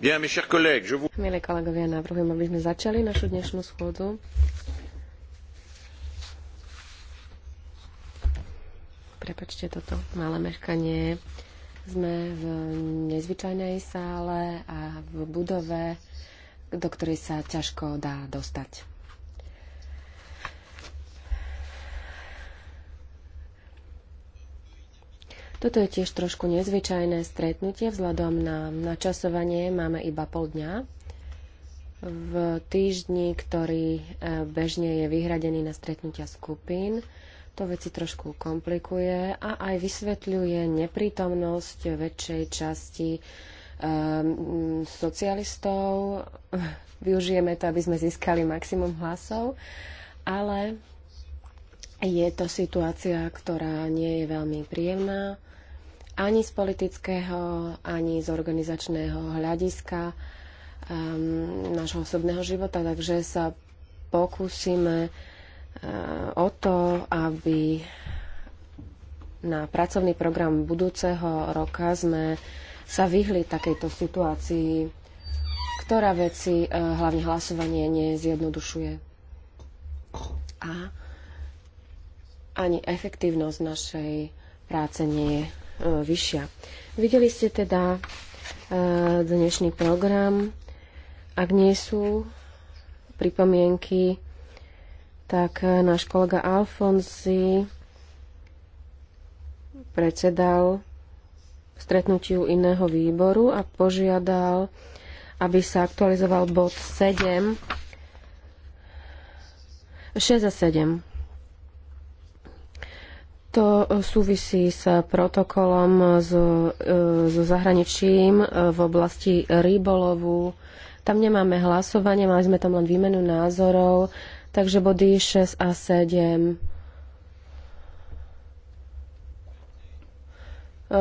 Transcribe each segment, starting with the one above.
Milí kolegovia, navrhujem, aby sme začali našu dnešnú schôdzu. Prepačte toto malé meškanie. Sme v nezvyčajnej sále a v budove, do ktorej sa ťažko dá dostať. Toto je tiež trošku nezvyčajné stretnutie vzhľadom na načasovanie. Máme iba pol dňa v týždni, ktorý e, bežne je vyhradený na stretnutia skupín. To veci trošku komplikuje a aj vysvetľuje neprítomnosť väčšej časti um, socialistov. Využijeme to, aby sme získali maximum hlasov, ale je to situácia, ktorá nie je veľmi príjemná ani z politického, ani z organizačného hľadiska um, nášho osobného života, takže sa pokúsime uh, o to, aby na pracovný program budúceho roka sme sa vyhli takejto situácii, ktorá veci, uh, hlavne hlasovanie, nezjednodušuje. A ani efektívnosť našej práce nie je E, vyššia. Videli ste teda e, dnešný program. Ak nie sú pripomienky, tak náš kolega Alfonsi predsedal stretnutiu iného výboru a požiadal, aby sa aktualizoval bod 7, 6 a 7. To e, súvisí s protokolom so, e, zahraničím e, v oblasti rybolovu. Tam nemáme hlasovanie, mali sme tam len výmenu názorov, takže body 6 a 7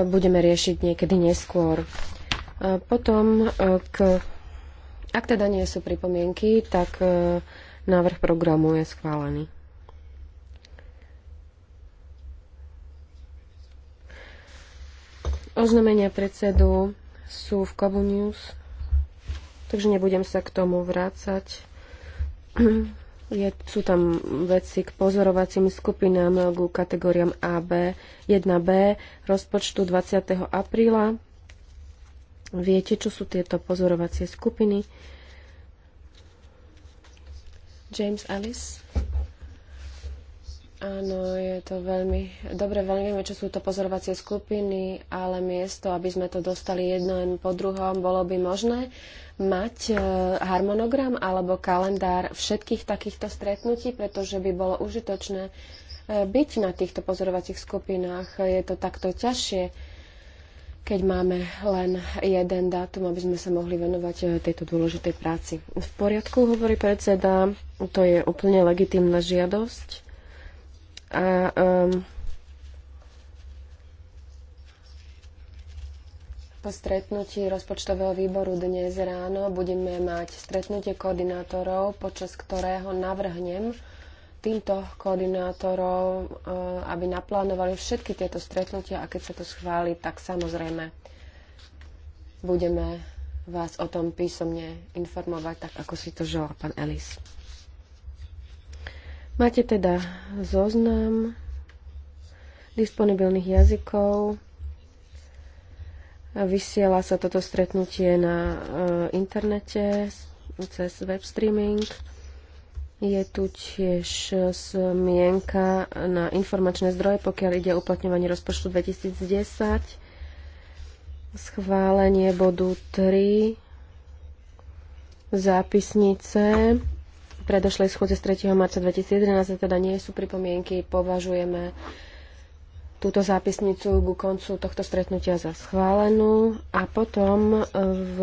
budeme riešiť niekedy neskôr. Potom, k, ak teda nie sú pripomienky, tak návrh programu je schválený. Oznamenia predsedu sú v Kabu News, takže nebudem sa k tomu vrácať. Je, sú tam veci k pozorovacím skupinám ku kategóriám AB, 1B rozpočtu 20. apríla. Viete, čo sú tieto pozorovacie skupiny? James Alice. Áno, je to veľmi dobre, veľmi vieme, čo sú to pozorovacie skupiny, ale miesto, aby sme to dostali jeden po druhom, bolo by možné mať e, harmonogram alebo kalendár všetkých takýchto stretnutí, pretože by bolo užitočné e, byť na týchto pozorovacích skupinách. Je to takto ťažšie, keď máme len jeden dátum, aby sme sa mohli venovať e, tejto dôležitej práci. V poriadku, hovorí predseda, to je úplne legitímna žiadosť. A um, po stretnutí rozpočtového výboru dnes ráno budeme mať stretnutie koordinátorov, počas ktorého navrhnem týmto koordinátorov, uh, aby naplánovali všetky tieto stretnutia a keď sa to schváli, tak samozrejme budeme vás o tom písomne informovať, tak ako si to želá pán Elis. Máte teda zoznam disponibilných jazykov. Vysiela sa toto stretnutie na e, internete cez web streaming. Je tu tiež zmienka na informačné zdroje, pokiaľ ide o uplatňovanie rozpočtu 2010, schválenie bodu 3, zápisnice predošlej schôdze z 3. marca 2011 teda nie sú pripomienky, považujeme túto zápisnicu ku koncu tohto stretnutia za schválenú a potom e, v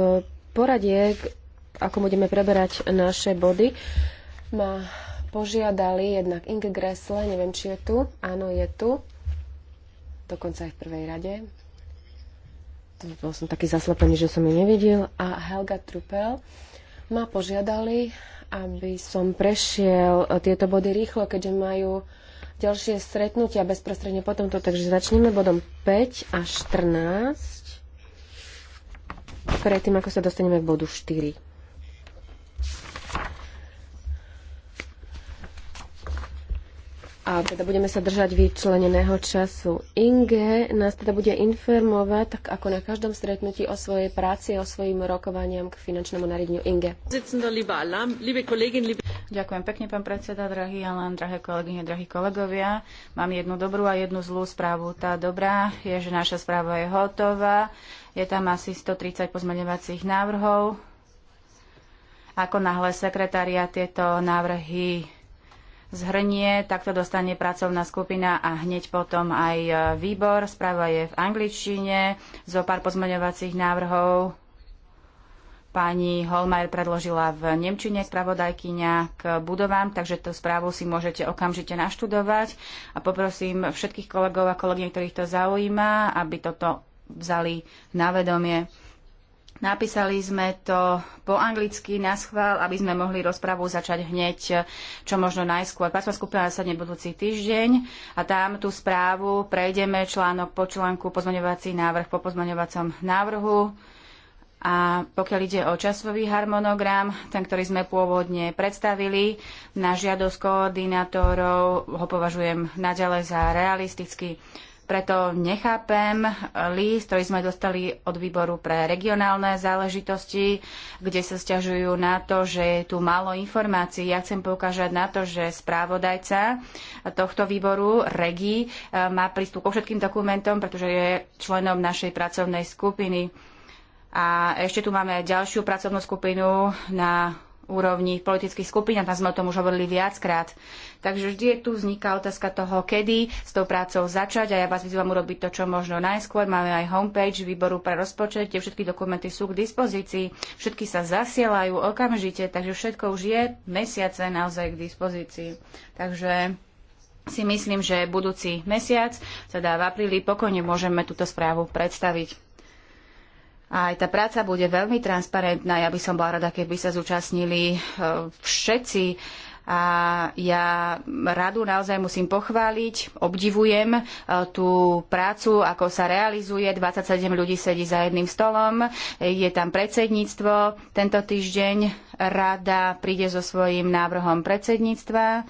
poradie, ako budeme preberať naše body, ma požiadali jednak Inge Gressle, neviem, či je tu, áno, je tu, dokonca aj v prvej rade. Bol som taký zaslepený, že som ju nevidel. A Helga Truppel ma požiadali, aby som prešiel eh, tieto body rýchlo, keďže majú ďalšie stretnutia bezprostredne po tomto. Takže začneme bodom 5 a 14, predtým ako sa dostaneme k bodu 4. A teda budeme sa držať vyčleneného času. Inge nás teda bude informovať, tak ako na každom stretnutí, o svojej práci a o svojim rokovaniam k finančnému nariadeniu Inge. Ďakujem pekne, pán predseda, drahý Alan, drahé kolegyne, drahí kolegovia. Mám jednu dobrú a jednu zlú správu. Tá dobrá je, že naša správa je hotová. Je tam asi 130 pozmeňovacích návrhov. Ako náhle sekretária tieto návrhy zhrnie, takto dostane pracovná skupina a hneď potom aj e, výbor. Správa je v angličtine, zo pár pozmeňovacích návrhov pani Holmajer predložila v Nemčine spravodajkyňa k budovám, takže tú správu si môžete okamžite naštudovať a poprosím všetkých kolegov a kolegyň, ktorých to zaujíma, aby toto vzali na vedomie. Napísali sme to po anglicky na schvál, aby sme mohli rozpravu začať hneď eh, čo možno najskôr. Pracovná skupina zasadne budúci týždeň a tam tú správu prejdeme článok po článku, pozmaňovací návrh po pozmaňovacom návrhu. A pokiaľ ide o časový harmonogram, ten, ktorý sme pôvodne predstavili, na žiadosť koordinátorov ho považujem naďalej za realistický. Preto nechápem list, ktorý sme dostali od výboru pre regionálne záležitosti, kde sa stiažujú na to, že je tu málo informácií. Ja chcem poukážať na to, že správodajca tohto výboru, REGI, eh, má prístup ko všetkým dokumentom, pretože je členom našej pracovnej skupiny. A ešte tu máme ďalšiu pracovnú skupinu na úrovni politických skupín a tam sme o tom už hovorili viackrát. Takže vždy je tu vzniká otázka toho, kedy s tou prácou začať a ja vás vyzývam urobiť to, čo možno najskôr. Máme aj homepage výboru pre rozpočet, tie všetky dokumenty sú k dispozícii, všetky sa zasielajú okamžite, takže všetko už je mesiace naozaj k dispozícii. Takže si myslím, že budúci mesiac, teda v apríli, pokojne môžeme túto správu predstaviť. A aj tá práca bude veľmi transparentná. Ja by som bola rada, keby sa zúčastnili e, všetci. A ja radu naozaj musím pochváliť, obdivujem e, tú prácu, ako sa realizuje. 27 ľudí sedí za jedným stolom, je tam predsedníctvo. Tento týždeň rada príde so svojím návrhom predsedníctva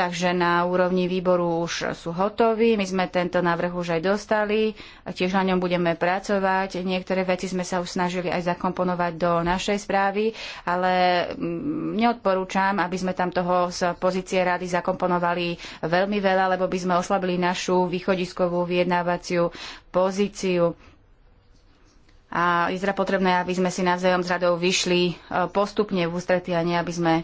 takže na úrovni výboru už sú hotoví. My sme tento návrh už aj dostali a tiež na ňom budeme pracovať. Niektoré veci sme sa už snažili aj zakomponovať do našej správy, ale mm, neodporúčam, aby sme tam toho z pozície rady zakomponovali veľmi veľa, lebo by sme oslabili našu východiskovú vyjednávaciu pozíciu a je teda potrebné, aby sme si navzájom s radou vyšli e, postupne v ústretí a nie, aby sme e,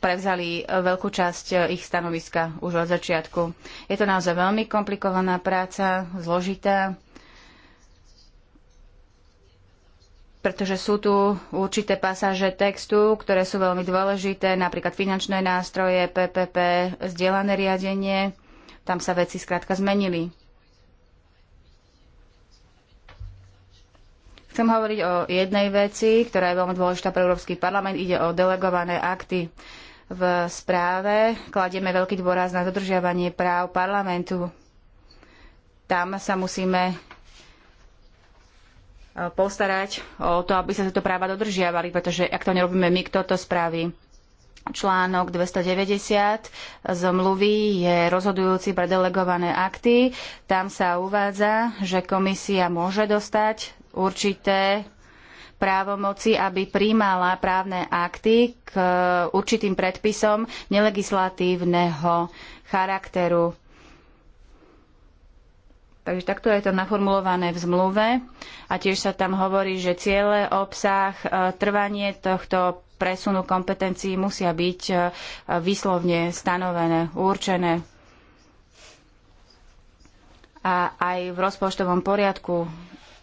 prevzali eh, veľkú časť eh, ich stanoviska už od začiatku. Je to naozaj veľmi komplikovaná práca, zložitá, pretože sú tu určité pasáže textu, ktoré sú veľmi dôležité, napríklad finančné nástroje, PPP, zdieľané riadenie. Tam sa veci skrátka zmenili. Chcem hovoriť o jednej veci, ktorá je veľmi dôležitá pre Európsky parlament. Ide o delegované akty v správe kladieme veľký dôraz na dodržiavanie práv parlamentu. Tam sa musíme e, postarať o to, aby sa tieto práva dodržiavali, pretože ak to nerobíme my, kto to spraví? Článok 290 zmluvy je rozhodujúci pre delegované akty. Tam sa uvádza, že komisia môže dostať určité právomoci, aby príjmala právne akty k e, určitým predpisom nelegislatívneho charakteru. Takže takto je to naformulované v zmluve a tiež sa tam hovorí, že ciele, obsah, e, trvanie tohto presunu kompetencií musia byť e, výslovne stanovené, určené. A aj v rozpočtovom poriadku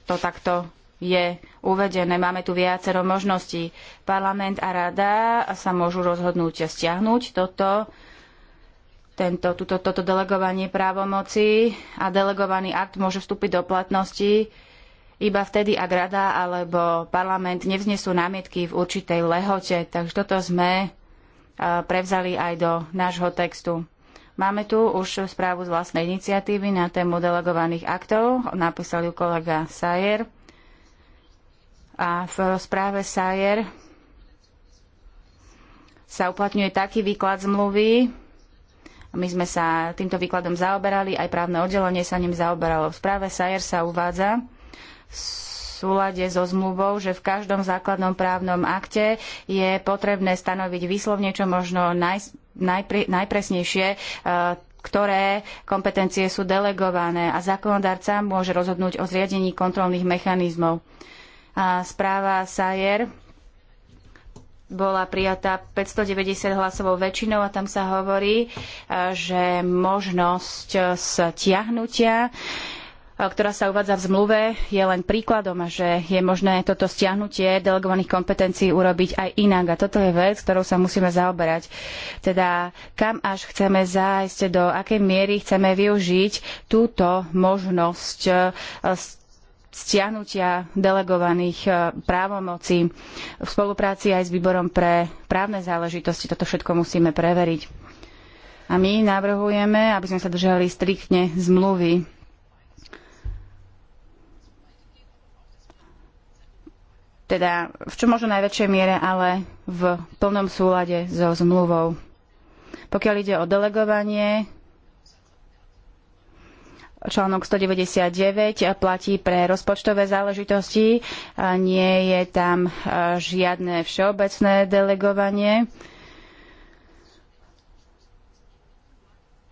to takto je uvedené. Máme tu viacero možností. Parlament a rada sa môžu rozhodnúť stiahnuť toto, tento, tuto, toto delegovanie právomoci a delegovaný akt môže vstúpiť do platnosti iba vtedy, ak rada alebo parlament nevznesú námietky v určitej lehote. Takže toto sme e, prevzali aj do nášho textu. Máme tu už správu z vlastnej iniciatívy na tému delegovaných aktov. Napísal ju kolega Sajer. A v správe Sayer sa uplatňuje taký výklad zmluvy, my sme sa týmto výkladom zaoberali, aj právne oddelenie sa ním zaoberalo. V správe Sayer sa uvádza v súlade so zmluvou, že v každom základnom právnom akte je potrebné stanoviť výslovne, čo možno naj, najpre, najpresnejšie, e, ktoré kompetencie sú delegované a zákonodárca môže rozhodnúť o zriadení kontrolných mechanizmov správa Sayer bola prijatá 590 hlasovou väčšinou a tam sa hovorí, e, že možnosť stiahnutia e, ktorá sa uvádza v zmluve, je len príkladom a že je možné toto stiahnutie delegovaných kompetencií urobiť aj inak. A toto je vec, ktorou sa musíme zaoberať. Teda kam až chceme zájsť, do akej miery chceme využiť túto možnosť e, stiahnutia delegovaných e, právomocí v spolupráci aj s výborom pre právne záležitosti. Toto všetko musíme preveriť. A my navrhujeme, aby sme sa držali striktne zmluvy. Teda v čo možno najväčšej miere, ale v plnom súlade so zmluvou. Pokiaľ ide o delegovanie, článok 199 platí pre rozpočtové záležitosti. Nie je tam e, žiadne všeobecné delegovanie.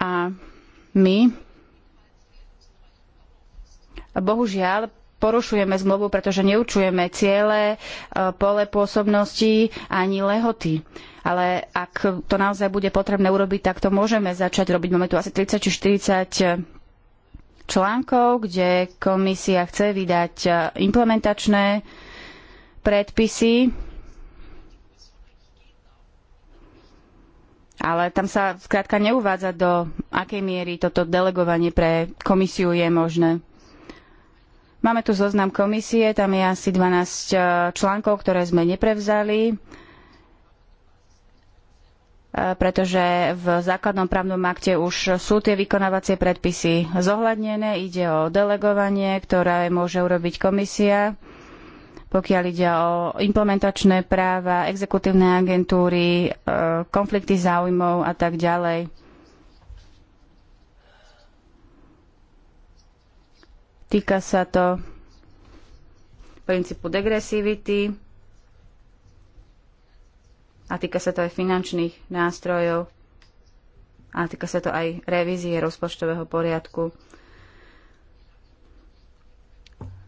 A my, bohužiaľ, porušujeme zmluvu, pretože neučujeme ciele, e, pole pôsobnosti ani lehoty. Ale ak to naozaj bude potrebné urobiť, tak to môžeme začať robiť. Máme tu asi 30 či 40 článkov, kde komisia chce vydať e, implementačné predpisy, ale tam sa skrátka neuvádza, do akej miery toto delegovanie pre komisiu je možné. Máme tu zoznam komisie, tam je asi 12 e, článkov, ktoré sme neprevzali. E, pretože v základnom právnom akte už sú tie vykonávacie predpisy zohľadnené. Ide o delegovanie, ktoré môže urobiť komisia pokiaľ ide o implementačné práva, exekutívne agentúry, e, konflikty záujmov a tak ďalej. Týka sa to princípu degresivity, a týka sa to aj finančných nástrojov a týka sa to aj revízie rozpočtového poriadku.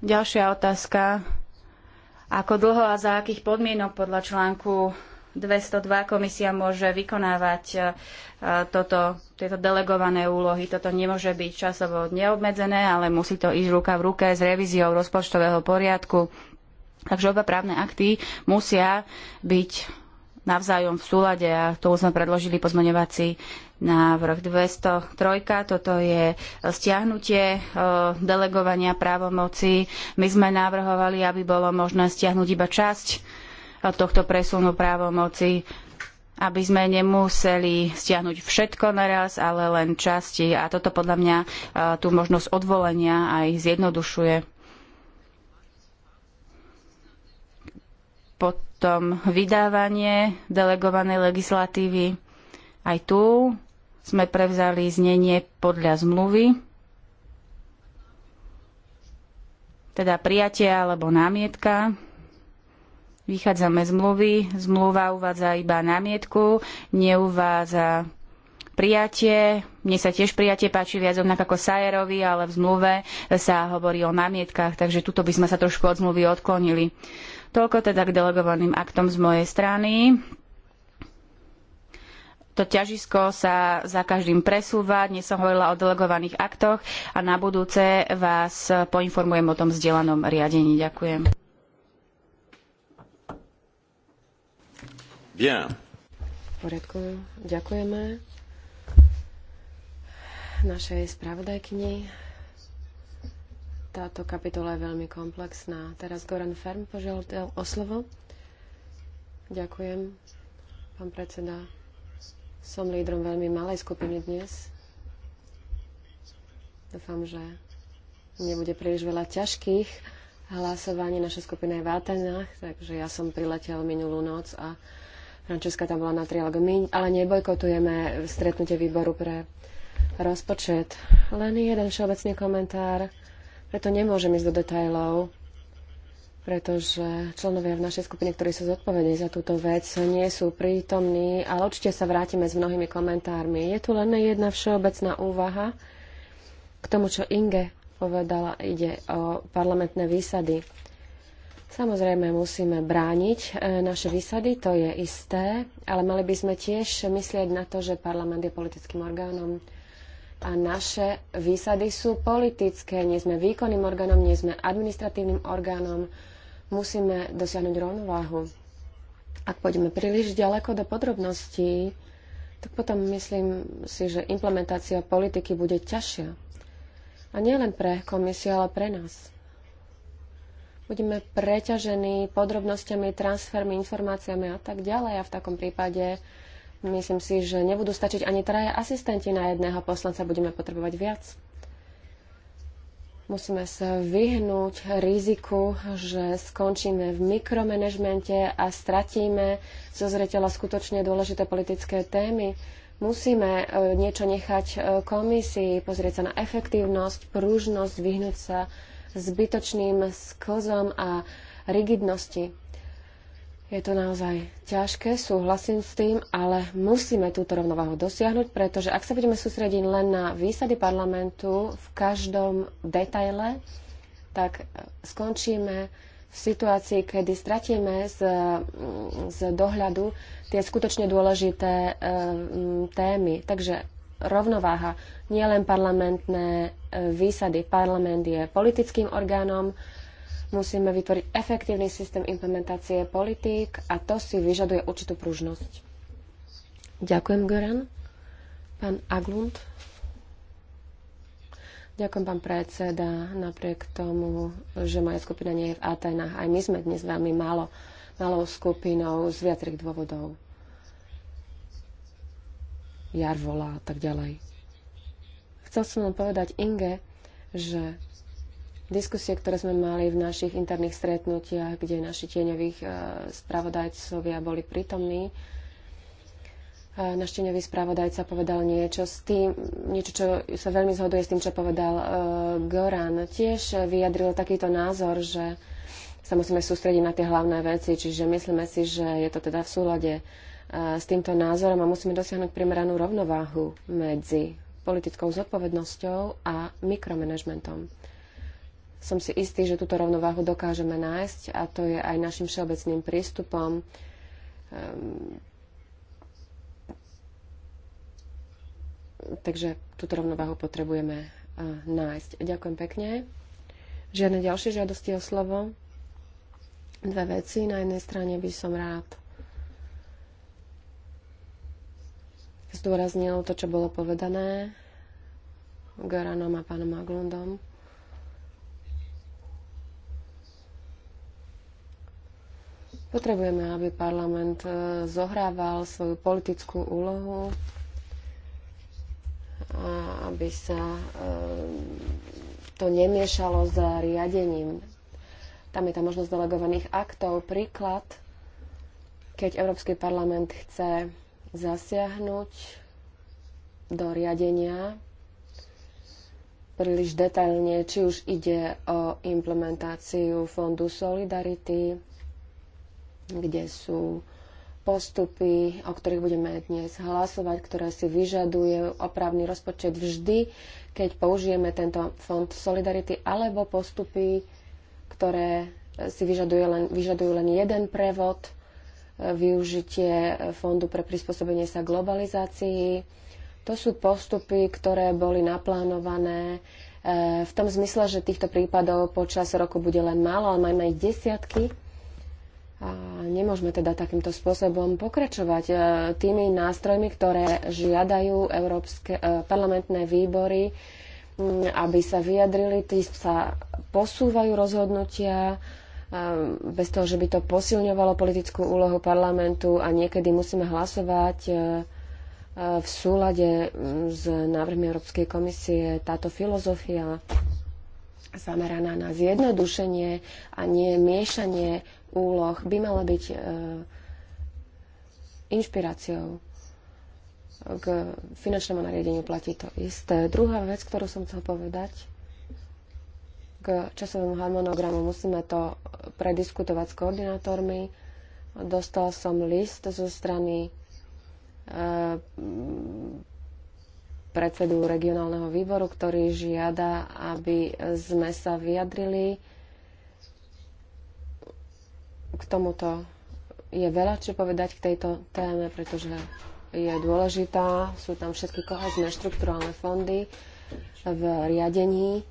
Ďalšia otázka. Ako dlho a za akých podmienok podľa článku 202 komisia môže vykonávať e, toto, tieto delegované úlohy. Toto nemôže byť časovo neobmedzené, ale musí to ísť ruka v ruke s revíziou rozpočtového poriadku. Takže oba právne akty musia byť navzájom v súlade a tu sme predložili pozmeňovací návrh 203. Toto je e, stiahnutie e, delegovania právomoci. My sme navrhovali, aby bolo možné stiahnuť iba časť e, tohto presunu právomoci aby sme nemuseli stiahnuť všetko naraz, ale len časti. A toto podľa mňa tú možnosť odvolenia aj zjednodušuje. Pod potom vydávanie delegovanej legislatívy. Aj tu sme prevzali znenie podľa zmluvy, teda prijatie alebo námietka. Vychádzame z mluvy. Zmluva uvádza iba námietku, neuvádza prijatie. Mne sa tiež prijatie páči viac rovnak ako Sajerovi, ale v zmluve sa hovorí o námietkach, takže tuto by sme sa trošku od zmluvy odklonili. Toľko teda k delegovaným aktom z mojej strany. To ťažisko sa za každým presúva. Dnes som hovorila o delegovaných aktoch a na budúce vás poinformujem o tom vzdelanom riadení. Ďakujem. Bien. Poriadku, ďakujeme našej spravodajkyni. Táto kapitola je veľmi komplexná. Teraz Goran Ferm požiadal o slovo. Ďakujem, pán predseda. Som lídrom veľmi malej skupiny dnes. Dúfam, že nebude príliš veľa ťažkých hlasovaní. Naša skupina je v Atenách, takže ja som priletel minulú noc a Frančeska tam bola na trialógu. My ale nebojkotujeme stretnutie výboru pre rozpočet. Len jeden všeobecný komentár preto nemôžem ísť do detajlov, pretože členovia v našej skupine, ktorí sú zodpovední za túto vec, nie sú prítomní, ale určite sa vrátime s mnohými komentármi. Je tu len jedna všeobecná úvaha k tomu, čo Inge povedala, ide o parlamentné výsady. Samozrejme musíme brániť e, naše výsady, to je isté, ale mali by sme tiež myslieť na to, že parlament je politickým orgánom a naše výsady sú politické. Nie sme výkonným orgánom, nie sme administratívnym orgánom. Musíme dosiahnuť rovnováhu. Ak pôjdeme príliš ďaleko do podrobností, tak potom myslím si, že implementácia politiky bude ťažšia. A nielen pre komisiu, ale pre nás. Budeme preťažení podrobnosťami, transfermi, informáciami a tak ďalej. A v takom prípade Myslím si, že nebudú stačiť ani traja asistenti na jedného poslanca, budeme potrebovať viac. Musíme sa vyhnúť riziku, že skončíme v mikromanažmente a stratíme zo zreteľa skutočne dôležité politické témy. Musíme e, niečo nechať e, komisii, pozrieť sa na efektívnosť, prúžnosť, vyhnúť sa zbytočným skozom a rigidnosti. Je to naozaj ťažké, súhlasím s tým, ale musíme túto rovnováhu dosiahnuť, pretože ak sa budeme sústrediť len na výsady parlamentu v každom detaile, tak skončíme v situácii, kedy stratíme z, z dohľadu tie skutočne dôležité e, témy. Takže rovnováha, nie len parlamentné e, výsady. Parlament je politickým orgánom, Musíme vytvoriť efektívny systém implementácie politík a to si vyžaduje určitú pružnosť. Ďakujem, Goran. Pán Aglund. Ďakujem, pán predseda. Napriek tomu, že moja skupina nie je v Atenách, aj my sme dnes veľmi malo, malou skupinou z viacerých dôvodov. Jar volá a tak ďalej. Chcel som len povedať Inge, že Diskusie, ktoré sme mali v našich interných stretnutiach, kde naši tieňových eh, spravodajcovia boli prítomní, náš tieňový spravodajca povedal niečo s tým, niečo, čo sa veľmi zhoduje s tým, čo povedal eh, Goran. Tiež vyjadril takýto názor, že sa musíme sústrediť na tie hlavné veci, čiže myslíme si, že je to teda v súlade eh, s týmto názorom a musíme dosiahnuť primeranú rovnováhu medzi politickou zodpovednosťou a mikromanagementom som si istý, že túto rovnováhu dokážeme nájsť a to je aj našim všeobecným prístupom. Um, takže túto rovnováhu potrebujeme uh, nájsť. Ďakujem pekne. Žiadne ďalšie žiadosti o slovo. Dve veci. Na jednej strane by som rád zdôraznil to, čo bolo povedané Garanom a pánom Aglundom Potrebujeme, aby parlament e, zohrával svoju politickú úlohu a aby sa e, to nemiešalo s riadením. Tam je tá možnosť delegovaných aktov. Príklad, keď Európsky parlament chce zasiahnuť do riadenia príliš detailne, či už ide o implementáciu Fondu Solidarity, kde sú postupy, o ktorých budeme dnes hlasovať, ktoré si vyžaduje opravný rozpočet vždy, keď použijeme tento fond Solidarity, alebo postupy, ktoré si vyžaduje len, vyžadujú len jeden prevod, využitie fondu pre prispôsobenie sa globalizácii. To sú postupy, ktoré boli naplánované eh, v tom zmysle, že týchto prípadov počas roku bude len málo, ale máme ich desiatky a nemôžeme teda takýmto spôsobom pokračovať. E, tými nástrojmi, ktoré žiadajú európske e, parlamentné výbory, aby sa vyjadrili, tí sa posúvajú rozhodnutia e, bez toho, že by to posilňovalo politickú úlohu parlamentu a niekedy musíme hlasovať v súlade s návrhmi Európskej komisie. Táto filozofia zameraná na zjednodušenie a nie miešanie úloh by mala byť e, inšpiráciou k finančnému nariadeniu platí to isté. Druhá vec, ktorú som chcel povedať, k časovému harmonogramu musíme to prediskutovať s koordinátormi. Dostal som list zo strany e, predsedu regionálneho výboru, ktorý žiada, aby sme sa vyjadrili k tomuto je veľa čo povedať k tejto téme, pretože je dôležitá. Sú tam všetky kohezné štruktúrálne fondy v riadení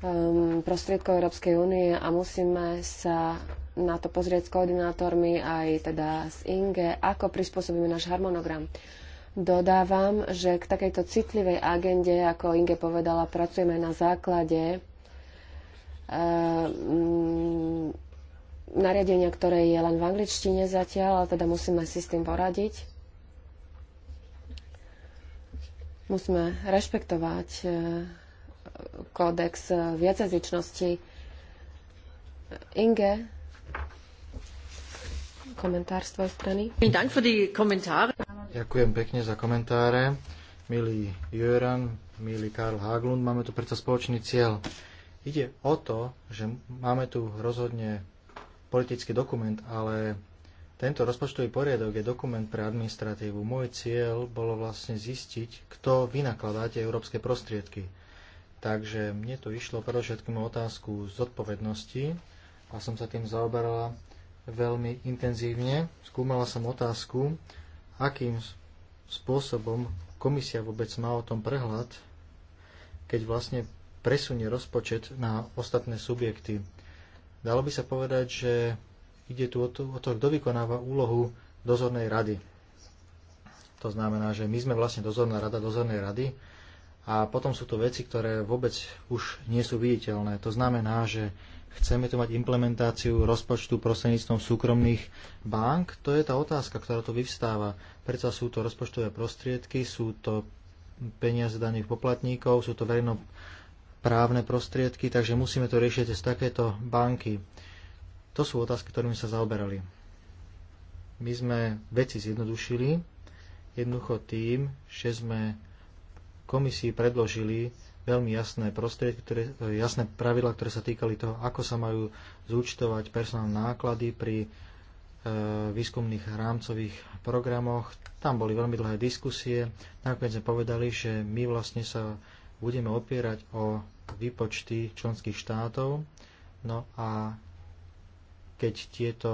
um, prostriedkov Európskej únie a musíme sa na to pozrieť s koordinátormi aj teda s INGE, ako prispôsobíme náš harmonogram. Dodávam, že k takejto citlivej agende, ako Inge povedala, pracujeme na základe Ehm, nariadenia, ktoré je len v angličtine zatiaľ, ale teda musíme si s tým poradiť. Musíme rešpektovať e, kódex viacezičnosti Inge, komentár z tvojej strany. Ďakujem pekne za komentáre. Milý Jöran, milý Karl Haglund, máme tu predsa spoločný cieľ. Ide o to, že máme tu rozhodne politický dokument, ale tento rozpočtový poriadok je dokument pre administratívu. Môj cieľ bolo vlastne zistiť, kto vynakladá tie európske prostriedky. Takže mne to išlo predovšetkým o otázku zodpovednosti a som sa tým zaoberala veľmi intenzívne. Skúmala som otázku, akým spôsobom komisia vôbec má o tom prehľad, keď vlastne presunie rozpočet na ostatné subjekty. Dalo by sa povedať, že ide tu o to, o to kto vykonáva úlohu dozornej rady. To znamená, že my sme vlastne dozorná rada dozornej rady a potom sú to veci, ktoré vôbec už nie sú viditeľné. To znamená, že chceme tu mať implementáciu rozpočtu prostredníctvom súkromných bank? To je tá otázka, ktorá tu vyvstáva. Prečo sú to rozpočtové prostriedky, sú to peniaze daných poplatníkov, sú to verejno právne prostriedky, takže musíme to riešiť z takéto banky. To sú otázky, ktorými sa zaoberali. My sme veci zjednodušili, jednoducho tým, že sme komisii predložili veľmi jasné prostriedky, ktoré, eh, jasné pravidla, ktoré sa týkali toho, ako sa majú zúčtovať personálne náklady pri e, výskumných rámcových programoch. Tam boli veľmi dlhé diskusie. Nakoniec sme povedali, že my vlastne sa budeme opierať o výpočty členských štátov. No a keď tieto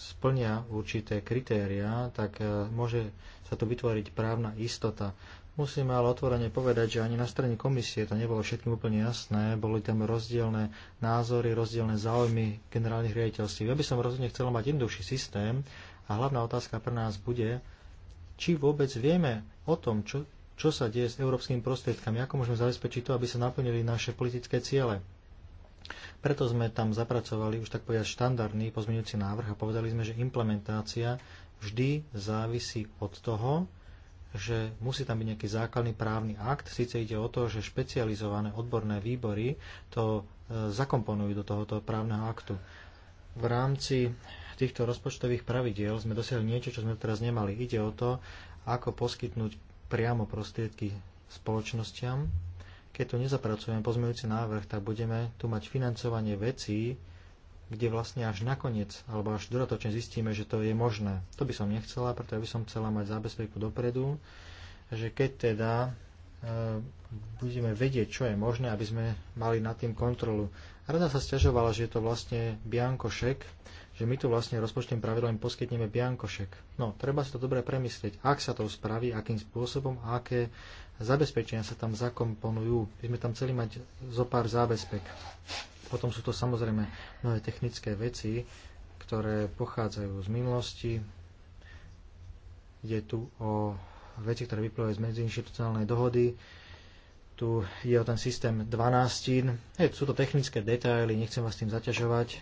splnia určité kritériá, tak e, môže sa tu vytvoriť právna istota. Musíme ale otvorene povedať, že ani na strane komisie to nebolo všetkým úplne jasné, boli tam rozdielne názory, rozdielne záujmy generálnych riaditeľství. Ja by som rozhodne chcel mať jednoduchší systém a hlavná otázka pre nás bude, či vôbec vieme o tom, čo čo sa deje s európskymi prostriedkami, ako môžeme zabezpečiť to, aby sa naplnili naše politické ciele. Preto sme tam zapracovali už tak povedať štandardný pozmeňujúci návrh a povedali sme, že implementácia vždy závisí od toho, že musí tam byť nejaký základný právny akt. Sice ide o to, že špecializované odborné výbory to e, zakomponujú do tohoto právneho aktu. V rámci týchto rozpočtových pravidiel sme dosiahli niečo, čo sme teraz nemali. Ide o to, ako poskytnúť priamo prostriedky spoločnosťam. Keď to nezapracujeme pozmeňujúci návrh, tak budeme tu mať financovanie vecí, kde vlastne až nakoniec, alebo až dodatočne zistíme, že to je možné. To by som nechcela, preto by som chcela mať zábezpeku dopredu, že keď teda e, budeme vedieť, čo je možné, aby sme mali nad tým kontrolu. Rada sa stiažovala, že je to vlastne bianko šek, že my tu vlastne rozpočtným pravidlom poskytneme biankošek. No, treba si to dobre premyslieť, ak sa to spraví, akým spôsobom a aké zabezpečenia sa tam zakomponujú. My sme tam chceli mať zo pár zábezpek. Potom sú to samozrejme mnohé technické veci, ktoré pochádzajú z minulosti. je tu o veci, ktoré vyplývajú z medziinstitucionálnej dohody, tu je o ten systém 12. Hej, sú to technické detaily, nechcem vás tým zaťažovať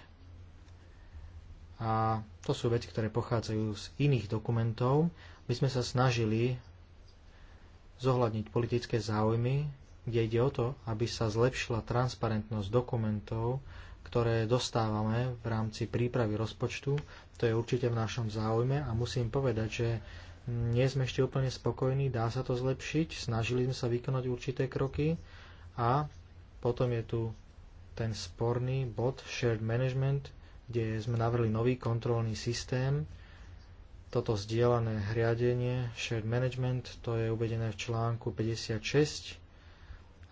a to sú veci, ktoré pochádzajú z iných dokumentov. My sme sa snažili zohľadniť politické záujmy, kde ide o to, aby sa zlepšila transparentnosť dokumentov, ktoré dostávame v rámci prípravy rozpočtu. To je určite v našom záujme a musím povedať, že nie sme ešte úplne spokojní, dá sa to zlepšiť, snažili sme sa vykonať určité kroky a potom je tu ten sporný bod shared management, kde sme navrli nový kontrolný systém. Toto zdieľané riadenie, shared management, to je uvedené v článku 56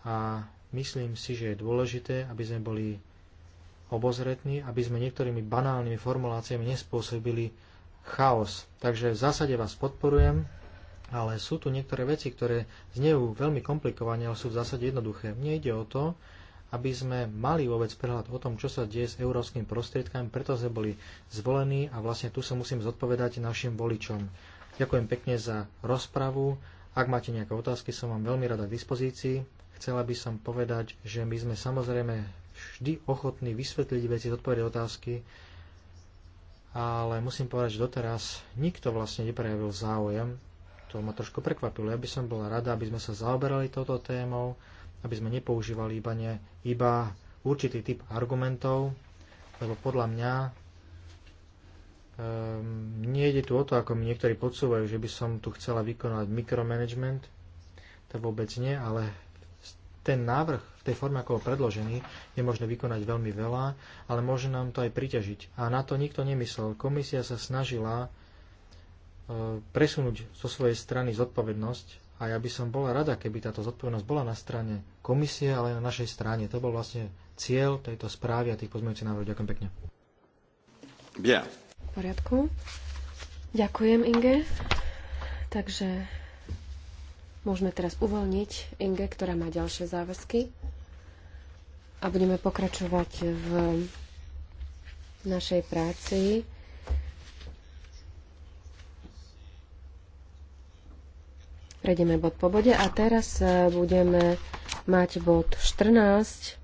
a myslím si, že je dôležité, aby sme boli obozretní, aby sme niektorými banálnymi formuláciami nespôsobili chaos. Takže v zásade vás podporujem, ale sú tu niektoré veci, ktoré znejú veľmi komplikovane, ale sú v zásade jednoduché. Mne ide o to, aby sme mali vôbec prehľad o tom, čo sa deje s európskymi prostriedkami, preto sme boli zvolení a vlastne tu sa musím zodpovedať našim voličom. Ďakujem pekne za rozpravu. Ak máte nejaké otázky, som vám veľmi rada k dispozícii. Chcela by som povedať, že my sme samozrejme vždy ochotní vysvetliť veci, zodpovedať otázky, ale musím povedať, že doteraz nikto vlastne neprejavil záujem. To ma trošku prekvapilo. Ja by som bola rada, aby sme sa zaoberali touto témou aby sme nepoužívali iba, ne, iba určitý typ argumentov, lebo podľa mňa um, ehm, nie ide tu o to, ako mi niektorí podsúvajú, že by som tu chcela vykonať mikromanagement, to vôbec nie, ale ten návrh v tej forme, ako ho predložený, je možné vykonať veľmi veľa, ale môže nám to aj priťažiť. A na to nikto nemyslel. Komisia sa snažila eh, presunúť zo svojej strany zodpovednosť a ja by som bola rada, keby táto zodpovednosť bola na strane komisie, ale aj na našej strane. To bol vlastne cieľ tejto správy a tých pozmeňujúcich návrhov. Ďakujem pekne. Bia. V poriadku. Ďakujem, Inge. Takže môžeme teraz uvoľniť Inge, ktorá má ďalšie záväzky. A budeme pokračovať v našej práci Prejdeme bod po bode a teraz e, budeme mať bod 14.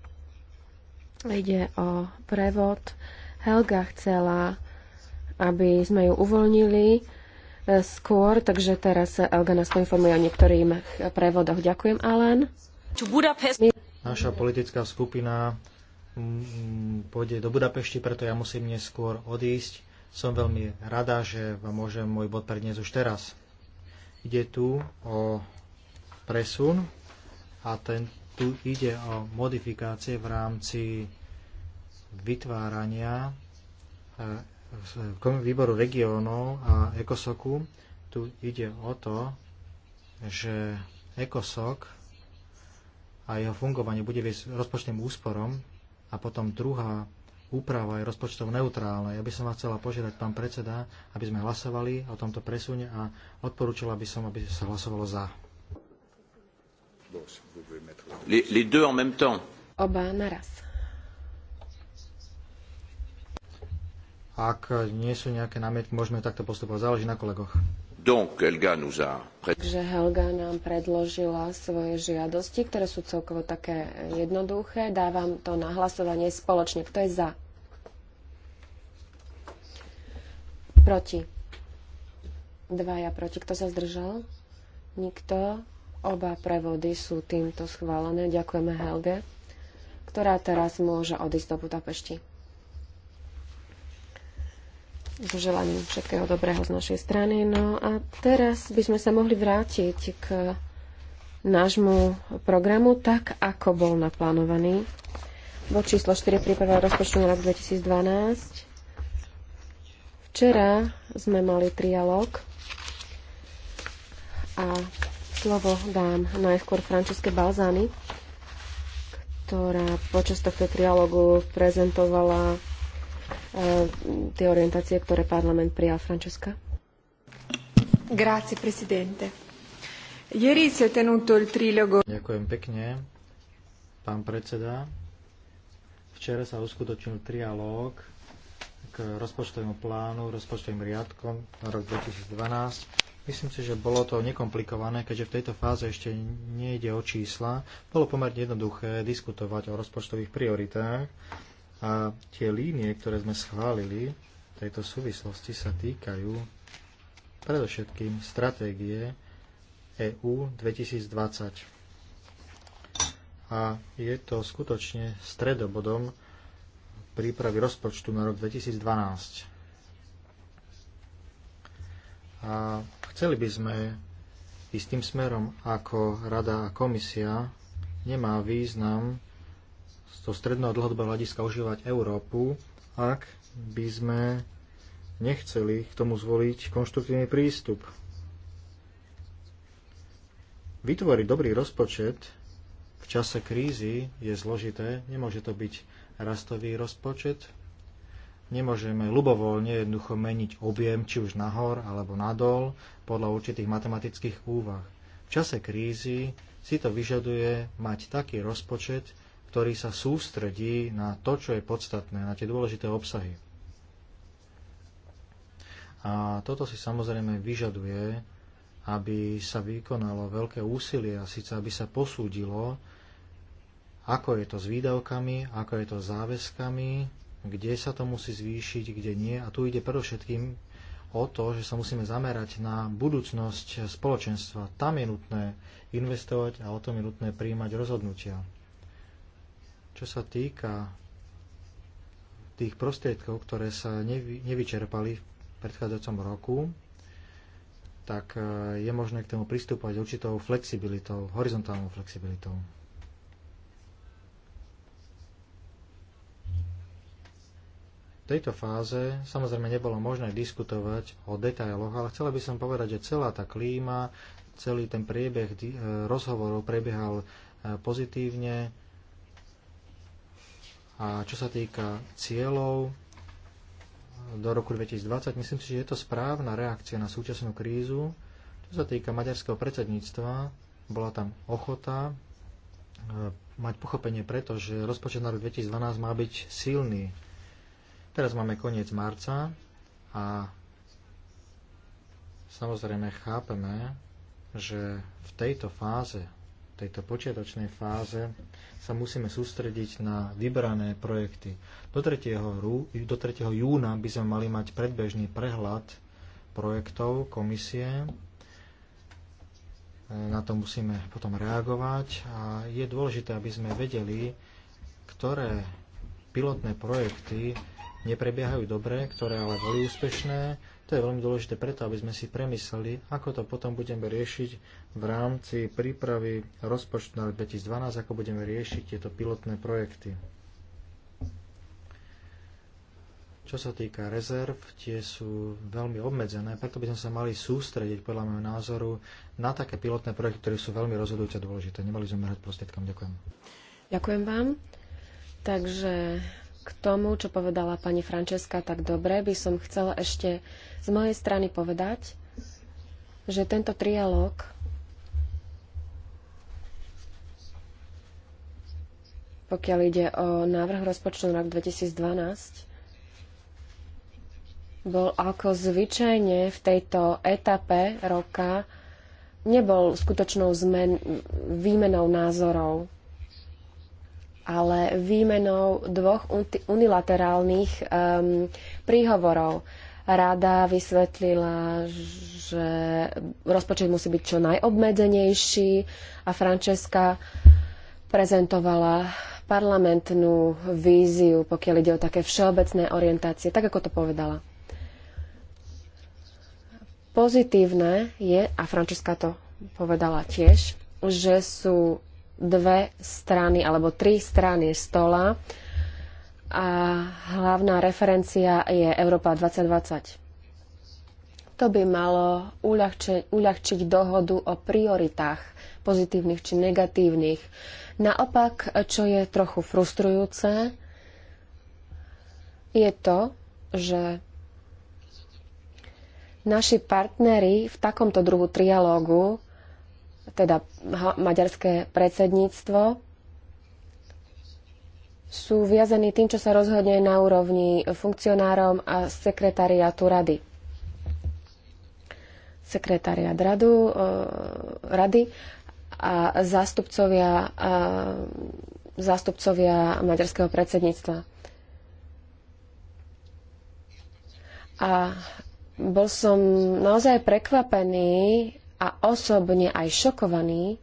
Ide o prevod. Helga chcela, aby sme ju uvoľnili e, skôr, takže teraz Elga nás poinformuje o niektorých prevodoch. Ďakujem, Alan. Naša politická skupina mm, pôjde do Budapešti, preto ja musím neskôr odísť. Som veľmi rada, že vám môžem môj bod predniesť už teraz. Ide tu o presun a ten, tu ide o modifikácie v rámci vytvárania e, výboru regiónov a ekosoku. Tu ide o to, že ekosok a jeho fungovanie bude viesť rozpočným úsporom a potom druhá úprava je rozpočtov neutrálna. Ja by som vás chcela požiadať, pán predseda, aby sme hlasovali o tomto presune a odporúčala by som, aby sa hlasovalo za. Oba naraz. Ak nie sú nejaké námietky, môžeme takto postupovať. Záleží na kolegoch. Donc, Helga nous a... Takže Helga nám predložila svoje žiadosti, ktoré sú celkovo také jednoduché. Dávam to na hlasovanie spoločne. Kto je za? Proti. Dvaja proti. Kto sa zdržal? Nikto. Oba prevody sú týmto schválené. Ďakujeme Helge, ktorá teraz môže odísť do Budapešti s želaním všetkého dobrého z našej strany. No a teraz by sme sa mohli vrátiť k nášmu programu tak, ako bol naplánovaný. Bod číslo 4 príprava rozpočtu na rok 2012. Včera sme mali trialog a slovo dám najskôr Franceske Balzány, ktorá počas tohto trialogu prezentovala E, tie orientácie, ktoré parlament prijal. Francesca? Grazie, presidente. Ieri si tenuto il trilogo. Ďakujem pekne, pán predseda. Včera sa uskutočnil trialóg k rozpočtovému plánu, rozpočtovým riadkom na rok 2012. Myslím si, že bolo to nekomplikované, keďže v tejto fáze ešte nejde o čísla. Bolo pomerne jednoduché diskutovať o rozpočtových prioritách. A tie línie, ktoré sme schválili v tejto súvislosti, sa týkajú predovšetkým stratégie EU 2020. A je to skutočne stredobodom prípravy rozpočtu na rok 2012. A chceli by sme istým smerom, ako Rada a Komisia nemá význam zo stredného dlhodobého hľadiska užívať Európu, ak by sme nechceli k tomu zvoliť konštruktívny prístup. Vytvoriť dobrý rozpočet v čase krízy je zložité, nemôže to byť rastový rozpočet, nemôžeme ľubovoľne jednoducho meniť objem či už nahor alebo nadol podľa určitých matematických úvah. V čase krízy si to vyžaduje mať taký rozpočet, ktorý sa sústredí na to, čo je podstatné, na tie dôležité obsahy. A toto si samozrejme vyžaduje, aby sa vykonalo veľké úsilie a síce aby sa posúdilo, ako je to s výdavkami, ako je to s záväzkami, kde sa to musí zvýšiť, kde nie. A tu ide predovšetkým o to, že sa musíme zamerať na budúcnosť spoločenstva. Tam je nutné investovať a o tom je nutné príjmať rozhodnutia. Čo sa týka tých prostriedkov, ktoré sa nevy, nevyčerpali v predchádzajúcom roku, tak e, je možné k tomu pristúpať určitou flexibilitou, horizontálnou flexibilitou. V tejto fáze samozrejme nebolo možné diskutovať o detailoch, ale chcela by som povedať, že celá tá klíma, celý ten priebeh e, rozhovorov prebiehal e, pozitívne, a čo sa týka cieľov do roku 2020, myslím si, že je to správna reakcia na súčasnú krízu. Čo sa týka maďarského predsedníctva, bola tam ochota e, mať pochopenie preto, že rozpočet na rok 2012 má byť silný. Teraz máme koniec marca a samozrejme chápeme, že v tejto fáze tejto počiatočnej fáze sa musíme sústrediť na vybrané projekty. Do 3. Rú, do 3. júna by sme mali mať predbežný prehľad projektov komisie. Na to musíme potom reagovať a je dôležité, aby sme vedeli, ktoré pilotné projekty neprebiehajú dobre, ktoré ale boli úspešné to je veľmi dôležité preto, aby sme si premysleli, ako to potom budeme riešiť v rámci prípravy rozpočtu na 2012, ako budeme riešiť tieto pilotné projekty. Čo sa týka rezerv, tie sú veľmi obmedzené, preto by sme sa mali sústrediť, podľa môjho názoru, na také pilotné projekty, ktoré sú veľmi rozhodujúce a dôležité. Nemali sme merať prostriedkom. Ďakujem. Ďakujem vám. Takže k tomu, čo povedala pani Francesca tak dobre, by som chcela ešte z mojej strany povedať, že tento trialog pokiaľ ide o návrh rozpočtu na rok 2012, bol ako zvyčajne v tejto etape roka nebol skutočnou zmen, výmenou názorov ale výmenou dvoch unilaterálnych um, príhovorov. Rada vysvetlila, že rozpočet musí byť čo najobmedzenejší a Francesca prezentovala parlamentnú víziu, pokiaľ ide o také všeobecné orientácie, tak ako to povedala. Pozitívne je, a Francesca to povedala tiež, že sú dve strany alebo tri strany stola a hlavná referencia je Európa 2020. To by malo uľahčiť, uľahčiť dohodu o prioritách, pozitívnych či negatívnych. Naopak, čo je trochu frustrujúce, je to, že naši partneri v takomto druhu trialógu teda maďarské predsedníctvo, sú viazení tým, čo sa rozhodne na úrovni funkcionárom a sekretariátu rady. Sekretariát radu, e, rady a zástupcovia, e, zástupcovia maďarského predsedníctva. A bol som naozaj prekvapený, a osobne aj šokovaný,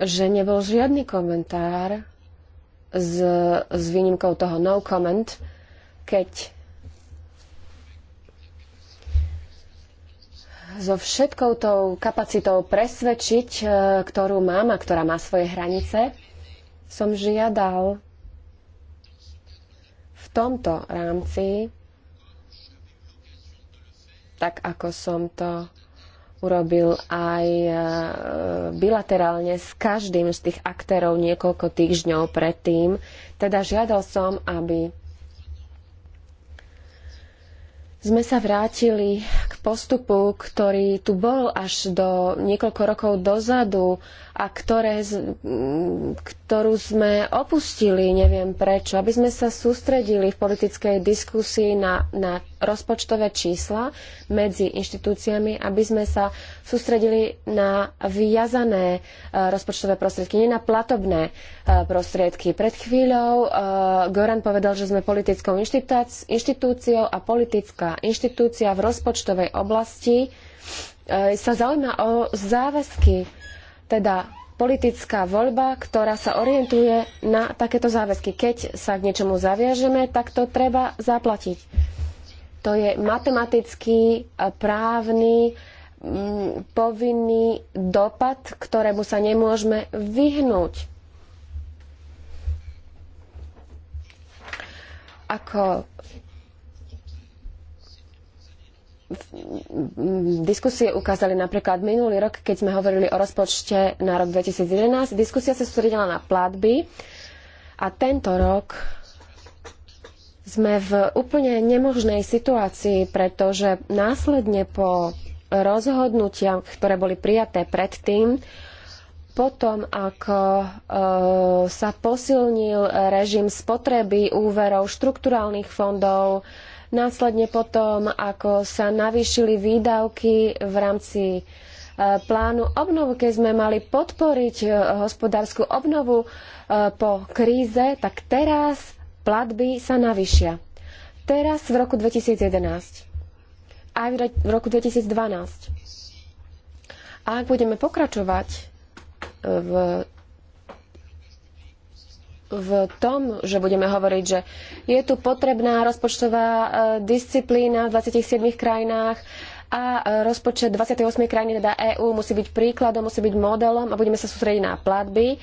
že nebol žiadny komentár s, s výnimkou toho no comment, keď so všetkou tou kapacitou presvedčiť, e, ktorú mám a ktorá má svoje hranice, som žiadal v tomto rámci tak ako som to urobil aj e, bilaterálne s každým z tých aktérov niekoľko týždňov predtým. Teda žiadal som, aby sme sa vrátili k postupu, ktorý tu bol až do niekoľko rokov dozadu a ktoré, ktorú sme opustili, neviem prečo, aby sme sa sústredili v politickej diskusii na, na rozpočtové čísla medzi inštitúciami, aby sme sa sústredili na vyjazané e, rozpočtové prostriedky, nie na platobné e, prostriedky. Pred chvíľou e, Goran povedal, že sme politickou inštitúciou a politická inštitúcia v rozpočtovej oblasti sa zaujíma o záväzky, teda politická voľba, ktorá sa orientuje na takéto záväzky. Keď sa k niečomu zaviažeme, tak to treba zaplatiť. To je matematický, e, právny, povinný dopad, ktorému sa nemôžeme vyhnúť. Ako diskusie ukázali napríklad minulý rok, keď sme hovorili o rozpočte na rok 2011. Diskusia sa sústredila na platby a tento rok sme v úplne nemožnej situácii, pretože následne po rozhodnutiach, ktoré boli prijaté predtým, potom, ako e, sa posilnil režim spotreby úverov štrukturálnych fondov, následne potom, ako sa navýšili výdavky v rámci e, plánu obnovu, keď sme mali podporiť e, hospodárskú obnovu e, po kríze, tak teraz platby sa navyšia. Teraz v roku 2011. Aj v roku 2012. A ak budeme pokračovať e, v v tom, že budeme hovoriť, že je tu potrebná rozpočtová e, disciplína v 27 krajinách a e, rozpočet 28 krajiny, teda EÚ, musí byť príkladom, musí byť modelom a budeme sa sústrediť na platby,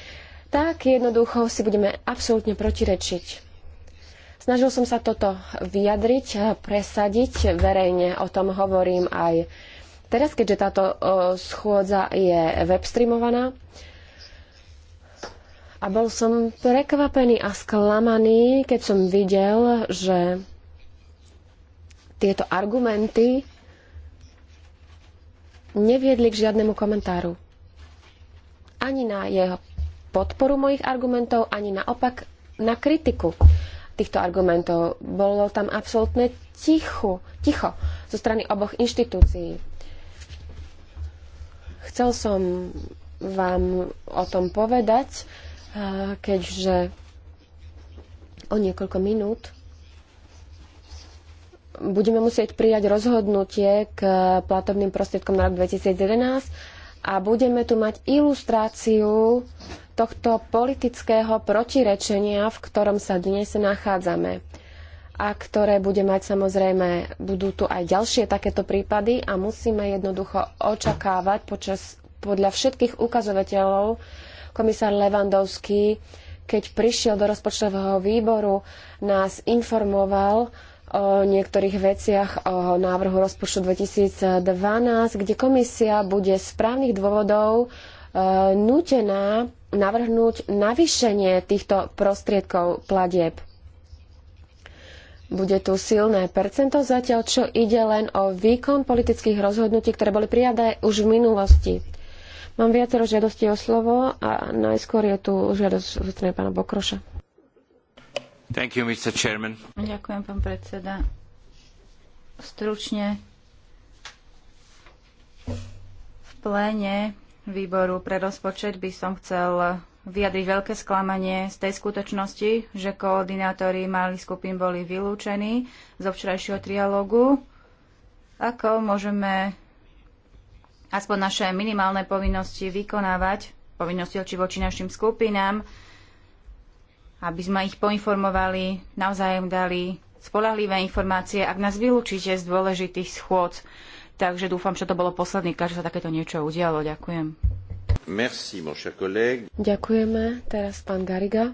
tak jednoducho si budeme absolútne protirečiť. Snažil som sa toto vyjadriť, eh, presadiť, verejne o tom hovorím aj teraz, keďže táto eh, schôdza je webstreamovaná. A bol som prekvapený a sklamaný, keď som videl, že tieto argumenty neviedli k žiadnemu komentáru. Ani na jeho podporu mojich argumentov, ani naopak na kritiku týchto argumentov. Bolo tam absolútne ticho, ticho zo strany oboch inštitúcií. Chcel som vám o tom povedať, eh, keďže o niekoľko minút budeme musieť prijať rozhodnutie k platobným prostriedkom na rok 2011 a budeme tu mať ilustráciu tohto politického protirečenia, v ktorom sa dnes nachádzame a ktoré bude mať samozrejme, budú tu aj ďalšie takéto prípady a musíme jednoducho očakávať počas, podľa všetkých ukazovateľov komisár Levandovský, keď prišiel do rozpočtového výboru, nás informoval o niektorých veciach o návrhu rozpočtu 2012, kde komisia bude z právnych dôvodov nutená navrhnúť navýšenie týchto prostriedkov platieb. Bude tu silné percento, zatiaľ čo ide len o výkon politických rozhodnutí, ktoré boli prijaté už v minulosti. Mám viacero žiadostí o slovo a najskôr je tu žiadosť zo strany pána Bokroša. You, Ďakujem, pán predseda. Stručne v pléne výboru pre rozpočet by som chcel vyjadriť veľké sklamanie z tej skutočnosti, že koordinátori malých skupín boli vylúčení zo včerajšieho trialógu. Ako môžeme aspoň naše minimálne povinnosti vykonávať, povinnosti oči voči našim skupinám, aby sme ich poinformovali, naozaj im dali spolahlivé informácie, ak nás vylúčite z dôležitých schôd. Takže dúfam, že to bolo posledný krát, že sa takéto niečo udialo. Ďakujem. Merci, mon cher collègue. Ďakujeme. Teraz pán Gariga.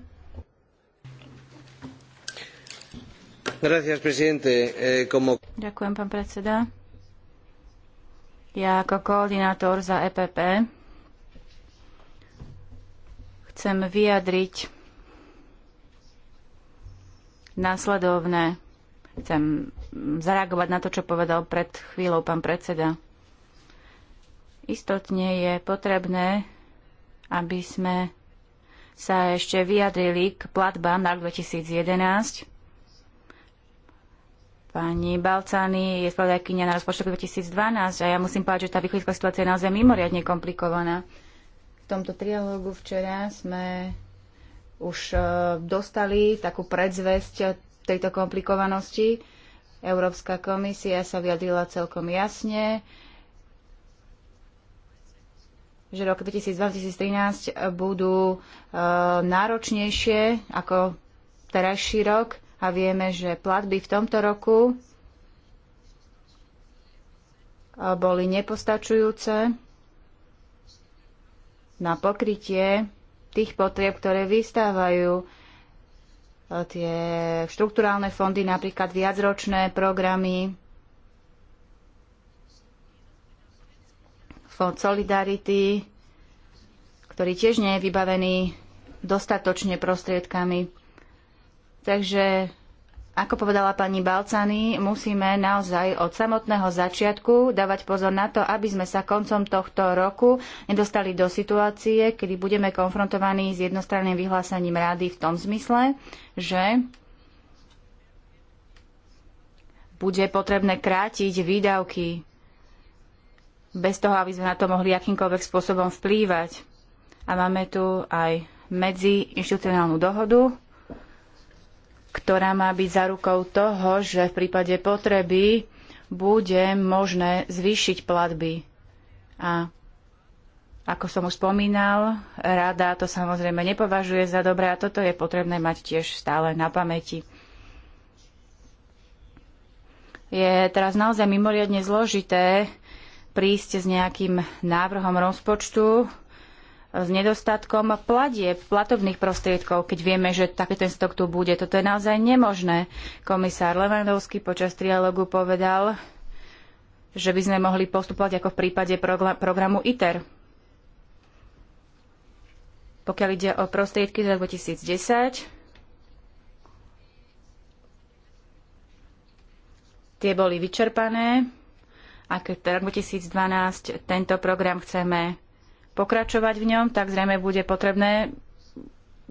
Gracias, presidente. Eh, como... Ďakujem, pán predseda. Ja ako koordinátor za EPP chcem vyjadriť následovné. Chcem zareagovať na to, čo povedal pred chvíľou pán predseda. Istotne je potrebné, aby sme sa ešte vyjadrili k platbám na rok 2011. Pani Balcány je spravodajkynia na rozpočtu 2012 a ja musím povedať, že tá východická situácia je naozaj mimoriadne komplikovaná. V tomto trialógu včera sme už e, dostali takú predzvesť tejto komplikovanosti Európska komisia sa vyjadrila celkom jasne, že rok 2012-2013 budú e, náročnejšie ako terajší rok a vieme, že platby v tomto roku e, boli nepostačujúce na pokrytie tých potrieb, ktoré vystávajú E, tie štruktúrálne fondy, napríklad viacročné programy, fond Solidarity, ktorý tiež nie je vybavený dostatočne prostriedkami. Takže ako povedala pani Balcani, musíme naozaj od samotného začiatku dávať pozor na to, aby sme sa koncom tohto roku nedostali do situácie, kedy budeme konfrontovaní s jednostranným vyhlásením rády v tom zmysle, že bude potrebné krátiť výdavky bez toho, aby sme na to mohli akýmkoľvek spôsobom vplývať. A máme tu aj medziinštitucionálnu dohodu, ktorá má byť zárukou toho, že v prípade potreby bude možné zvýšiť platby. A ako som už spomínal, rada to samozrejme nepovažuje za dobré a toto je potrebné mať tiež stále na pamäti. Je teraz naozaj mimoriadne zložité prísť s nejakým návrhom rozpočtu, s nedostatkom platieb, platobných prostriedkov, keď vieme, že ten stok tu bude. Toto je naozaj nemožné. Komisár Levandovský počas trialógu povedal, že by sme mohli postupovať ako v prípade programu ITER. Pokiaľ ide o prostriedky za 2010, tie boli vyčerpané a keď rok 2012 tento program chceme pokračovať v ňom, tak zrejme bude potrebné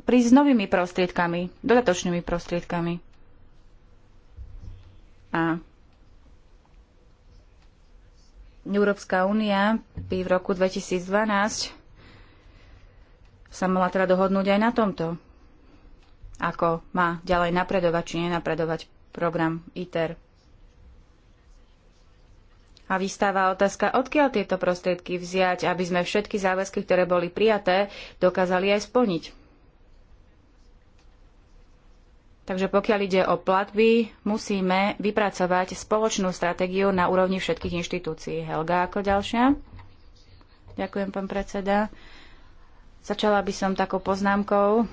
prísť s novými prostriedkami, dodatočnými prostriedkami. A Európska únia by v roku 2012 sa mala teda dohodnúť aj na tomto, ako má ďalej napredovať či nenapredovať program ITER. A vystáva otázka, odkiaľ tieto prostriedky vziať, aby sme všetky záväzky, ktoré boli prijaté, dokázali aj splniť. Takže pokiaľ ide o platby, musíme vypracovať spoločnú stratégiu na úrovni všetkých inštitúcií. Helga ako ďalšia. Ďakujem, pán predseda. Začala by som takou poznámkou,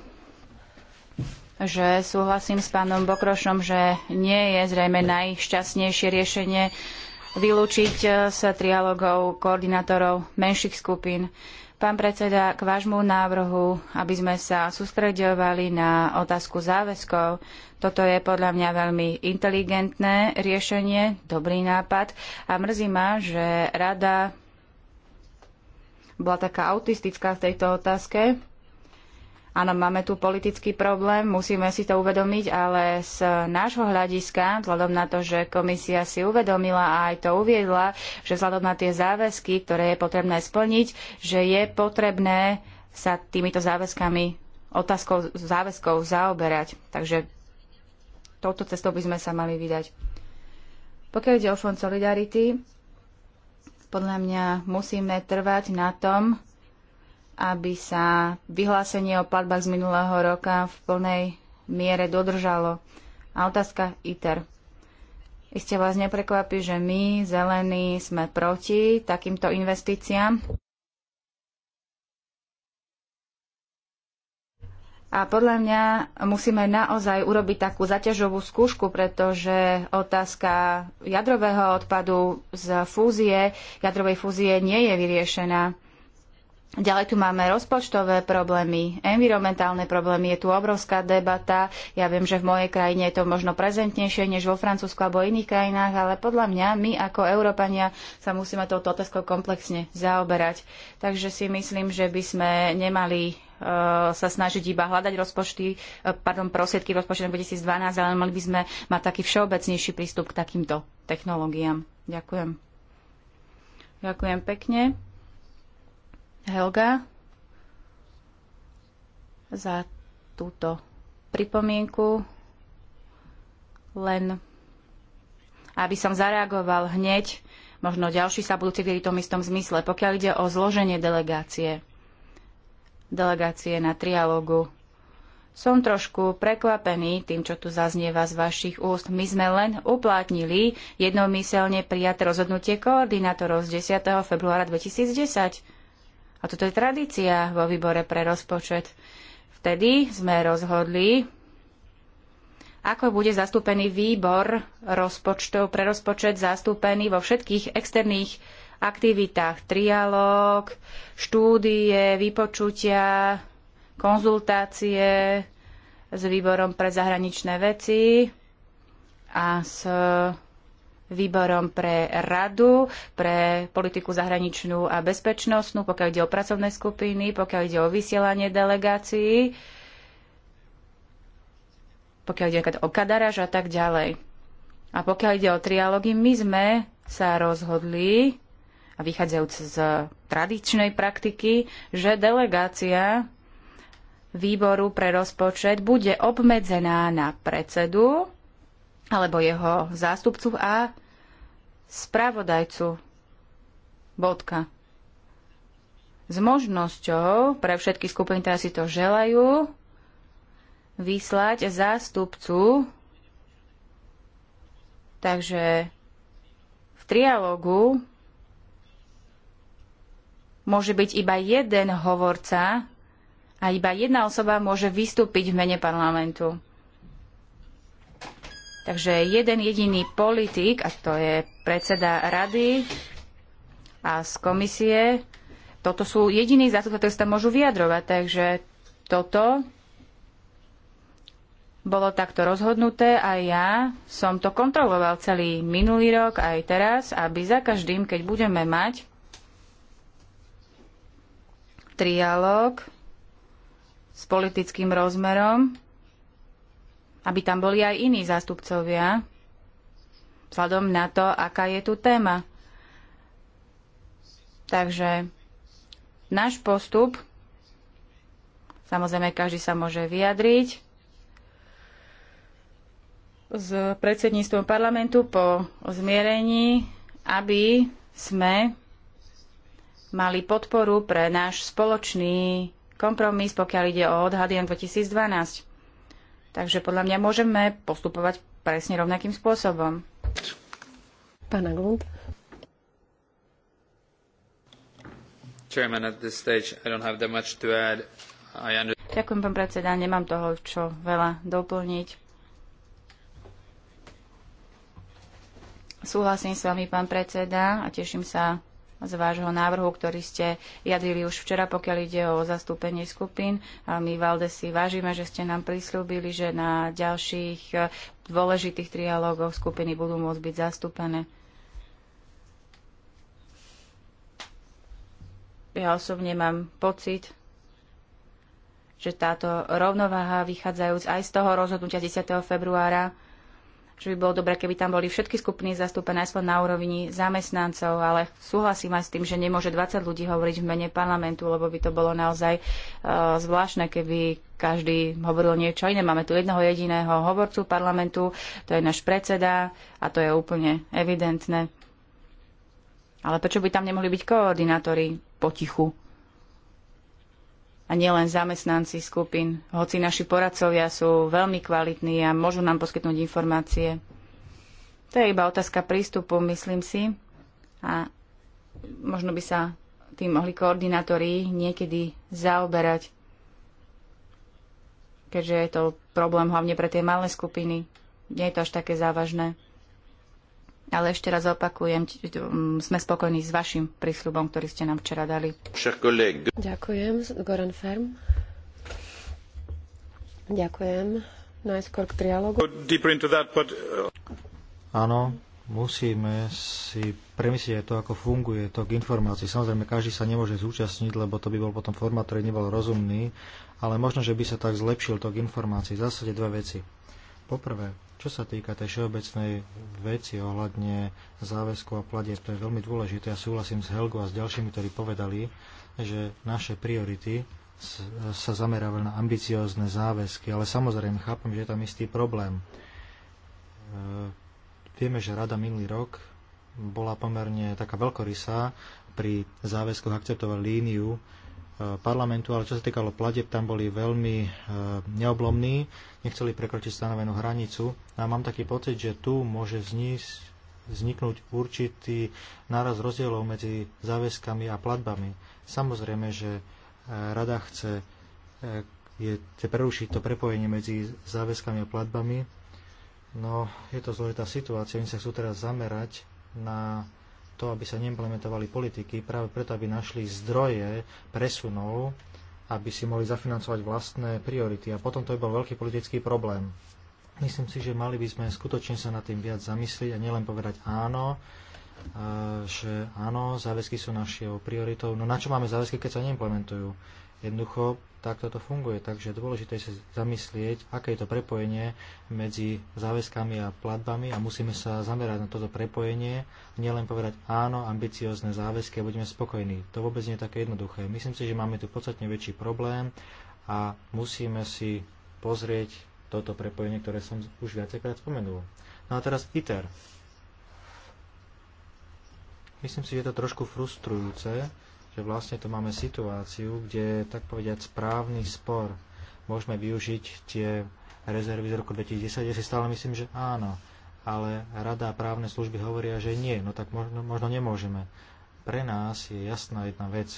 že súhlasím s pánom Bokrošom, že nie je zrejme najšťastnejšie riešenie vylúčiť z eh, trialogov koordinátorov menších skupín. Pán predseda, k vášmu návrhu, aby sme sa sústreďovali na otázku záväzkov, toto je podľa mňa veľmi inteligentné riešenie, dobrý nápad a mrzí ma, že rada bola taká autistická v tejto otázke Áno, máme tu politický problém, musíme si to uvedomiť, ale z nášho hľadiska, vzhľadom na to, že komisia si uvedomila a aj to uviedla, že vzhľadom na tie záväzky, ktoré je potrebné splniť, že je potrebné sa týmito záväzkami, otázkou záväzkov zaoberať. Takže touto cestou by sme sa mali vydať. Pokiaľ ide o Fond Solidarity, podľa mňa musíme trvať na tom, aby sa vyhlásenie o platbách z minulého roka v plnej miere dodržalo. A otázka ITER. Iste vás neprekvapí, že my, zelení, sme proti takýmto investíciám. A podľa mňa musíme naozaj urobiť takú zaťažovú skúšku, pretože otázka jadrového odpadu z fúzie, jadrovej fúzie nie je vyriešená. Ďalej tu máme rozpočtové problémy, environmentálne problémy, je tu obrovská debata. Ja viem, že v mojej krajine je to možno prezentnejšie než vo Francúzsku alebo iných krajinách, ale podľa mňa my ako Európania sa musíme touto otázkou komplexne zaoberať. Takže si myslím, že by sme nemali e, sa snažiť iba hľadať rozpočty, e, pardon, prosiedky rozpočtu 2012, ale mali by sme mať taký všeobecnejší prístup k takýmto technológiám. Ďakujem. Ďakujem pekne. Helga za túto pripomienku. Len aby som zareagoval hneď, možno ďalší sa budú cítiť v tom istom zmysle, pokiaľ ide o zloženie delegácie. Delegácie na trialógu. Som trošku prekvapený tým, čo tu zaznieva z vašich úst. My sme len uplatnili jednomyselne prijaté rozhodnutie koordinátorov z 10. februára 2010 a toto je tradícia vo výbore pre rozpočet. Vtedy sme rozhodli, ako bude zastúpený výbor rozpočtov pre rozpočet zastúpený vo všetkých externých aktivitách. Trialóg, štúdie, vypočutia, konzultácie s výborom pre zahraničné veci a s výborom pre radu, pre politiku zahraničnú a bezpečnostnú, pokiaľ ide o pracovné skupiny, pokiaľ ide o vysielanie delegácií, pokiaľ ide o kadaráž a tak ďalej. A pokiaľ ide o trialógy, my sme sa rozhodli, a vychádzajúc z tradičnej praktiky, že delegácia výboru pre rozpočet bude obmedzená na predsedu alebo jeho zástupcu a spravodajcu. Bodka. S možnosťou pre všetky skupiny, ktoré si to želajú, vyslať zástupcu. Takže v trialógu môže byť iba jeden hovorca a iba jedna osoba môže vystúpiť v mene parlamentu. Takže jeden jediný politik, a to je predseda rady a z komisie, toto sú jediní zástupcovia, ktorí sa môžu vyjadrovať. Takže toto bolo takto rozhodnuté a ja som to kontroloval celý minulý rok aj teraz, aby za každým, keď budeme mať trialog s politickým rozmerom, aby tam boli aj iní zástupcovia, vzhľadom na to, aká je tu téma. Takže náš postup, samozrejme každý sa môže vyjadriť, s predsedníctvom parlamentu po zmierení, aby sme mali podporu pre náš spoločný kompromis, pokiaľ ide o odhady 2012. Takže podľa mňa môžeme postupovať presne rovnakým spôsobom. Pána Aglund. Chairman, at this stage I don't have that much to add. I under- Ďakujem, pán predseda, nemám toho, čo veľa doplniť. Súhlasím s vami, pán predseda, a teším sa z vášho návrhu, ktorý ste jadrili už včera, pokiaľ ide o zastúpenie skupín. A my, Valde, si vážime, že ste nám prislúbili, že na ďalších e, dôležitých trialógoch skupiny budú môcť byť zastúpené. Ja osobne mám pocit, že táto rovnováha vychádzajúc aj z toho rozhodnutia 10. februára že by bolo dobré, keby tam boli všetky skupiny zastúpené aspoň na úrovni zamestnancov, ale súhlasím aj s tým, že nemôže 20 ľudí hovoriť v mene parlamentu, lebo by to bolo naozaj uh, zvláštne, keby každý hovoril niečo iné. Máme tu jedného jediného hovorcu parlamentu, to je náš predseda a to je úplne evidentné. Ale prečo by tam nemohli byť koordinátori potichu? a nielen zamestnanci skupín, hoci naši poradcovia sú veľmi kvalitní a môžu nám poskytnúť informácie. To je iba otázka prístupu, myslím si. A možno by sa tým mohli koordinátori niekedy zaoberať, keďže je to problém hlavne pre tie malé skupiny. Nie je to až také závažné. Ale ešte raz opakujem, um, sme spokojní s vašim prísľubom, ktorý ste nám včera dali. Ďakujem, Goran Ferm. Ďakujem. Najskôr k trialogu. Uh, Áno, musíme si premyslieť to, ako funguje to k informácii. Samozrejme, každý sa nemôže zúčastniť, lebo to by bol potom formát, ktorý nebol rozumný, ale možno, že by sa tak zlepšil to k informácii. V zásade dve veci. Poprvé, čo sa týka tej všeobecnej veci ohľadne záväzku a platieb, to je veľmi dôležité. Ja súhlasím s Helgo a s ďalšími, ktorí povedali, že naše priority sa zamerávajú na ambiciózne záväzky, ale samozrejme chápem, že je tam istý problém. E, vieme, že rada minulý rok bola pomerne taká veľkorysá, pri záväzkoch akceptovať líniu parlamentu, ale čo sa týkalo pladeb, tam boli veľmi e, neoblomní, nechceli prekročiť stanovenú hranicu. A mám taký pocit, že tu môže vznísť, vzniknúť určitý náraz rozdielov medzi záväzkami a platbami. Samozrejme, že e, rada chce e, je, chce prerušiť to prepojenie medzi záväzkami a platbami. No, je to zložitá situácia. Oni sa chcú teraz zamerať na to, aby sa neimplementovali politiky, práve preto, aby našli zdroje presunov, aby si mohli zafinancovať vlastné priority. A potom to by bol veľký politický problém. Myslím si, že mali by sme skutočne sa nad tým viac zamyslieť a nielen povedať áno, e, že áno, záväzky sú našou prioritou. No na čo máme záväzky, keď sa neimplementujú? Jednoducho takto to funguje, takže dôležité je sa zamyslieť, aké je to prepojenie medzi záväzkami a platbami a musíme sa zamerať na toto prepojenie, nielen povedať áno, ambiciozne záväzky a budeme spokojní. To vôbec nie je také jednoduché. Myslím si, že máme tu podstatne väčší problém a musíme si pozrieť toto prepojenie, ktoré som už viacejkrát spomenul. No a teraz ITER. Myslím si, že je to trošku frustrujúce, že vlastne tu máme situáciu, kde tak povediať správny spor. Môžeme využiť tie rezervy z roku 2010. Ja si stále myslím, že áno, ale rada a právne služby hovoria, že nie. No tak možno, možno nemôžeme. Pre nás je jasná jedna vec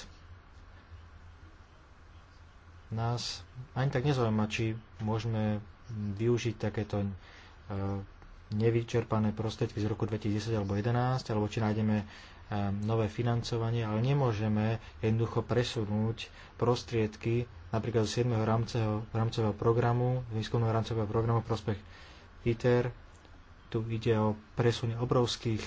nás ani tak nezaujíma, či môžeme využiť takéto e, nevyčerpané prostriedky z roku 2010 alebo 2011, alebo či nájdeme nové financovanie, ale nemôžeme jednoducho presunúť prostriedky napríklad z 7. rámceho, rámceho programu, výskumného rámcového programu prospech ITER. Tu ide o presun obrovských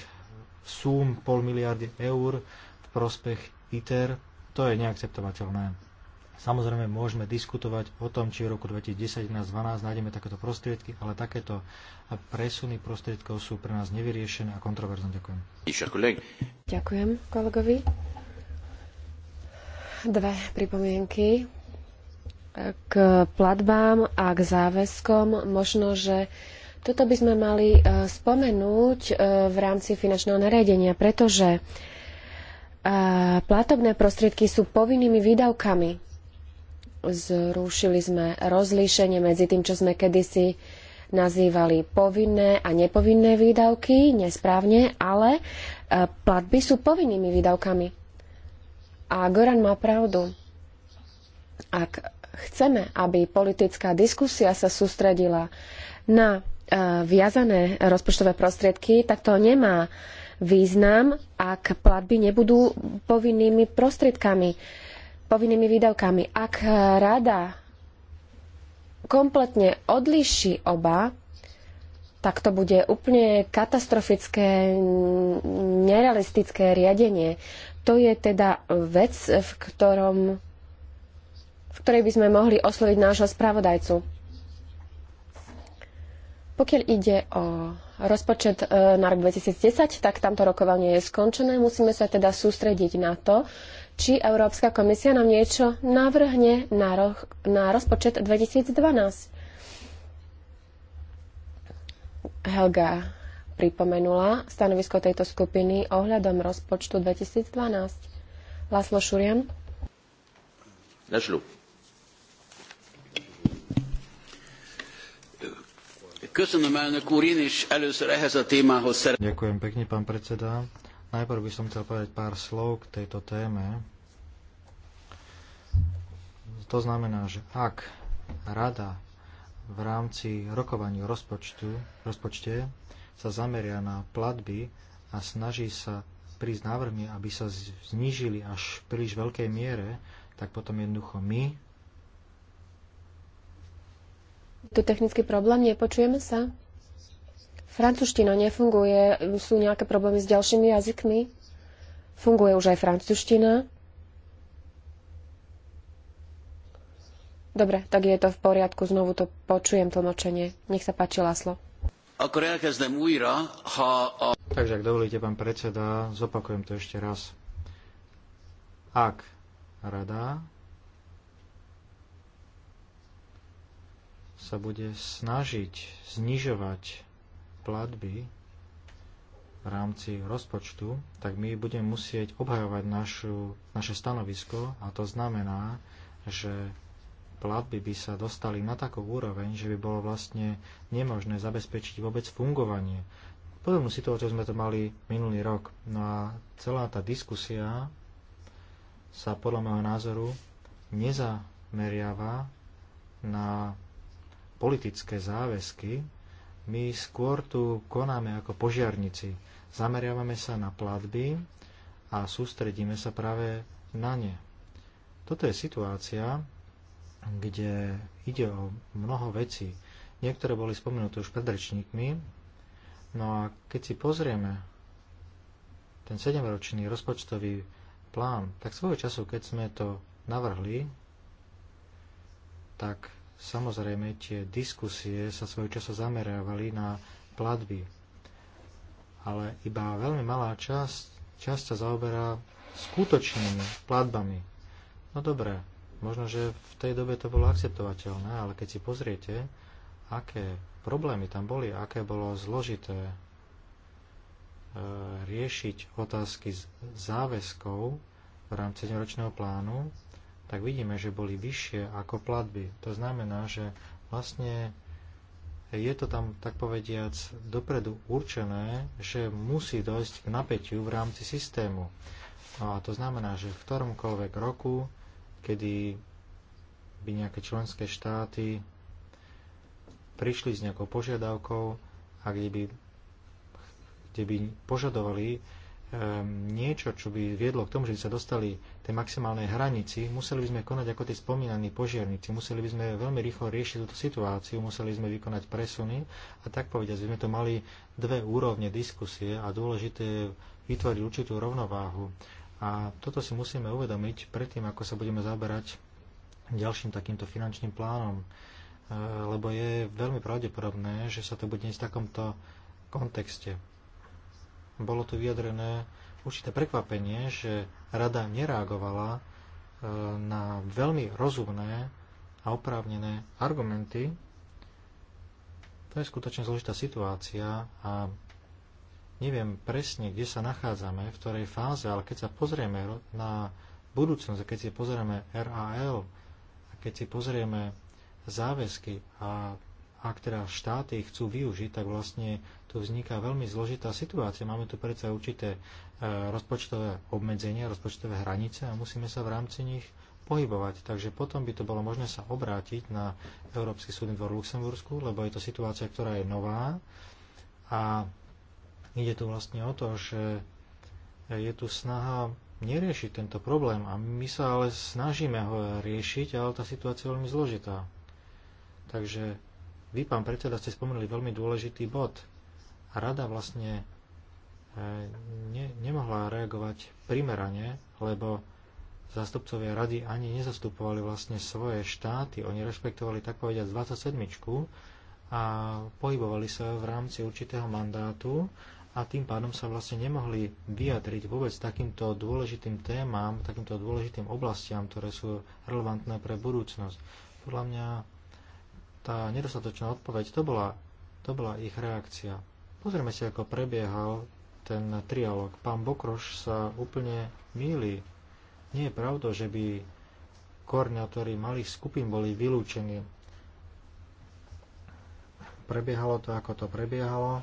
súm, pol miliardy eur v prospech ITER. To je neakceptovateľné. Samozrejme, môžeme diskutovať o tom, či v roku 2010, 2012 nájdeme takéto prostriedky, ale takéto presuny prostriedkov sú pre nás nevyriešené a kontroverzné. Ďakujem. Ďakujem kolegovi. Dve pripomienky k platbám a k záväzkom. Možno, že toto by sme mali e, spomenúť e, v rámci finančného nariadenia, pretože e, platobné prostriedky sú povinnými výdavkami. Zrušili sme rozlíšenie medzi tým, čo sme kedysi nazývali povinné a nepovinné výdavky, nesprávne, ale e, platby sú povinnými výdavkami. A Goran má pravdu. Ak chceme, aby politická diskusia sa sústredila na e, viazané rozpočtové prostriedky, tak to nemá význam, ak platby nebudú povinnými prostriedkami, povinnými výdavkami. Ak e, rada kompletne odlíši oba, tak to bude úplne katastrofické, nerealistické riadenie. To je teda vec, v, ktorom, v ktorej by sme mohli osloviť nášho spravodajcu. Pokiaľ ide o rozpočet e, na rok 2010, tak tamto rokovanie je skončené. Musíme sa teda sústrediť na to, či Európska komisia nám niečo navrhne na, roh, na rozpočet 2012. Helga pripomenula stanovisko tejto skupiny ohľadom rozpočtu 2012. Laslo Šurian. Našlu. Ďakujem pekne, pán predseda. Najprv by som chcel povedať pár slov k tejto téme. To znamená, že ak rada v rámci rokovania rozpočtu, rozpočte sa zameria na platby a snaží sa prísť návrhmi, aby sa znížili až v príliš veľkej miere, tak potom jednoducho my... Je tu technický problém, nepočujeme sa? Francúzština nefunguje, sú nejaké problémy s ďalšími jazykmi? Funguje už aj francúzština? Dobre, tak je to v poriadku, znovu to počujem tlmočenie. Nech sa páči, Laslo. Takže ak dovolíte, pán predseda, zopakujem to ešte raz. Ak rada sa bude snažiť znižovať platby v rámci rozpočtu, tak my budeme musieť obhajovať našu, naše stanovisko a to znamená, že platby by sa dostali na takú úroveň, že by bolo vlastne nemožné zabezpečiť vôbec fungovanie. Podobnú situáciu sme to mali minulý rok. No a celá tá diskusia sa podľa môjho názoru nezameriava na politické záväzky, my skôr tu konáme ako požiarnici. Zameriavame sa na platby a sústredíme sa práve na ne. Toto je situácia, kde ide o mnoho vecí. Niektoré boli spomenuté už pred rečníkmi. No a keď si pozrieme ten 7-ročný rozpočtový plán, tak svojho času, keď sme to navrhli, tak Samozrejme, tie diskusie sa svojho času zamerávali na platby, ale iba veľmi malá časť, časť sa zaoberá skutočnými platbami. No dobré, možno, že v tej dobe to bolo akceptovateľné, ale keď si pozriete, aké problémy tam boli, aké bolo zložité e, riešiť otázky záväzkou v rámci ročného plánu, tak vidíme, že boli vyššie ako platby. To znamená, že vlastne je to tam, tak povediac, dopredu určené, že musí dojsť k napätiu v rámci systému. No a to znamená, že v ktoromkoľvek roku, kedy by nejaké členské štáty prišli s nejakou požiadavkou a kde by, kde by požadovali Ehm, niečo, čo by viedlo k tomu, že by sa dostali tej maximálnej hranici, museli by sme konať ako tí spomínaní požiarníci, museli by sme veľmi rýchlo riešiť túto situáciu, museli sme vykonať presuny a tak povediať, by sme to mali dve úrovne diskusie a dôležité je vytvoriť určitú rovnováhu. A toto si musíme uvedomiť predtým, ako sa budeme zaberať ďalším takýmto finančným plánom, ehm, lebo je veľmi pravdepodobné, že sa to bude v takomto kontexte bolo tu vyjadrené určité prekvapenie, že rada nereagovala e, na veľmi rozumné a oprávnené argumenty. To je skutočne zložitá situácia a neviem presne, kde sa nachádzame, v ktorej fáze, ale keď sa pozrieme na budúcnosť, keď si pozrieme RAL, a keď si pozrieme záväzky a ak teda štáty chcú využiť, tak vlastne tu vzniká veľmi zložitá situácia. Máme tu predsa určité e, rozpočtové obmedzenia, rozpočtové hranice a musíme sa v rámci nich pohybovať. Takže potom by to bolo možné sa obrátiť na Európsky súdny dvor v Luxembursku, lebo je to situácia, ktorá je nová a ide tu vlastne o to, že je tu snaha neriešiť tento problém a my sa ale snažíme ho riešiť, ale tá situácia je veľmi zložitá. Takže vy, pán predseda, ste spomenuli veľmi dôležitý bod rada vlastne e, ne, nemohla reagovať primerane, lebo zástupcovia rady ani nezastupovali vlastne svoje štáty. Oni rešpektovali tak povediať 27 a pohybovali sa v rámci určitého mandátu a tým pádom sa vlastne nemohli vyjadriť vôbec takýmto dôležitým témam, takýmto dôležitým oblastiam, ktoré sú relevantné pre budúcnosť. Podľa mňa tá nedostatočná odpoveď, to bola, to bola ich reakcia. Pozrieme si, ako prebiehal ten trialog. Pán Bokroš sa úplne mýli. Nie je pravda, že by koordinátori malých skupín boli vylúčení. Prebiehalo to, ako to prebiehalo.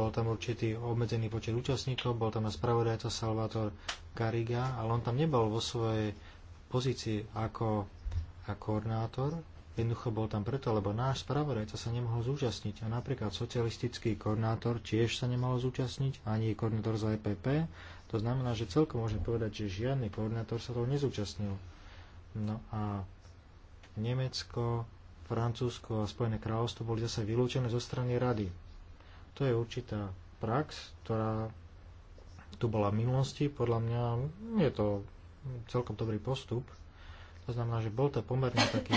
Bol tam určitý obmedzený počet účastníkov, bol tam aj spravodajca Salvator Gariga, ale on tam nebol vo svojej pozícii ako, ako koordinátor, Jednoducho bol tam preto, lebo náš spravodajca sa nemohol zúčastniť a napríklad socialistický koordinátor tiež sa nemohol zúčastniť, ani koordinátor za EPP. To znamená, že celkom môžem povedať, že žiadny koordinátor sa toho nezúčastnil. No a Nemecko, Francúzsko a Spojené kráľovstvo boli zase vylúčené zo strany rady. To je určitá prax, ktorá tu bola v minulosti. Podľa mňa je to celkom dobrý postup. To znamená, že bol to pomerne taký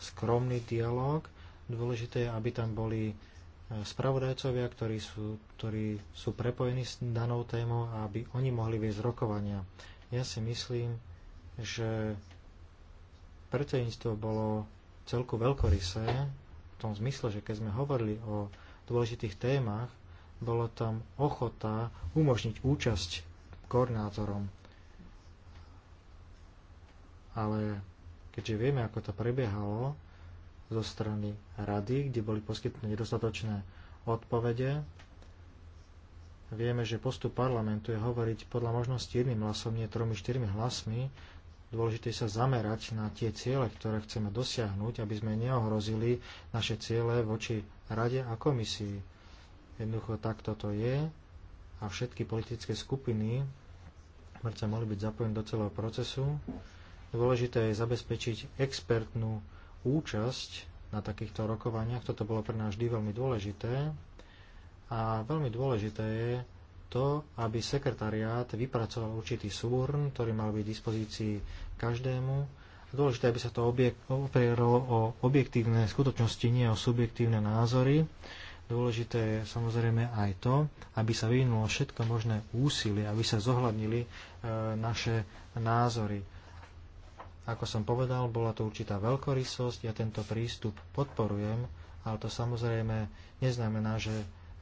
skromný dialog. Dôležité je, aby tam boli e, spravodajcovia, ktorí sú, ktorí sú prepojení s danou témou a aby oni mohli viesť rokovania. Ja si myslím, že predsedníctvo bolo celku veľkorysé v tom zmysle, že keď sme hovorili o dôležitých témach, bolo tam ochota umožniť účasť koordinátorom. Ale keďže vieme, ako to prebiehalo zo strany rady, kde boli poskytnuté nedostatočné odpovede, vieme, že postup parlamentu je hovoriť podľa možnosti jedným hlasom, nie tromi, štyrmi hlasmi. Dôležité sa zamerať na tie ciele, ktoré chceme dosiahnuť, aby sme neohrozili naše ciele voči rade a komisii. Jednoducho takto to je a všetky politické skupiny sa mohli byť zapojené do celého procesu. Dôležité je zabezpečiť expertnú účasť na takýchto rokovaniach. Toto bolo pre nás vždy veľmi dôležité. A veľmi dôležité je to, aby sekretariát vypracoval určitý súhrn, ktorý mal byť v dispozícii každému. Dôležité, aby sa to opieralo o objektívne skutočnosti, nie o subjektívne názory. Dôležité je samozrejme aj to, aby sa vyvinulo všetko možné úsilie, aby sa zohľadnili e, naše názory. Ako som povedal, bola to určitá veľkorysosť, ja tento prístup podporujem, ale to samozrejme neznamená, že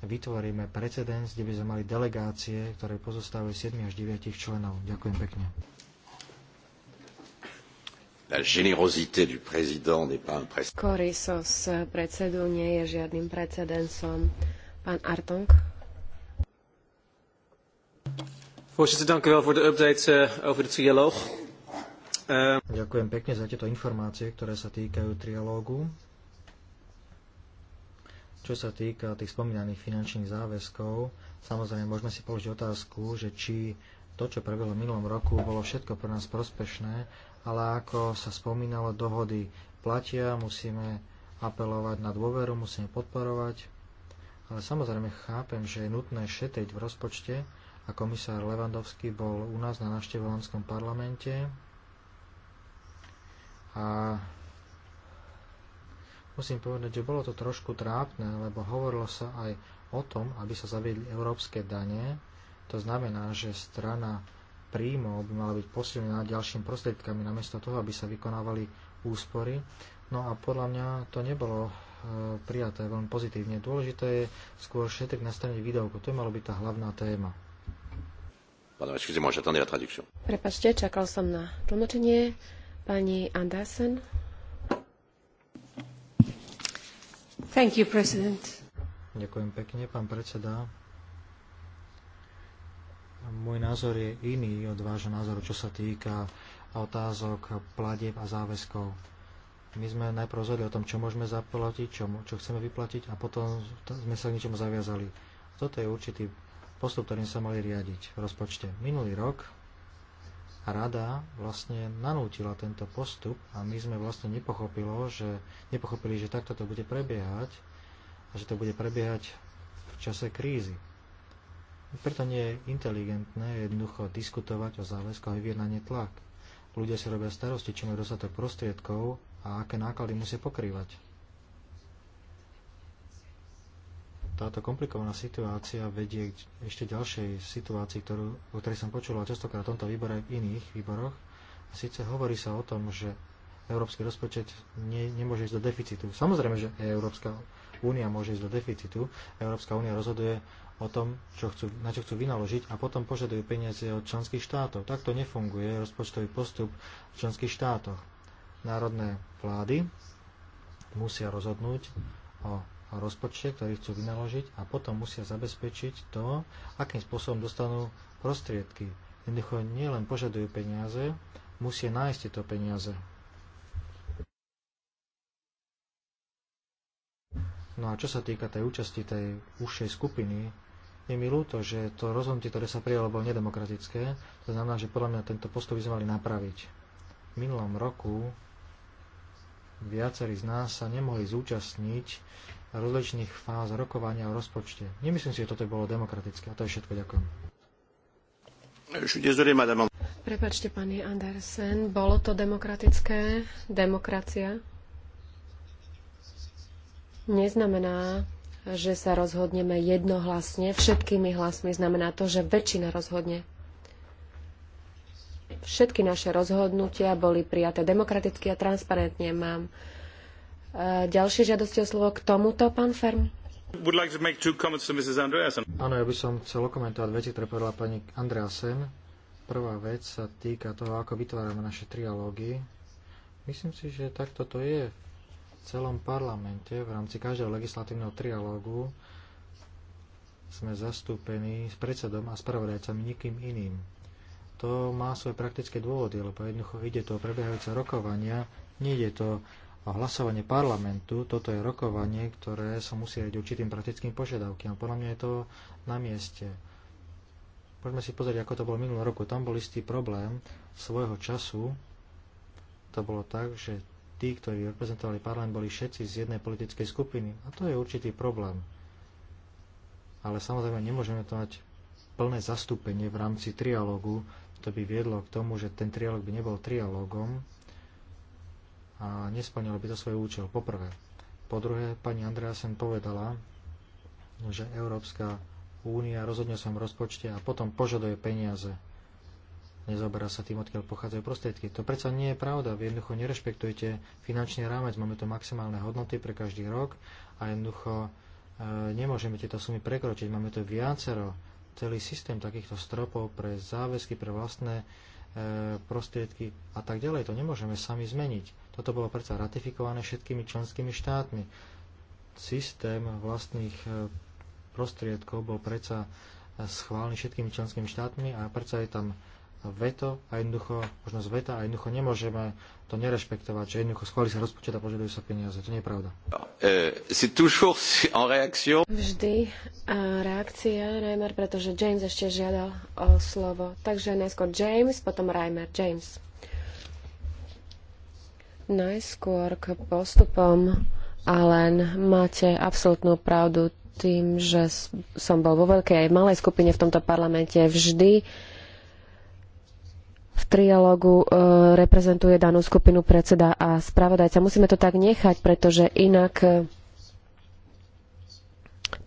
vytvoríme precedens, kde by sme mali delegácie, ktoré pozostávajú 7 až 9 členov. Ďakujem pekne. La générosité du président n'est pas un précédent. Korisos predsedu nie je žiadnym precedensom. Pán Artong. Voorzitter, dank u wel voor de update uh, eh, over de trialoog. Ehm. Ďakujem pekne za tieto informácie, ktoré sa týkajú trialógu. Čo sa týka tých spomínaných finančných záväzkov, samozrejme môžeme si položiť otázku, že či to, čo prebehlo v minulom roku, bolo všetko pre nás prospešné, ale ako sa spomínalo, dohody platia, musíme apelovať na dôveru, musíme podporovať. Ale samozrejme chápem, že je nutné šetriť v rozpočte a komisár Levandovský bol u nás na návšteve v Holandskom parlamente a musím povedať, že bolo to trošku trápne, lebo hovorilo sa aj o tom, aby sa zaviedli európske dane. To znamená, že strana príjmov by mala byť posilnená ďalším prostriedkami namiesto toho, aby sa vykonávali úspory. No a podľa mňa to nebolo e, prijaté veľmi pozitívne. Dôležité je skôr šetriť na strane výdavku. To je malo byť tá hlavná téma. Prepačte, čakal som na tlmočenie. Pani Andersen. Thank you, President. Ďakujem pekne, pán predseda. Môj názor je iný od vášho názoru, čo sa týka otázok platieb a záväzkov. My sme najprv rozhodli o tom, čo môžeme zaplatiť, čo, čo chceme vyplatiť a potom sme sa k niečomu zaviazali. Toto je určitý postup, ktorým sa mali riadiť v rozpočte. Minulý rok rada vlastne nanútila tento postup a my sme vlastne nepochopilo, že, nepochopili, že takto to bude prebiehať a že to bude prebiehať v čase krízy. Preto nie je inteligentné jednoducho diskutovať o záväzkoch a vyjednanie tlak. Ľudia si robia starosti, či majú dostatok prostriedkov a aké náklady musia pokrývať. táto komplikovaná situácia vedie k ešte ďalšej situácii, ktorú, o ktorej som počul častokrát v tomto výbore aj v iných výboroch. A síce hovorí sa o tom, že európsky rozpočet nie, nemôže ísť do deficitu. Samozrejme, že Európska únia môže ísť do deficitu. Európska únia rozhoduje o tom, čo chcú, na čo chcú vynaložiť a potom požadujú peniaze od členských štátov. Takto nefunguje rozpočtový postup v členských štátoch. Národné vlády musia rozhodnúť o rozpočte, ktorý chcú vynaložiť a potom musia zabezpečiť to, akým spôsobom dostanú prostriedky. Jednoducho nielen požadujú peniaze, musia nájsť tieto peniaze. No a čo sa týka tej účasti tej užšej skupiny, je mi ľúto, že to rozhodnutie, ktoré sa prijalo, bolo nedemokratické. To znamená, že podľa mňa tento postup by sme mali napraviť. V minulom roku viacerí z nás sa nemohli zúčastniť rozličných fáz rokovania o rozpočte. Nemyslím si, že toto bolo demokratické. A to je všetko. Ďakujem. Prepačte, pani Andersen, bolo to demokratické? Demokracia neznamená, že sa rozhodneme jednohlasne, všetkými hlasmi. Znamená to, že väčšina rozhodne. Všetky naše rozhodnutia boli prijaté demokraticky a transparentne. Mám E, ďalšie žiadosti o slovo k tomuto, pán Ferm? Like Áno, ja by som chcel komentovať veci, ktoré povedala pani Andreasen. Prvá vec sa týka toho, ako vytvárame naše trialógy. Myslím si, že takto to je v celom parlamente, v rámci každého legislatívneho trialógu sme zastúpení s predsedom a spravodajcami nikým iným. To má svoje praktické dôvody, lebo jednoducho ide to o prebiehajúce rokovania, nie ide to a hlasovanie parlamentu, toto je rokovanie, ktoré sa musí riadiť určitým praktickým požiadavkám. Podľa mňa je to na mieste. Poďme si pozrieť, ako to bolo minulý roku. Tam bol istý problém svojho času. To bolo tak, že tí, ktorí reprezentovali parlament, boli všetci z jednej politickej skupiny. A to je určitý problém. Ale samozrejme nemôžeme to mať plné zastúpenie v rámci trialógu. To by viedlo k tomu, že ten trialóg by nebol trialógom, a nesplnilo by to svoj účel. Poprvé. Po druhé, pani Andreasen povedala, že Európska únia rozhodne o svojom rozpočte a potom požaduje peniaze. Nezoberá sa tým, odkiaľ pochádzajú prostriedky. To predsa nie je pravda. Vy jednoducho nerešpektujete finančný rámec. Máme tu maximálne hodnoty pre každý rok a jednoducho e, nemôžeme tieto sumy prekročiť. Máme tu viacero, celý systém takýchto stropov pre záväzky, pre vlastné e, prostriedky a tak ďalej. To nemôžeme sami zmeniť toto bolo predsa ratifikované všetkými členskými štátmi. Systém vlastných e, prostriedkov bol predsa e, schválený všetkými členskými štátmi a predsa je tam veto a jednoducho, možnosť veta a jednoducho nemôžeme to nerešpektovať, že jednoducho schváli sa rozpočet a požadujú sa peniaze. To nie je pravda. E, Vždy reakcia Reimer, pretože James ešte žiadal o slovo. Takže najskôr James, potom Reimer. James. Najskôr k postupom, ale máte absolútnu pravdu tým, že som bol vo veľkej aj malej skupine v tomto parlamente vždy v trialogu e, reprezentuje danú skupinu predseda a spravodajca. Musíme to tak nechať, pretože inak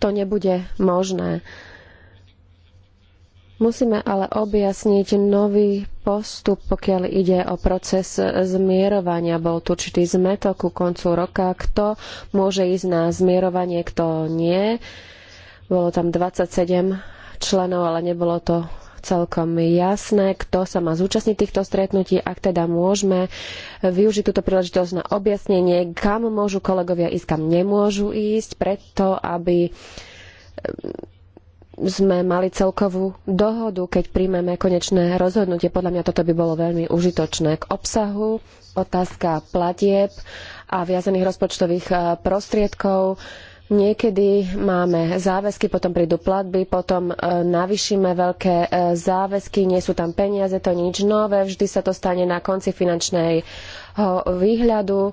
to nebude možné. E, Musíme ale objasniť nový postup, pokiaľ ide o proces zmierovania. Bol tu určitý zmetok ku koncu roka, kto môže ísť na zmierovanie, kto nie. Bolo tam 27 členov, ale nebolo to celkom jasné, kto sa má zúčastniť týchto stretnutí, ak teda môžeme využiť túto príležitosť na objasnenie, kam môžu kolegovia ísť, kam nemôžu ísť, preto aby sme mali celkovú dohodu, keď príjmeme konečné rozhodnutie. Podľa mňa toto by bolo veľmi užitočné. K obsahu otázka platieb a viazených rozpočtových e, prostriedkov. Niekedy máme záväzky, potom prídu platby, potom e, navýšime veľké e, záväzky, nie sú tam peniaze, to nič nové, vždy sa to stane na konci finančného výhľadu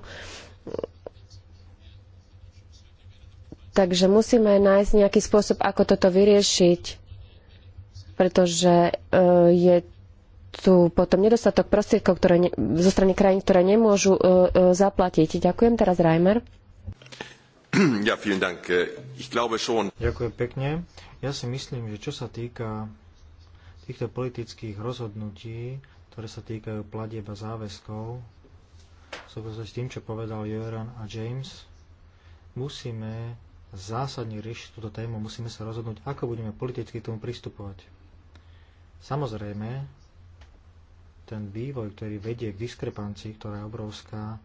Takže musíme nájsť nejaký spôsob, ako toto vyriešiť, pretože e, je tu potom nedostatok prostriedkov ktoré ne, zo strany krajín, ktoré nemôžu uh, uh, zaplatiť. Ďakujem teraz Reimer. Ja, vielen Dank. Ich glaube schon. Ďakujem pekne. Ja si myslím, že čo sa týka týchto politických rozhodnutí, ktoré sa týkajú platieb a záväzkov, súvislosti s tým, čo povedal Joran a James, musíme zásadne riešiť túto tému, musíme sa rozhodnúť, ako budeme politicky k tomu pristupovať. Samozrejme, ten vývoj, ktorý vedie k diskrepancii, ktorá je obrovská, e,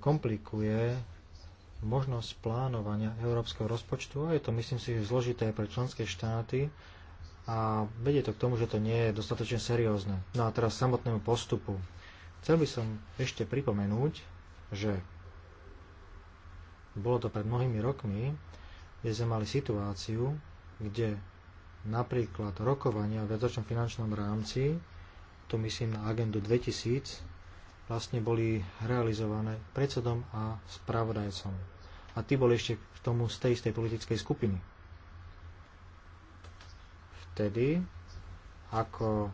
komplikuje možnosť plánovania európskeho rozpočtu a je to, myslím si, zložité pre členské štáty a vedie to k tomu, že to nie je dostatočne seriózne. No a teraz samotnému postupu. Chcel by som ešte pripomenúť, že bolo to pred mnohými rokmi, kde sme mali situáciu, kde napríklad rokovania v viacročnom finančnom rámci, tu myslím na agendu 2000, vlastne boli realizované predsedom a spravodajcom. A tí boli ešte k tomu z tej istej politickej skupiny. Vtedy, ako,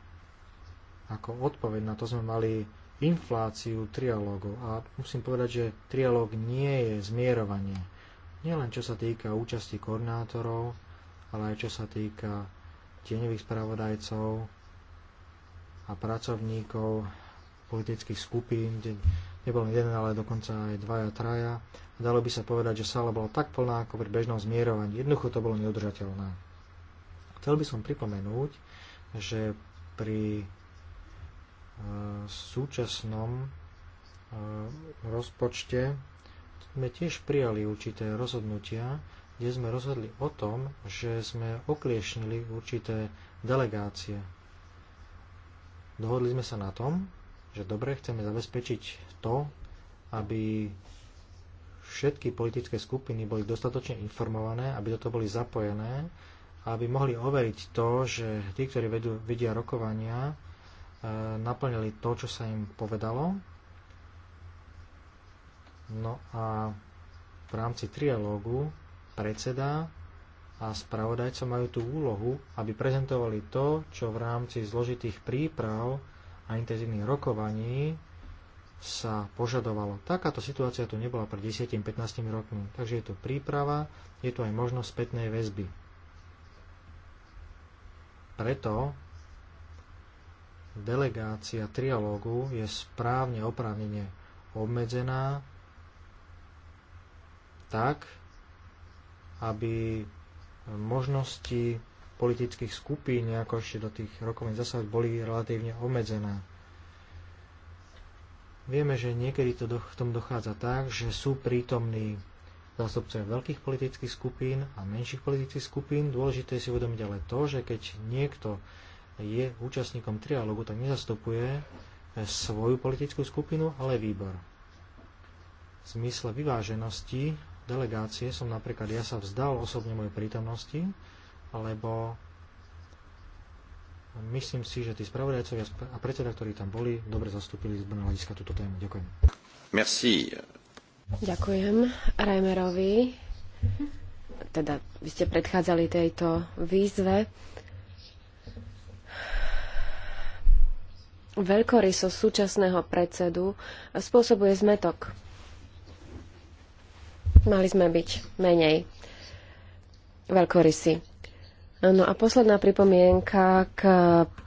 ako odpoveď na to sme mali infláciu trialógu. A musím povedať, že trialóg nie je zmierovanie. Nielen čo sa týka účasti koordinátorov, ale aj čo sa týka tieňových spravodajcov a pracovníkov politických skupín, kde nebol jeden, ale dokonca aj dvaja, traja. Dalo by sa povedať, že sála bola tak plná ako pri bežnom zmierovaní. Jednoducho to bolo neudržateľné. Chcel by som pripomenúť, že pri súčasnom e, rozpočte sme tiež prijali určité rozhodnutia, kde sme rozhodli o tom, že sme okliešnili určité delegácie. Dohodli sme sa na tom, že dobre chceme zabezpečiť to, aby všetky politické skupiny boli dostatočne informované, aby toto boli zapojené, aby mohli overiť to, že tí, ktorí vedú, vedia rokovania, E, naplnili to, čo sa im povedalo. No a v rámci trialógu predseda a spravodajca majú tú úlohu, aby prezentovali to, čo v rámci zložitých príprav a intenzívnych rokovaní sa požadovalo. Takáto situácia tu nebola pred 10-15 rokmi, takže je tu príprava, je tu aj možnosť spätnej väzby. Preto delegácia trialógu je správne oprávnene obmedzená tak, aby možnosti politických skupín nejako ešte do tých rokov zasahovať boli relatívne obmedzené. Vieme, že niekedy to do, v tom dochádza tak, že sú prítomní zástupcovia veľkých politických skupín a menších politických skupín. Dôležité je si uvedomiť ale to, že keď niekto je účastníkom trialógu, tak nezastupuje e, svoju politickú skupinu, ale výbor. V zmysle vyváženosti delegácie som napríklad ja sa vzdal osobne mojej prítomnosti, lebo myslím si, že tí spravodajcovia a predseda, ktorí tam boli, dobre zastúpili z hľadiska túto tému. Ďakujem. Merci. Ďakujem Reimerovi. Teda vy ste predchádzali tejto výzve. veľkoryso súčasného predsedu spôsobuje zmetok. Mali sme byť menej veľkorysi. No a posledná pripomienka k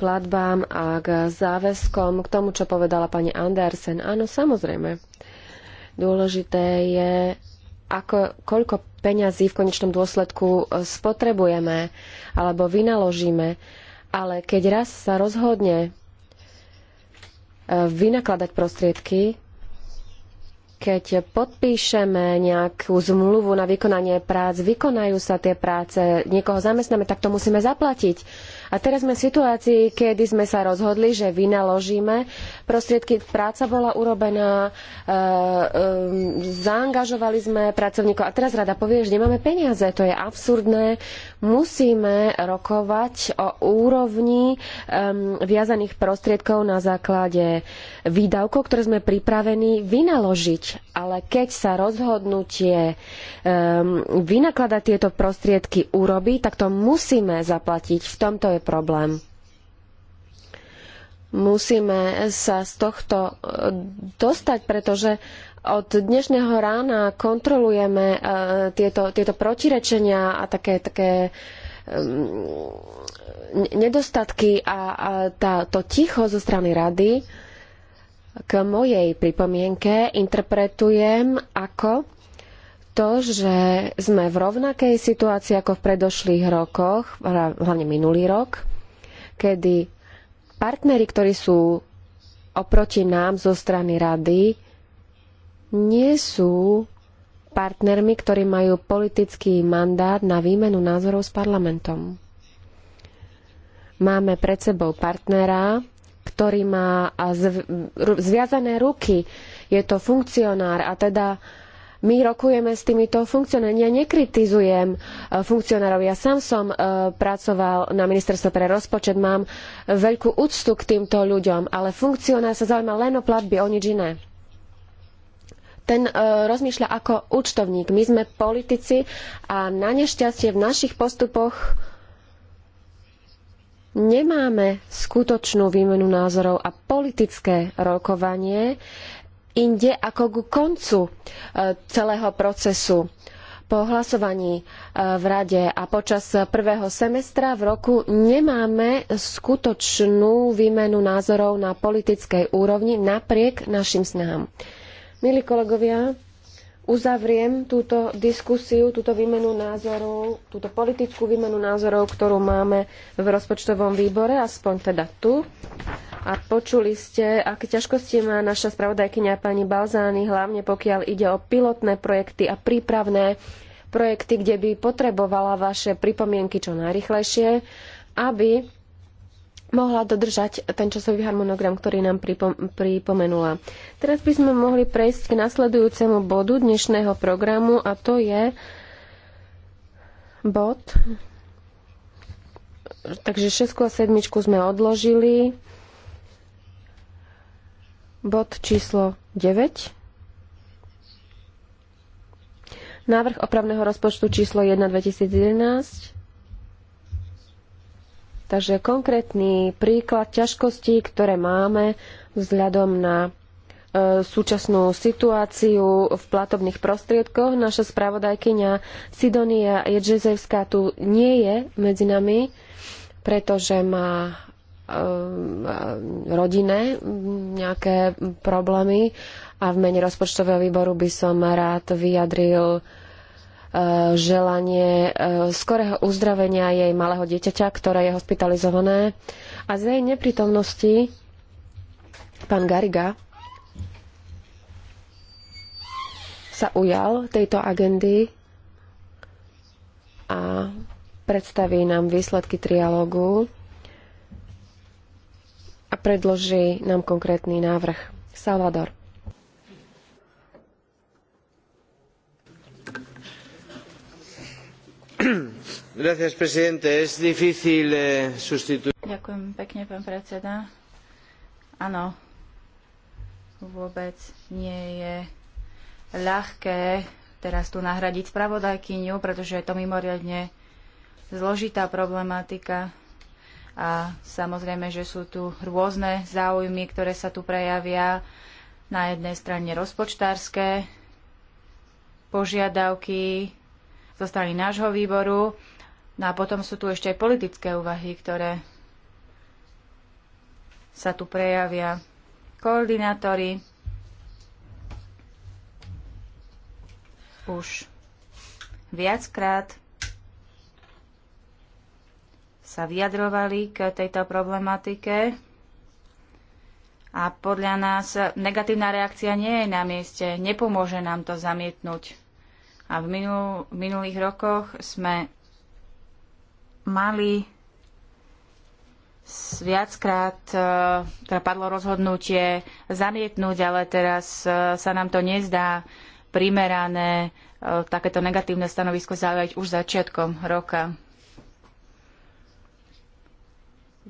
platbám a k záväzkom, k tomu, čo povedala pani Andersen. Áno, samozrejme. Dôležité je, ako, koľko peňazí v konečnom dôsledku spotrebujeme alebo vynaložíme. Ale keď raz sa rozhodne vynakladať prostriedky, keď podpíšeme nejakú zmluvu na vykonanie prác, vykonajú sa tie práce, niekoho zamestnáme, tak to musíme zaplatiť a teraz sme v situácii, kedy sme sa rozhodli, že vynaložíme prostriedky. Práca bola urobená, e, e, zaangažovali sme pracovníkov a teraz rada povie, že nemáme peniaze. To je absurdné. Musíme rokovať o úrovni e, viazaných prostriedkov na základe výdavkov, ktoré sme pripravení vynaložiť. Ale keď sa rozhodnutie vynakladať tieto prostriedky urobí, tak to musíme zaplatiť. V tomto je je problém. Musíme sa z tohto e, dostať, pretože od dnešného rána kontrolujeme e, tieto, tieto protirečenia a také, také nedostatky a, a tá, to ticho zo strany rady k mojej pripomienke interpretujem ako to, že sme v rovnakej situácii ako v predošlých rokoch, hlavne minulý rok, kedy partnery, ktorí sú oproti nám zo strany rady, nie sú partnermi, ktorí majú politický mandát na výmenu názorov s parlamentom. Máme pred sebou partnera, ktorý má zviazané ruky. Je to funkcionár a teda my rokujeme s týmito funkcionármi. Ja nekritizujem e, funkcionárov. Ja sám som e, pracoval na ministerstve pre rozpočet, mám veľkú úctu k týmto ľuďom, ale funkcionár sa zaujíma len o platby, o nič iné. Ten e, rozmýšľa ako účtovník. My sme politici a na nešťastie v našich postupoch nemáme skutočnú výmenu názorov a politické rokovanie inde ako ku koncu e, celého procesu po hlasovaní e, v rade a počas prvého semestra v roku nemáme skutočnú výmenu názorov na politickej úrovni napriek našim snahám. Milí kolegovia, uzavriem túto diskusiu, túto výmenu názorov, túto politickú výmenu názorov, ktorú máme v rozpočtovom výbore, aspoň teda tu. A počuli ste, aké ťažkosti má naša spravodajkynia pani Balzány, hlavne pokiaľ ide o pilotné projekty a prípravné projekty, kde by potrebovala vaše pripomienky čo najrychlejšie, aby mohla dodržať ten časový harmonogram, ktorý nám pripom- pripomenula. Teraz by sme mohli prejsť k nasledujúcemu bodu dnešného programu a to je bod. Takže 6 a 7 sme odložili. Bod číslo 9. Návrh opravného rozpočtu číslo 1 2011. Takže konkrétny príklad ťažkostí, ktoré máme vzhľadom na e, súčasnú situáciu v platobných prostriedkoch. Naša spravodajkyňa Sidonia Jedžezevská tu nie je medzi nami, pretože má e, rodine nejaké problémy a v mene rozpočtového výboru by som rád vyjadril Eh, želanie eh, skorého uzdravenia jej malého dieťaťa, ktoré je hospitalizované. A z jej neprítomnosti pán Gariga sa ujal tejto agendy a predstaví nám výsledky trialógu a predloží nám konkrétny návrh. Salvador. Eh, Ďakujem pekne, pán predseda. Áno, vôbec nie je ľahké teraz tu nahradiť spravodajkyňu, pretože je to mimoriadne zložitá problematika a samozrejme, že sú tu rôzne záujmy, ktoré sa tu prejavia. Na jednej strane rozpočtárske požiadavky, zo strany nášho výboru. No a potom sú tu ešte aj politické úvahy, ktoré sa tu prejavia. Koordinátori už viackrát sa vyjadrovali k tejto problematike a podľa nás negatívna reakcia nie je na mieste. Nepomôže nám to zamietnúť a v, minul, v minulých rokoch sme mali viackrát e, teda padlo rozhodnutie zamietnúť, ale teraz e, sa nám to nezdá primerané e, takéto negatívne stanovisko zaujať už začiatkom roka.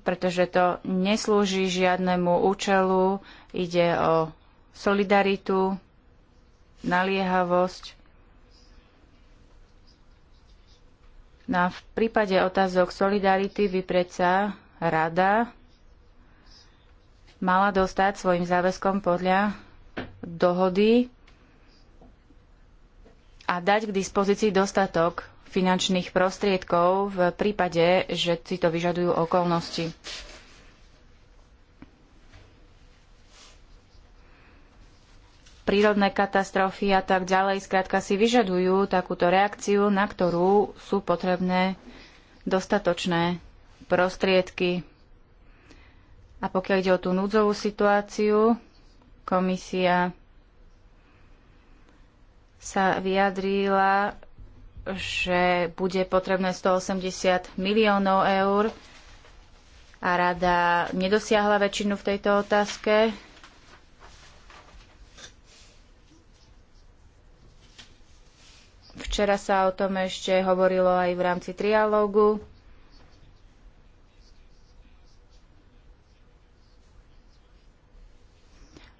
Pretože to neslúži žiadnemu účelu, ide o solidaritu, naliehavosť No a v prípade otázok solidarity by predsa rada mala dostať svojim záväzkom podľa dohody a dať k dispozícii dostatok finančných prostriedkov v prípade, že si to vyžadujú okolnosti. prírodné katastrofy a tak ďalej, skrátka si vyžadujú takúto reakciu, na ktorú sú potrebné dostatočné prostriedky. A pokiaľ ide o tú núdzovú situáciu, komisia sa vyjadrila, že bude potrebné 180 miliónov eur a rada nedosiahla väčšinu v tejto otázke. Včera sa o tom ešte hovorilo aj v rámci trialógu.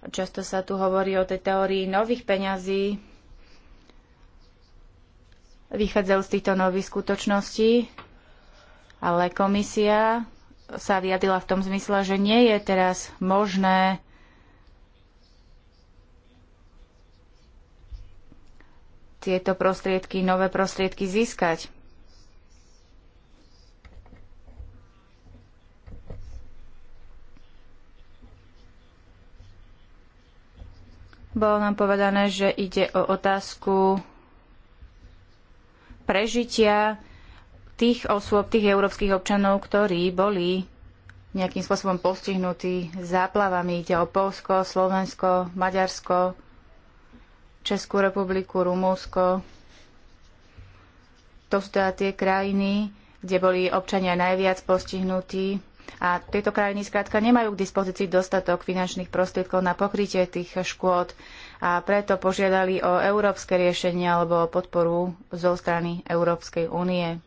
Často sa tu hovorí o tej teórii nových peňazí. Vychádzajú z týchto nových skutočností, ale komisia sa vyjadila v tom zmysle, že nie je teraz možné tieto prostriedky, nové prostriedky získať. Bolo nám povedané, že ide o otázku prežitia tých osôb, tých európskych občanov, ktorí boli nejakým spôsobom postihnutí záplavami. Ide o Polsko, Slovensko, Maďarsko, Českú republiku, Rumúnsko. To sú teda tie krajiny, kde boli občania najviac postihnutí a tieto krajiny skrátka nemajú k dispozícii dostatok finančných prostriedkov na pokrytie tých škôd a preto požiadali o európske riešenie alebo o podporu zo strany Európskej únie.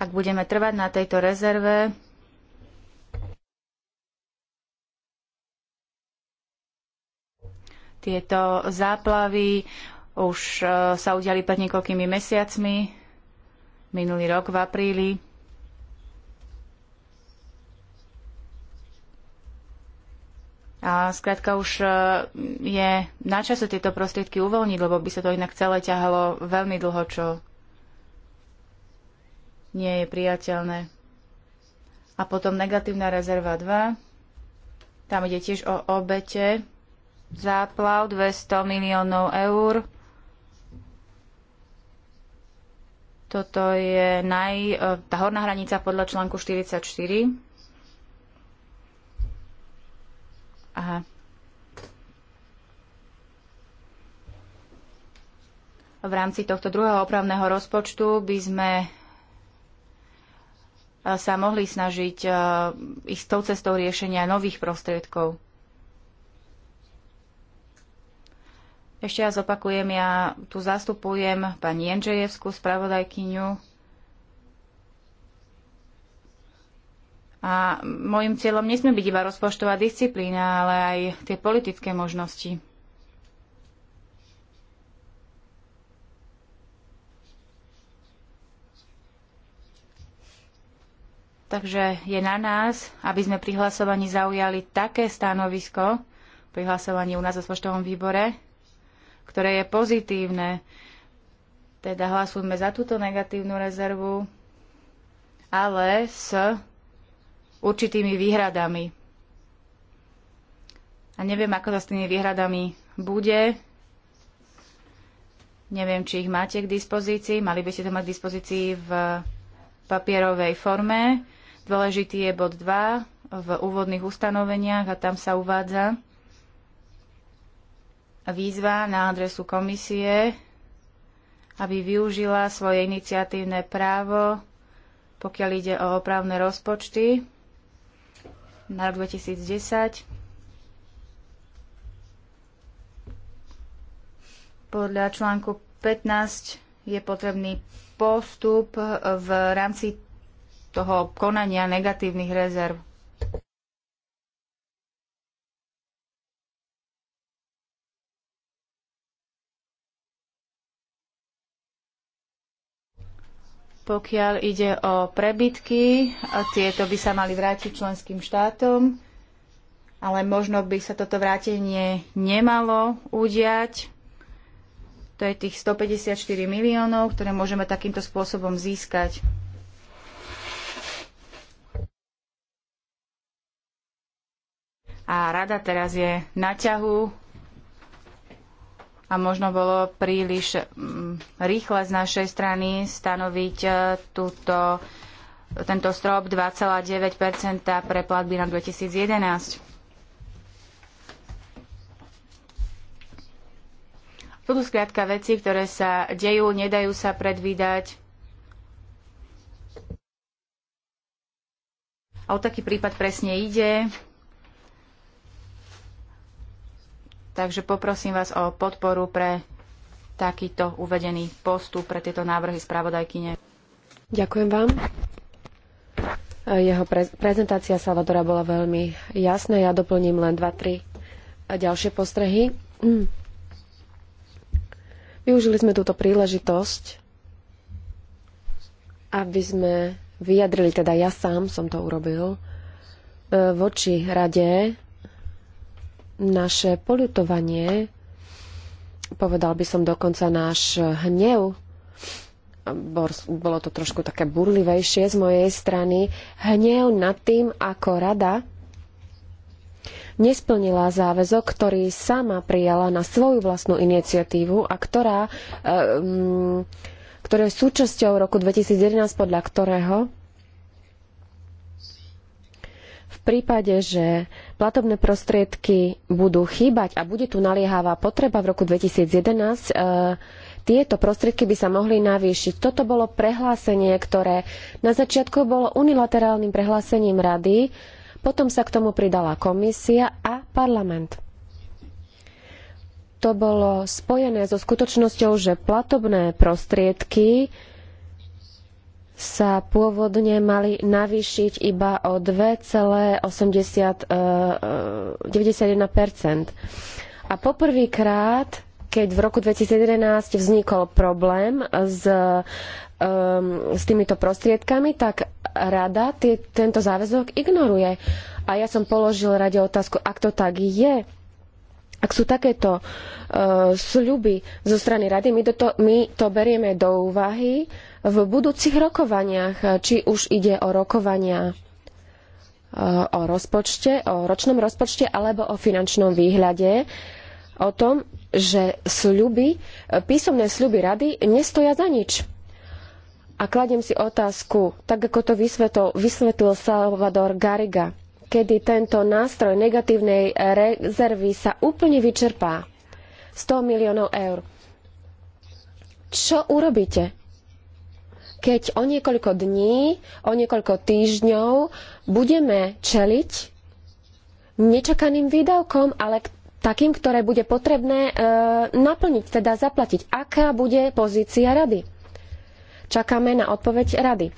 Ak budeme trvať na tejto rezerve, Tieto záplavy už e, sa udiali pred niekoľkými mesiacmi, minulý rok v apríli. A skrátka už e, je na čase tieto prostriedky uvoľniť, lebo by sa to inak celé ťahalo veľmi dlho, čo nie je priateľné. A potom negatívna rezerva 2. Tam ide tiež o obete záplav 200 miliónov eur. Toto je naj, e, tá horná hranica podľa článku 44. Aha. V rámci tohto druhého opravného rozpočtu by sme e, sa mohli snažiť e, ísť tou cestou riešenia nových prostriedkov. Ešte raz opakujem, ja tu zastupujem pani Jendžejevskú, spravodajkyňu. A môjim cieľom nesmie byť iba rozpočtová disciplína, ale aj tie politické možnosti. Takže je na nás, aby sme pri hlasovaní zaujali také stanovisko, pri hlasovaní u nás v rozpočtovom výbore, ktoré je pozitívne. Teda hlasujme za túto negatívnu rezervu, ale s určitými výhradami. A neviem, ako to s tými výhradami bude. Neviem, či ich máte k dispozícii. Mali by ste to mať k dispozícii v papierovej forme. Dôležitý je bod 2 v úvodných ustanoveniach a tam sa uvádza, výzva na adresu komisie, aby využila svoje iniciatívne právo, pokiaľ ide o opravné rozpočty na rok 2010. Podľa článku 15 je potrebný postup v rámci toho konania negatívnych rezerv. Pokiaľ ide o prebytky, tieto by sa mali vrátiť členským štátom, ale možno by sa toto vrátenie nemalo udiať. To je tých 154 miliónov, ktoré môžeme takýmto spôsobom získať. A rada teraz je na ťahu a možno bolo príliš mm, rýchle z našej strany stanoviť e, túto, tento strop 2,9 pre platby na 2011. To sú skrátka veci, ktoré sa dejú, nedajú sa predvídať. A o taký prípad presne ide. Takže poprosím vás o podporu pre takýto uvedený postup pre tieto návrhy spravodajkyne. Ďakujem vám. Jeho prezentácia Salvadora bola veľmi jasná. Ja doplním len 2-3 ďalšie postrehy. Mm. Využili sme túto príležitosť, aby sme vyjadrili, teda ja sám som to urobil, e, voči rade naše polutovanie, povedal by som dokonca náš hnev, bolo to trošku také burlivejšie z mojej strany, hnev nad tým, ako rada nesplnila záväzok, ktorý sama prijala na svoju vlastnú iniciatívu a ktorá, eh, mm, ktoré je súčasťou roku 2011, podľa ktorého prípade, že platobné prostriedky budú chýbať a bude tu naliehavá potreba v roku 2011, e, tieto prostriedky by sa mohli navýšiť. Toto bolo prehlásenie, ktoré na začiatku bolo unilaterálnym prehlásením rady, potom sa k tomu pridala komisia a parlament. To bolo spojené so skutočnosťou, že platobné prostriedky sa pôvodne mali navýšiť iba o 2,91 e, e, A poprvýkrát, keď v roku 2011 vznikol problém s, um, s týmito prostriedkami, tak rada tento záväzok ignoruje. A ja som položil rade otázku, ak to tak je, ak sú takéto uh, sľuby zo strany rady, my, do to, my to berieme do úvahy, uh, v budúcich rokovaniach, či už ide o rokovania e, o rozpočte, o ročnom rozpočte alebo o finančnom výhľade, o tom, že sľuby, e, písomné sľuby rady nestoja za nič. A kladiem si otázku, tak ako to vysvetlil, vysvetlil Salvador Garriga, kedy tento nástroj negatívnej rezervy sa úplne vyčerpá. 100 miliónov eur. Čo urobíte? keď o niekoľko dní, o niekoľko týždňov budeme čeliť nečakaným výdavkom, ale takým, ktoré bude potrebné e, naplniť, teda zaplatiť. Aká bude pozícia rady? Čakáme na odpoveď rady.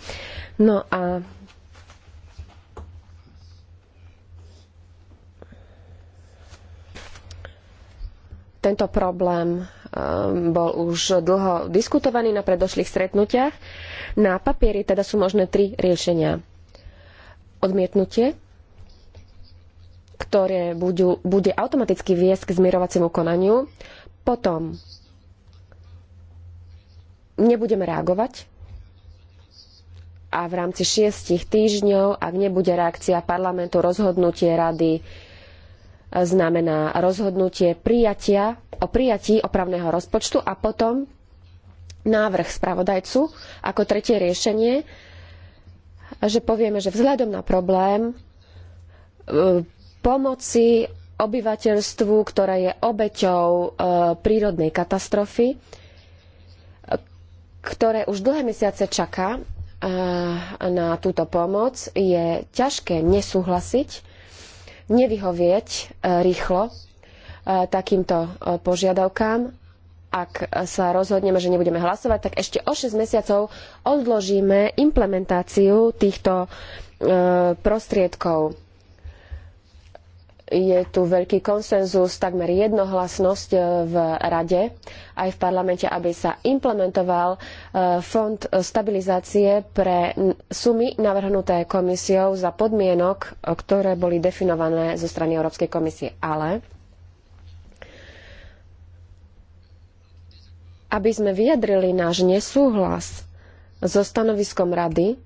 No a tento problém Ehm, bol už dlho diskutovaný na predošlých stretnutiach. Na papieri teda sú možné tri riešenia. Odmietnutie, ktoré budú, bude automaticky viesť k zmierovaciemu konaniu. Potom nebudeme reagovať a v rámci šiestich týždňov, ak nebude reakcia parlamentu, rozhodnutie rady znamená rozhodnutie prijatia, o prijatí opravného rozpočtu a potom návrh spravodajcu ako tretie riešenie, že povieme, že vzhľadom na problém e, pomoci obyvateľstvu, ktoré je obeťou e, prírodnej katastrofy, e, ktoré už dlhé mesiace čaká na túto pomoc, je ťažké nesúhlasiť nevyhovieť e, rýchlo e, takýmto e, požiadavkám. Ak sa rozhodneme, že nebudeme hlasovať, tak ešte o 6 mesiacov odložíme implementáciu týchto prostriedkov je tu veľký konsenzus, takmer jednohlasnosť e, v Rade aj v parlamente, aby sa implementoval e, fond stabilizácie pre sumy navrhnuté komisiou za podmienok, e, ktoré boli definované zo strany Európskej komisie. Ale aby sme vyjadrili náš nesúhlas so stanoviskom Rady,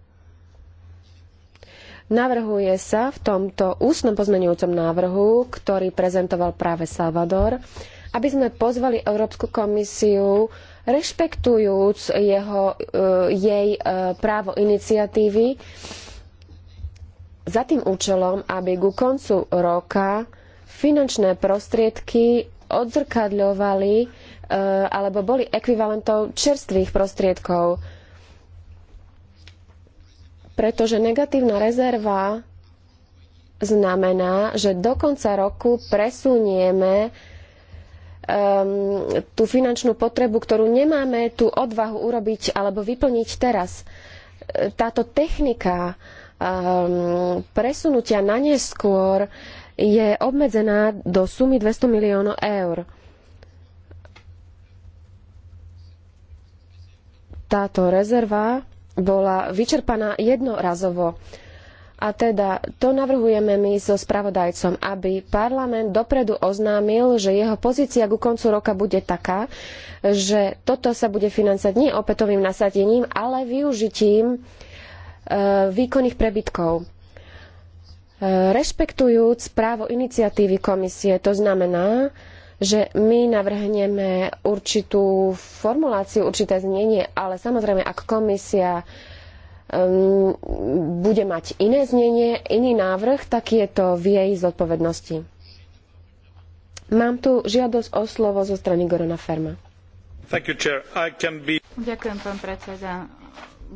Navrhuje sa v tomto ústnom pozmenujúcom návrhu, ktorý prezentoval práve Salvador, aby sme pozvali Európsku komisiu, rešpektujúc jeho, e, jej e, právo iniciatívy, za tým účelom, aby ku koncu roka finančné prostriedky odzrkadľovali e, alebo boli ekvivalentou čerstvých prostriedkov pretože negatívna rezerva znamená, že do konca roku presunieme um, tú finančnú potrebu, ktorú nemáme tú odvahu urobiť alebo vyplniť teraz. E, táto technika um, presunutia na neskôr je obmedzená do sumy 200 miliónov eur. Táto rezerva bola vyčerpaná jednorazovo. A teda to navrhujeme my so spravodajcom, aby parlament dopredu oznámil, že jeho pozícia ku koncu roka bude taká, že toto sa bude financovať nie opätovým nasadením, ale využitím e, výkonných prebytkov. E, rešpektujúc právo iniciatívy komisie, to znamená, že my navrhneme určitú formuláciu, určité znenie, ale samozrejme, ak komisia um, bude mať iné znenie, iný návrh, tak je to v jej zodpovednosti. Mám tu žiadosť o slovo zo strany Gorona Ferma. You, be... Ďakujem, pán predseda.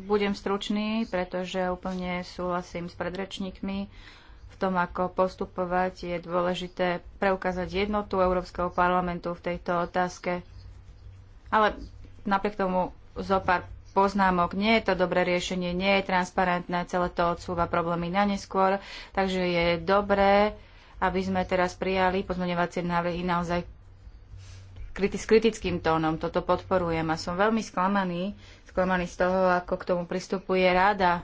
Budem stručný, pretože úplne súhlasím s predrečníkmi tom, ako postupovať, je dôležité preukázať jednotu Európskeho parlamentu v tejto otázke. Ale napriek tomu zo pár poznámok. Nie je to dobré riešenie, nie je transparentné, celé to odsúva problémy na neskôr, takže je dobré, aby sme teraz prijali pozmeňovacie návrhy naozaj s kritickým tónom. Toto podporujem a som veľmi sklamaný, sklamaný z toho, ako k tomu pristupuje rada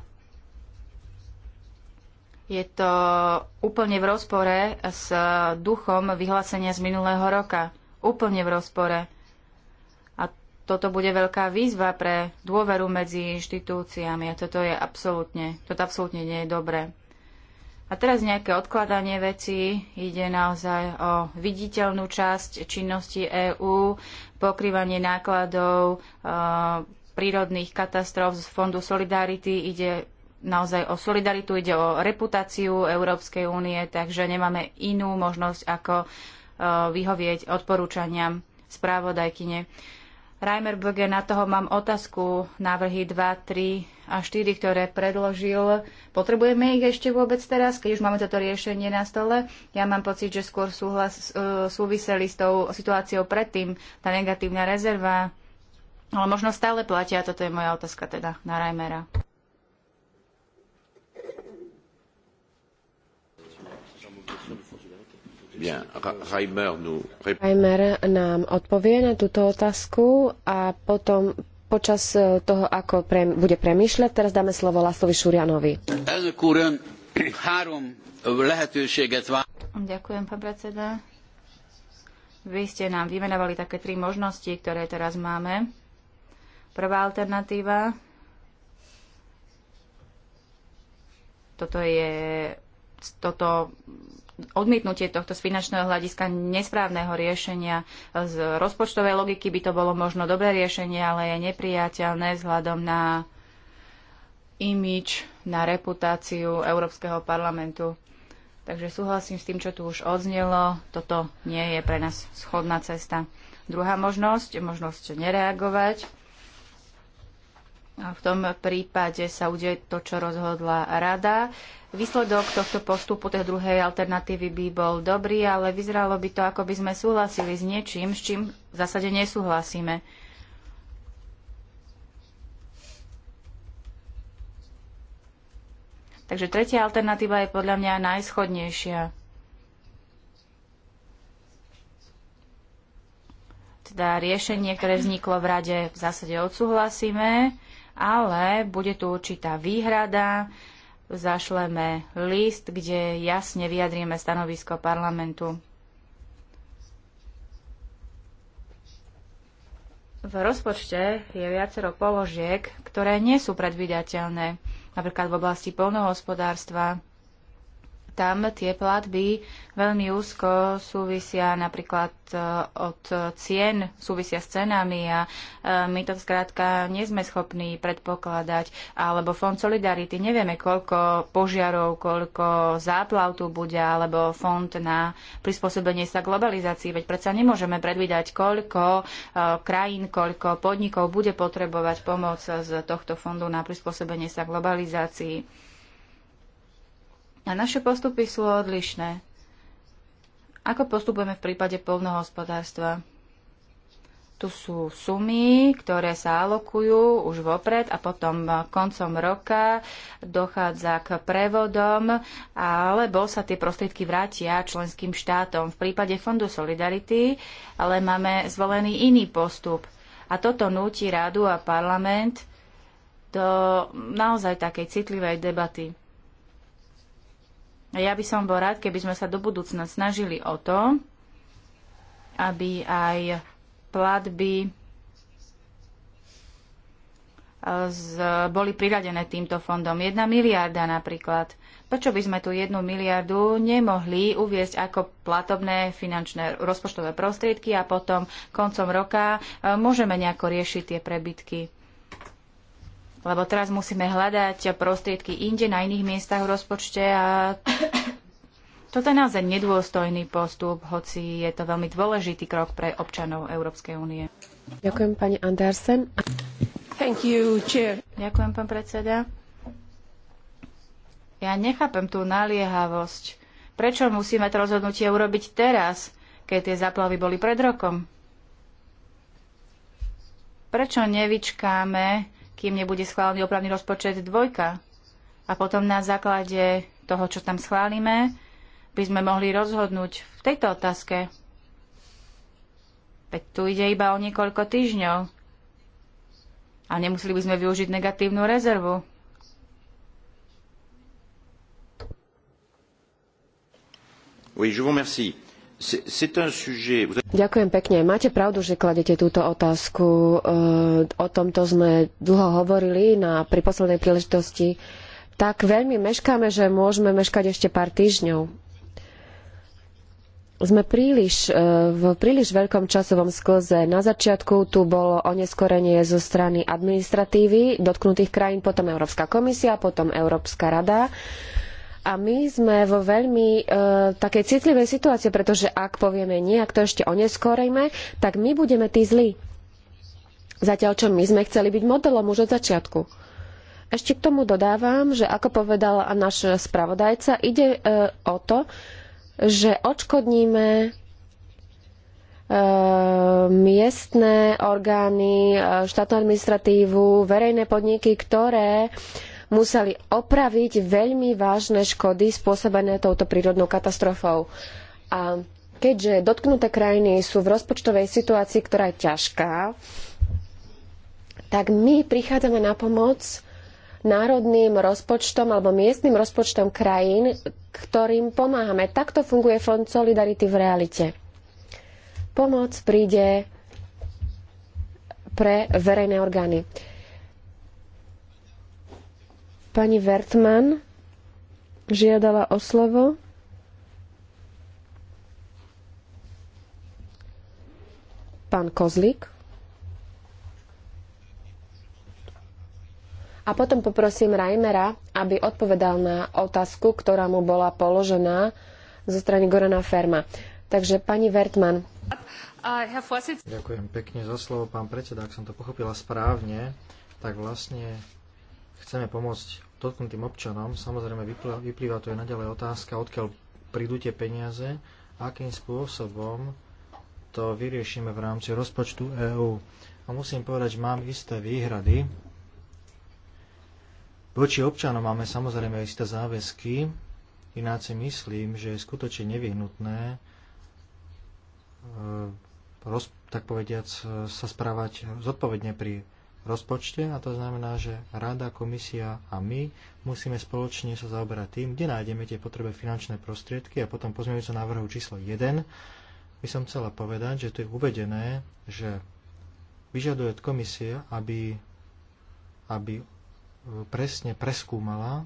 je to úplne v rozpore s duchom vyhlásenia z minulého roka. Úplne v rozpore. A toto bude veľká výzva pre dôveru medzi inštitúciami a toto je absolútne, toto absolútne nie je dobré. A teraz nejaké odkladanie veci. ide naozaj o viditeľnú časť činnosti EÚ, pokrývanie nákladov, e, prírodných katastrof z Fondu Solidarity ide naozaj o solidaritu, ide o reputáciu Európskej únie, takže nemáme inú možnosť, ako e, vyhovieť odporúčaniam správodajkyne. Reimer Böge, na toho mám otázku. Návrhy 2, 3 a 4, ktoré predložil. Potrebujeme ich ešte vôbec teraz, keď už máme toto riešenie na stole? Ja mám pocit, že skôr súhlas, e, súviseli s tou situáciou predtým, tá negatívna rezerva. Ale možno stále platia, toto je moja otázka teda na Reimera. Reimer, nám odpovie na túto otázku a potom počas e, toho, ako pre, bude premýšľať, teraz dáme slovo Laslovi Šurianovi. Ďakujem, pán predseda. Vy ste nám vymenovali také tri možnosti, ktoré teraz máme. Prvá alternatíva. Toto je toto odmietnutie tohto z finančného hľadiska nesprávneho riešenia. Z rozpočtovej logiky by to bolo možno dobré riešenie, ale je nepriateľné vzhľadom na imič, na reputáciu Európskeho parlamentu. Takže súhlasím s tým, čo tu už odznelo. Toto nie je pre nás schodná cesta. Druhá možnosť, možnosť nereagovať v tom prípade sa udeje to, čo rozhodla rada. Výsledok tohto postupu, tej druhej alternatívy by bol dobrý, ale vyzeralo by to, ako by sme súhlasili s niečím, s čím v zásade nesúhlasíme. Takže tretia alternatíva je podľa mňa najschodnejšia. Teda riešenie, ktoré vzniklo v rade, v zásade odsúhlasíme ale bude tu určitá výhrada, zašleme list, kde jasne vyjadríme stanovisko parlamentu. V rozpočte je viacero položiek, ktoré nie sú predvydateľné, napríklad v oblasti polnohospodárstva, tam tie platby veľmi úzko súvisia napríklad e, od cien, súvisia s cenami a e, my to zkrátka nie sme schopní predpokladať. Alebo Fond Solidarity, nevieme koľko požiarov, koľko záplav tu bude, alebo Fond na prispôsobenie sa globalizácii, veď predsa nemôžeme predvídať, koľko e, krajín, koľko podnikov bude potrebovať pomoc z tohto fondu na prispôsobenie sa globalizácii. A naše postupy sú odlišné. Ako postupujeme v prípade polnohospodárstva? Tu sú sumy, ktoré sa alokujú už vopred a potom koncom roka dochádza k prevodom, alebo sa tie prostriedky vrátia členským štátom. V prípade Fondu Solidarity ale máme zvolený iný postup. A toto núti rádu a parlament do naozaj takej citlivej debaty. Ja by som bol rád, keby sme sa do budúcna snažili o to, aby aj platby e, z, boli priradené týmto fondom. Jedna miliarda napríklad. Prečo by sme tú jednu miliardu nemohli uviezť ako platobné finančné rozpočtové prostriedky a potom koncom roka e, môžeme nejako riešiť tie prebytky? lebo teraz musíme hľadať prostriedky inde na iných miestach v rozpočte a toto je naozaj nedôstojný postup, hoci je to veľmi dôležitý krok pre občanov Európskej únie. Ďakujem pani Andersen. Thank you, chair. Ďakujem pán predseda. Ja nechápem tú naliehavosť. Prečo musíme to rozhodnutie urobiť teraz, keď tie zaplavy boli pred rokom? Prečo nevyčkáme kým nebude schválený opravný rozpočet dvojka. A potom na základe toho, čo tam schválime, by sme mohli rozhodnúť v tejto otázke. Veď tu ide iba o niekoľko týždňov. A nemuseli by sme využiť negatívnu rezervu. Oui, je vous remercie. Ďakujem pekne. Máte pravdu, že kladete túto otázku. Eh, o tomto sme dlho hovorili na, pri poslednej príležitosti. Tak veľmi meškáme, že môžeme meškať ešte pár týždňov. Sme príliš, eh, v príliš veľkom časovom sklze. Na začiatku tu bolo oneskorenie zo strany administratívy dotknutých krajín, potom Európska komisia, potom Európska rada. A my sme vo veľmi e, takej citlivej situácii, pretože ak povieme nie, ak to ešte oneskorejme, tak my budeme tí zlí. Zatiaľ, čo my sme chceli byť modelom už od začiatku. Ešte k tomu dodávam, že ako povedal náš spravodajca, ide e, o to, že odškodníme e, miestne orgány, e, štátnu administratívu, verejné podniky, ktoré museli opraviť veľmi vážne škody spôsobené touto prírodnou katastrofou. A keďže dotknuté krajiny sú v rozpočtovej situácii, ktorá je ťažká, tak my prichádzame na pomoc národným rozpočtom alebo miestnym rozpočtom krajín, ktorým pomáhame. Takto funguje Fond Solidarity v realite. Pomoc príde pre verejné orgány. Pani Vertman žiadala o slovo. Pán Kozlik. A potom poprosím Reimera, aby odpovedal na otázku, ktorá mu bola položená zo strany Gorana Ferma. Takže pani Vertman. Uh, Ďakujem pekne za slovo, pán predseda. Ak som to pochopila správne, tak vlastne chceme pomôcť dotknutým občanom, samozrejme vyplýva to je naďalej otázka, odkiaľ prídu tie peniaze, akým spôsobom to vyriešime v rámci rozpočtu EÚ. A musím povedať, že mám isté výhrady. Voči občanom máme samozrejme isté záväzky, ináč si myslím, že je skutočne nevyhnutné e, roz, tak povediac, e, sa správať zodpovedne pri rozpočte a to znamená, že Rada, Komisia a my musíme spoločne sa zaoberať tým, kde nájdeme tie potrebné finančné prostriedky a potom sa návrhu číslo 1 by som chcela povedať, že tu je uvedené, že vyžaduje od komisie, aby, aby e, presne preskúmala.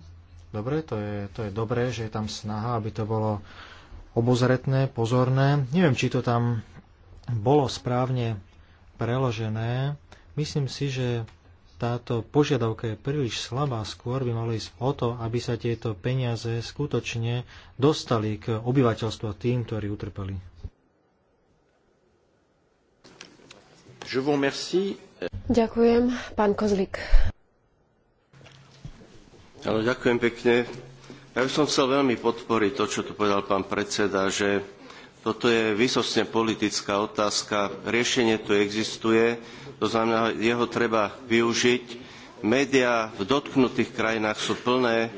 Dobre, to je, to je dobré, že je tam snaha, aby to bolo obozretné, pozorné. Neviem, či to tam bolo správne preložené, Myslím si, že táto požiadavka je príliš slabá, skôr by mali ísť o to, aby sa tieto peniaze skutočne dostali k obyvateľstvu a tým, ktorí utrpeli. Je vous remercie. Ďakujem. Pán Kozlik. ďakujem pekne. Ja by som chcel veľmi podporiť to, čo tu povedal pán predseda, že toto je vysostne politická otázka. Riešenie tu existuje, to znamená, jeho treba využiť. Média v dotknutých krajinách sú plné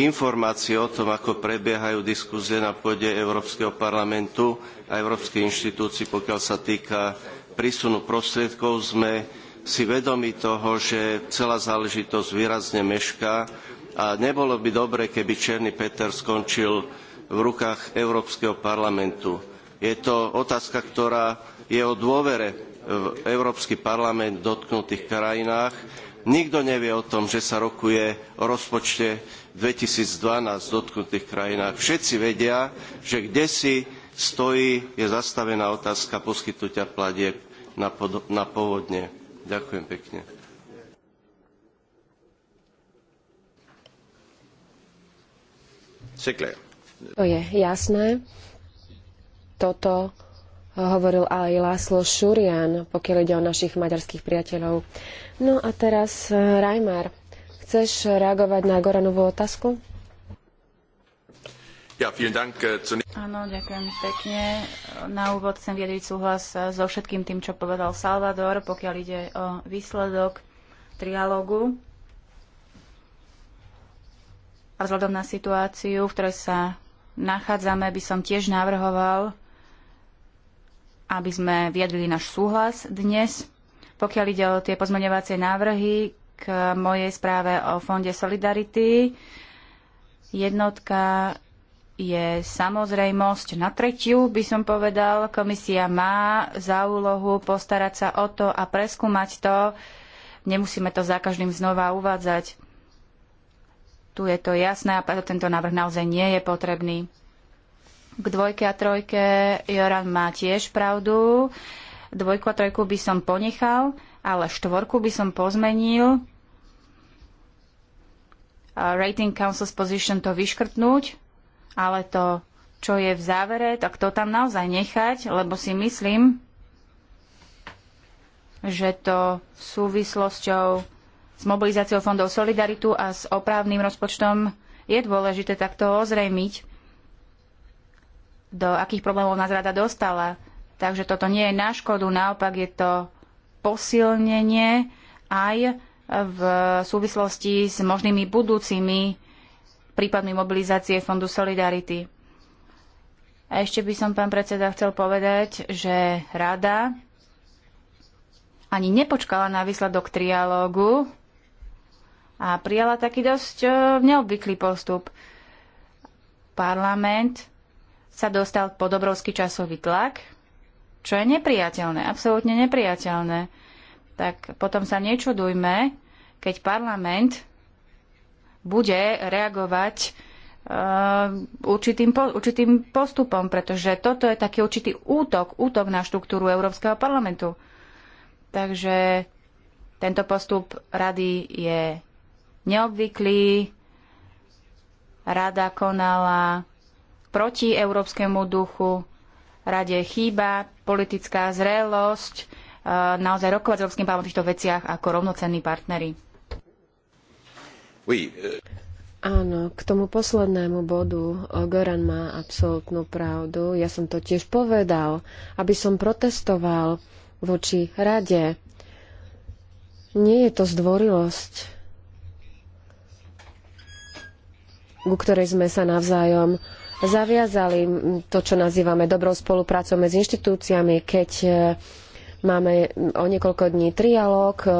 informácie o tom, ako prebiehajú diskusie na pôde Európskeho parlamentu a Európskej inštitúcii, pokiaľ sa týka prísunu prostriedkov. Sme si vedomi toho, že celá záležitosť výrazne mešká a nebolo by dobre, keby Černý Peter skončil v rukách Európskeho parlamentu. Je to otázka, ktorá je o dôvere v Európsky parlament v dotknutých krajinách. Nikto nevie o tom, že sa rokuje o rozpočte 2012 v dotknutých krajinách. Všetci vedia, že kde si stojí, je zastavená otázka poskytnutia platieb na, na povodne. Ďakujem pekne. Sinclair. To je jasné. Toto hovoril aj Láslo Šurian, pokiaľ ide o našich maďarských priateľov. No a teraz eh, Rajmar, chceš reagovať na Goranovú otázku? Ja, dank, co... Eh, Áno, ďakujem pekne. Na úvod chcem viedriť súhlas eh, so všetkým tým, čo povedal Salvador, pokiaľ ide o výsledok trialógu. A vzhľadom na situáciu, v ktorej sa nachádzame, by som tiež navrhoval, aby sme viedli náš súhlas dnes. Pokiaľ ide o tie pozmeňovacie návrhy k mojej správe o Fonde Solidarity, jednotka je samozrejmosť na tretiu, by som povedal. Komisia má za úlohu postarať sa o to a preskúmať to. Nemusíme to za každým znova uvádzať. Tu je to jasné a preto tento návrh naozaj nie je potrebný. K dvojke a trojke Joran má tiež pravdu. Dvojku a trojku by som ponechal, ale štvorku by som pozmenil. A rating Council's Position to vyškrtnúť, ale to, čo je v závere, tak to tam naozaj nechať, lebo si myslím, že to v súvislosťou s mobilizáciou fondov Solidaritu a s oprávnym rozpočtom je dôležité takto ozrejmiť, do akých problémov nás rada dostala. Takže toto nie je na škodu, naopak je to posilnenie aj v súvislosti s možnými budúcimi prípadmi mobilizácie Fondu Solidarity. A ešte by som, pán predseda, chcel povedať, že rada ani nepočkala na výsledok trialógu, a prijala taký dosť e, neobvyklý postup. Parlament sa dostal pod obrovský časový tlak, čo je nepriateľné, absolútne nepriateľné. Tak potom sa nečudujme, keď parlament bude reagovať Uh, určitým, po, určitým postupom, pretože toto je taký určitý útok, útok na štruktúru Európskeho parlamentu. Takže tento postup rady je neobvyklý. Rada konala proti európskemu duchu. Rade chýba politická zrelosť e, naozaj rokovať s Európskym parlamentom v týchto veciach ako rovnocenní partneri. Oui. E. Áno, k tomu poslednému bodu Goran má absolútnu pravdu. Ja som to tiež povedal, aby som protestoval voči rade. Nie je to zdvorilosť. ku ktorej sme sa navzájom zaviazali. To, čo nazývame dobrou spoluprácou medzi inštitúciami, keď e, Máme o niekoľko dní trialog, e,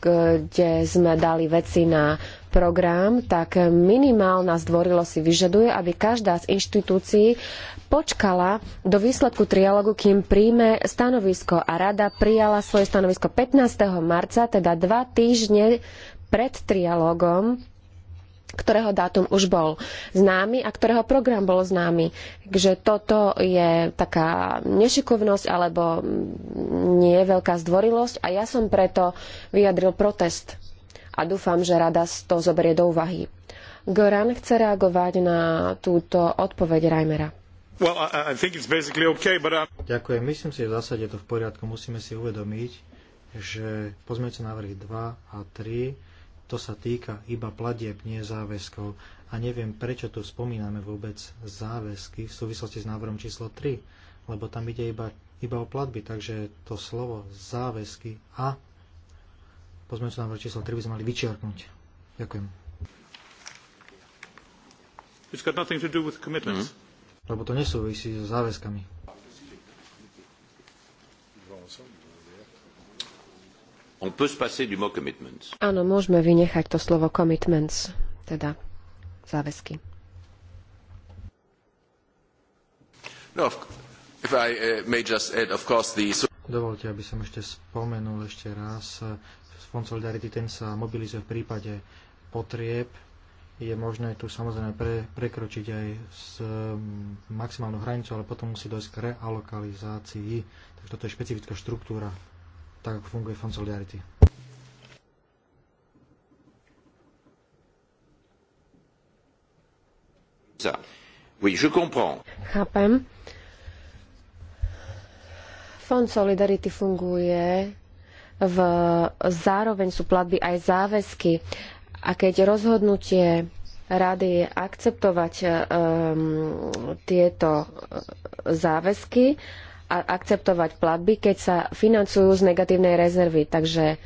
kde sme dali veci na program, tak minimálna zdvorilo si vyžaduje, aby každá z inštitúcií počkala do výsledku trialogu, kým príjme stanovisko. A rada prijala svoje stanovisko 15. marca, teda dva týždne pred trialógom ktorého dátum už bol známy a ktorého program bol známy. Takže toto je taká nešikovnosť alebo nie je veľká zdvorilosť a ja som preto vyjadril protest a dúfam, že rada to zoberie do úvahy. Goran chce reagovať na túto odpoveď Reimera. Well, okay, but... Uh, Ďakujem. Myslím si, že v zásade je to v poriadku. Musíme si uvedomiť, že pozmeňujúce návrhy 2 a 3 to sa týka iba platieb, nie záväzkov. A neviem, prečo tu spomíname vôbec záväzky v súvislosti s návrhom číslo 3, lebo tam ide iba, iba o platby, takže to slovo záväzky a pozmeňujúce návrh číslo 3 by sme mali vyčiarknúť. Ďakujem. It's got nothing to do with commitments. Mm-hmm. Lebo to nesúvisí so záväzkami. On peut se passer du mot commitments. Áno, môžeme vynechať to slovo commitments, teda záväzky. No, if I uh, may just add, of course, the... Dovolte, aby som ešte spomenul ešte raz. Eh, Fond Solidarity ten sa mobilizuje v prípade potrieb. Je možné tu samozrejme pre, prekročiť aj s um, mm, maximálnou hranicou, ale potom musí dojsť k realokalizácii. Takže toto je špecifická štruktúra tak ako funguje Fond Solidarity. Oui, je comprends. Chápem. Fond Solidarity funguje v, zároveň sú platby aj záväzky. A keď rozhodnutie rady je akceptovať um, tieto e, záväzky, uh, a akceptovať platby, keď sa financujú z negatívnej rezervy. Takže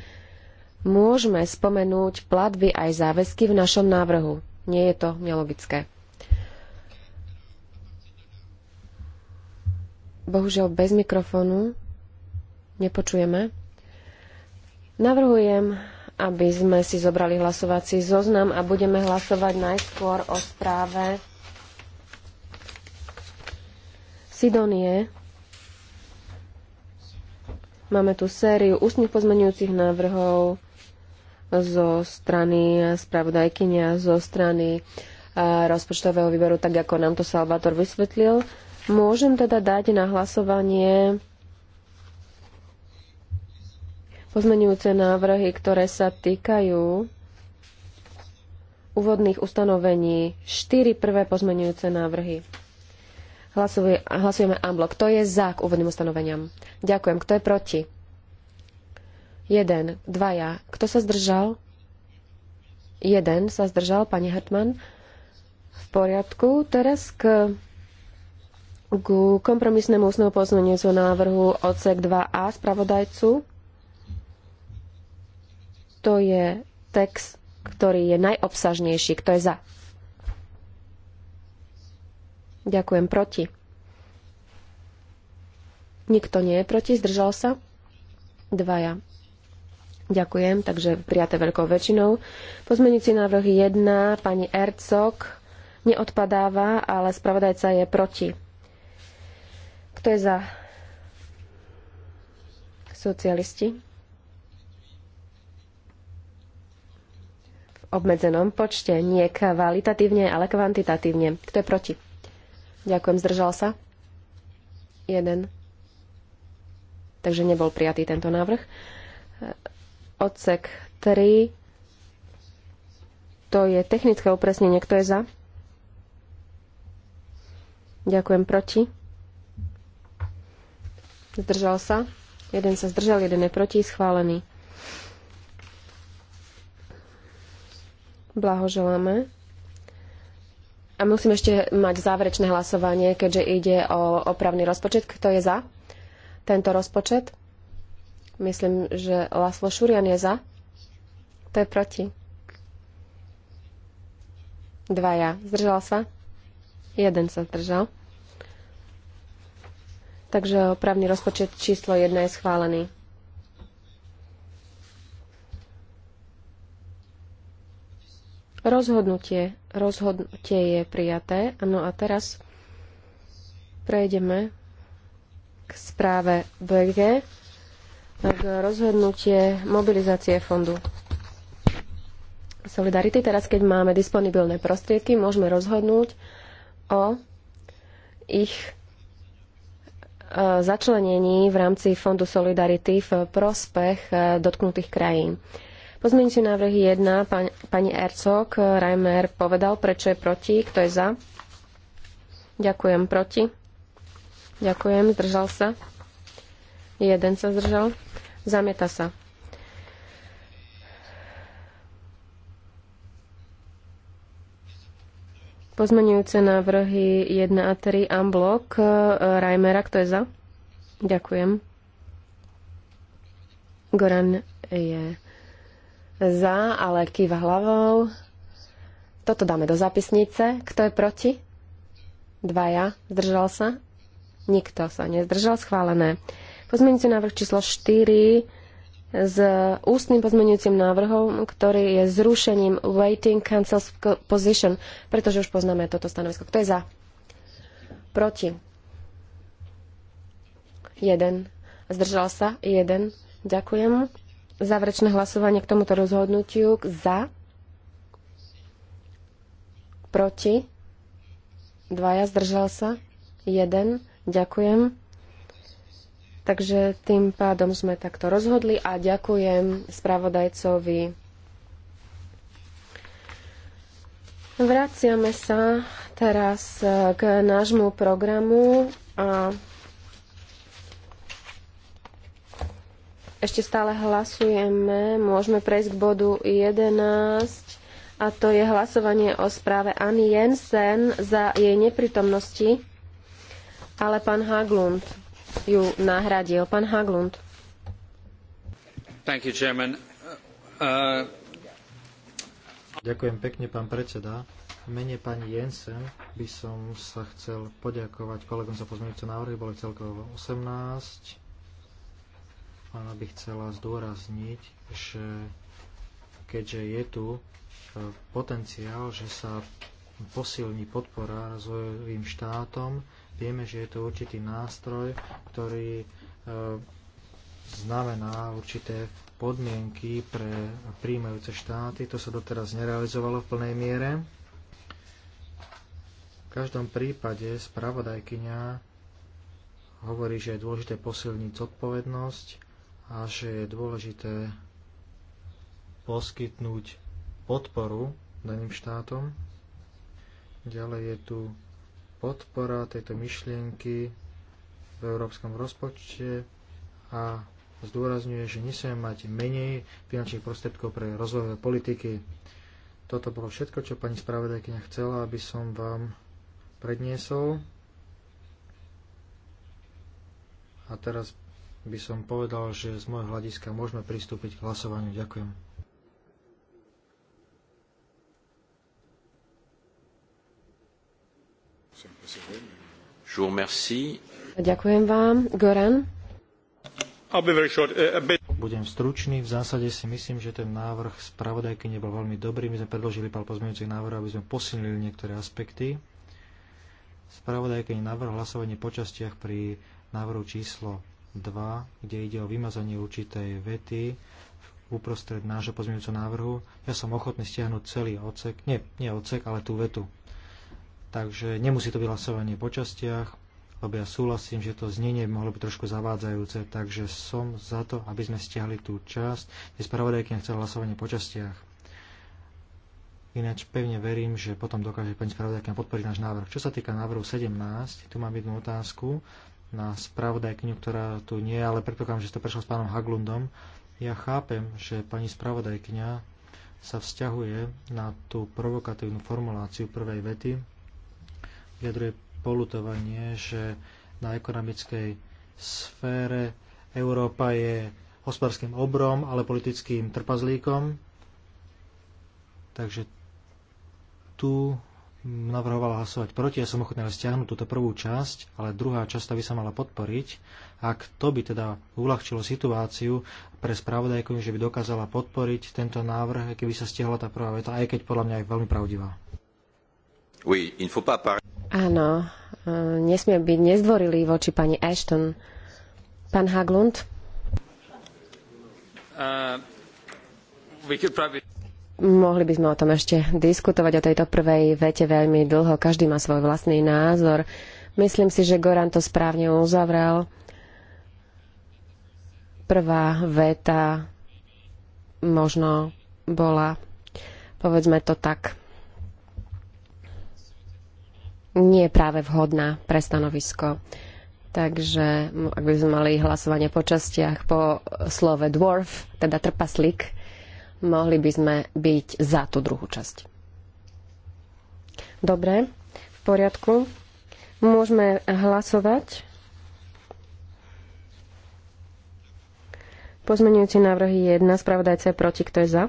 môžeme spomenúť platby aj záväzky v našom návrhu. Nie je to nelogické. Bohužiaľ bez mikrofónu nepočujeme. Navrhujem, aby sme si zobrali hlasovací zoznam a budeme hlasovať najskôr o správe Sidonie Máme tu sériu ústnych pozmenujúcich návrhov zo strany spravodajkynia, zo strany rozpočtového výboru, tak ako nám to Salvator vysvetlil. Môžem teda dať na hlasovanie pozmenujúce návrhy, ktoré sa týkajú úvodných ustanovení. Štyri prvé pozmenujúce návrhy. Hlasuje, hlasujeme unblock. Kto je za k úvodným ustanoveniam? Ďakujem. Kto je proti? Jeden. Dvaja. Kto sa zdržal? Jeden sa zdržal, pani Hartmann. V poriadku. Teraz k, k kompromisnému ústnemu pozmeniacu návrhu odsek 2a spravodajcu. To je text, ktorý je najobsažnejší. Kto je za? Ďakujem. Proti. Nikto nie je proti. Zdržal sa? Dvaja. Ďakujem, takže prijaté veľkou väčšinou. Pozmenujúci návrh 1, pani Ercok, neodpadáva, ale spravodajca je proti. Kto je za? Socialisti. V obmedzenom počte, nie kvalitatívne, ale kvantitatívne. Kto je proti? Ďakujem, zdržal sa. Jeden. Takže nebol prijatý tento návrh. Odsek 3. To je technické upresnenie. Kto je za? Ďakujem, proti. Zdržal sa. Jeden sa zdržal, jeden je proti, schválený. Blahoželáme. A musím ešte mať záverečné hlasovanie, keďže ide o opravný rozpočet. Kto je za tento rozpočet? Myslím, že Laslo Šurian je za. To je proti. Dva ja. Zdržal sa? Jeden sa zdržal. Takže opravný rozpočet číslo jedna je schválený. Rozhodnutie, rozhodnutie je prijaté. No a teraz prejdeme k správe BG, k rozhodnutie mobilizácie fondu Solidarity. Teraz, keď máme disponibilné prostriedky, môžeme rozhodnúť o ich e, začlenení v rámci Fondu Solidarity v prospech e, dotknutých krajín. Pozmeňujúci návrhy 1, Pán, pani Ercok, eh, Reimer povedal, prečo je proti, kto je za. Ďakujem, proti. Ďakujem, zdržal sa. Jeden sa zdržal. Zamieta sa. Pozmeňujúce návrhy 1 a 3 Amblok eh, Reimera, kto je za? Ďakujem. Goran je za, ale kýva hlavou. Toto dáme do zápisnice. Kto je proti? Dvaja. Zdržal sa? Nikto sa nezdržal. Schválené. Pozmeňujúci návrh číslo 4 s ústnym pozmeňujúcim návrhom, ktorý je zrušením waiting cancel position, pretože už poznáme toto stanovisko. Kto je za? Proti. Jeden. Zdržal sa? Jeden. Ďakujem záverečné hlasovanie k tomuto rozhodnutiu za, proti, dvaja, zdržal sa, jeden, ďakujem. Takže tým pádom sme takto rozhodli a ďakujem spravodajcovi. Vraciame sa teraz k nášmu programu a Ešte stále hlasujeme. Môžeme prejsť k bodu 11 a to je hlasovanie o správe Anny Jensen za jej neprítomnosti, ale pán Haglund ju nahradil. Pán Haglund. Thank you, Chairman. Uh... uh Ďakujem pekne, pán predseda. V mene pani Jensen by som sa chcel poďakovať kolegom za pozmeňujúce návrhy, boli celkovo 18 ona by chcela zdôrazniť, že keďže je tu e, potenciál, že sa posilní podpora rozvojovým štátom, vieme, že je to určitý nástroj, ktorý e, znamená určité podmienky pre príjmajúce štáty. To sa doteraz nerealizovalo v plnej miere. V každom prípade spravodajkyňa hovorí, že je dôležité posilniť zodpovednosť a že je dôležité poskytnúť podporu daným štátom. Ďalej je tu podpora tejto myšlienky v európskom rozpočte a zdôrazňuje, že nesmieme mať menej finančných prostriedkov pre rozvojové politiky. Toto bolo všetko, čo pani spravodajkyňa chcela, aby som vám predniesol. A teraz by som povedal, že z môjho hľadiska môžeme pristúpiť k hlasovaniu. Ďakujem. Ďakujem vám. Goran? Uh, Budem stručný. V zásade si myslím, že ten návrh spravodajky nebol veľmi dobrý. My sme predložili pár pozmeňujúcich návrhov, aby sme posilnili niektoré aspekty. Spravodajkyni návrh hlasovanie po častiach pri návrhu číslo 2, kde ide o vymazanie určitej vety uprostred nášho pozmeňujúceho návrhu. Ja som ochotný stiahnuť celý odsek, nie, nie odsek, ale tú vetu. Takže nemusí to byť hlasovanie po častiach, lebo ja súhlasím, že to znenie by mohlo byť trošku zavádzajúce, takže som za to, aby sme stiahli tú časť, kde spravodajkňa chcela hlasovanie po častiach. Ináč pevne verím, že potom dokáže pani spravodajka podporiť náš návrh. Čo sa týka návrhu 17, tu mám jednu otázku na spravodajkyňu, ktorá tu nie je, ale predpokladám, že to prešlo s pánom Haglundom. Ja chápem, že pani spravodajkyňa sa vzťahuje na tú provokatívnu formuláciu prvej vety, vyjadruje polutovanie, že na ekonomickej sfére Európa je hospodárským obrom, ale politickým trpazlíkom. Takže tu navrhovala hlasovať proti, ja som ochotná stiahnuť túto prvú časť, ale druhá časť by sa mala podporiť. Ak to by teda uľahčilo situáciu pre spravodajku, že by dokázala podporiť tento návrh, keby sa stiahla tá prvá veta, aj keď podľa mňa je veľmi pravdivá. Oui, il faut pas par... Áno, e, nesmie byť nezdvorilý voči pani Ashton. Pán Haglund? Uh, we could probably... Mohli by sme o tom ešte diskutovať, o tejto prvej vete veľmi dlho. Každý má svoj vlastný názor. Myslím si, že Goran to správne uzavrel. Prvá veta možno bola, povedzme to tak, nie práve vhodná pre stanovisko. Takže ak by sme mali hlasovanie po častiach po slove dwarf, teda trpaslík, mohli by sme byť za tú druhú časť. Dobre, v poriadku. Môžeme hlasovať. Pozmenujúci je 1, spravodajca je proti, kto je za?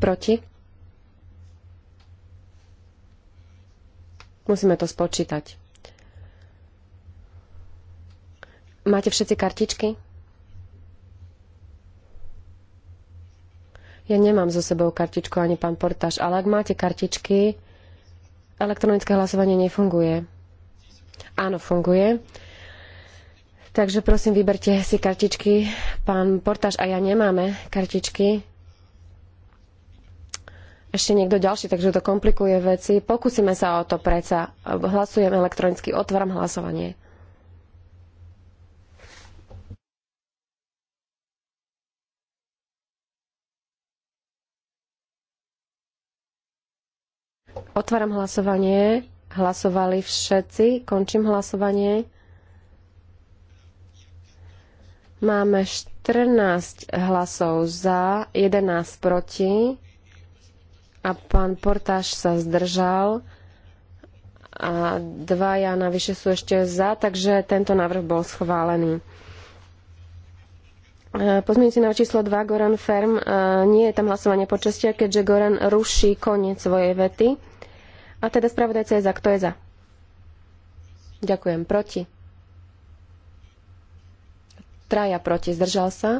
Proti? Musíme to spočítať. Máte všetci kartičky? Ja nemám so sebou kartičku ani pán Portáž, ale ak máte kartičky, elektronické hlasovanie nefunguje. Áno, funguje. Takže prosím, vyberte si kartičky. Pán Portáž a ja nemáme kartičky. Ešte niekto ďalší, takže to komplikuje veci. Pokúsime sa o to preca. Hlasujem elektronicky, otváram hlasovanie. Otváram hlasovanie. Hlasovali všetci. Končím hlasovanie. Máme 14 hlasov za, 11 proti a pán Portáš sa zdržal a dvaja navyše sú ešte za, takže tento návrh bol schválený. E, pozmienujúci na číslo 2, Goran Ferm. E, nie je tam hlasovanie po keďže Goran ruší koniec svojej vety. A teda spravodajca je za. Kto je za? Ďakujem. Proti? Traja proti. Zdržal sa?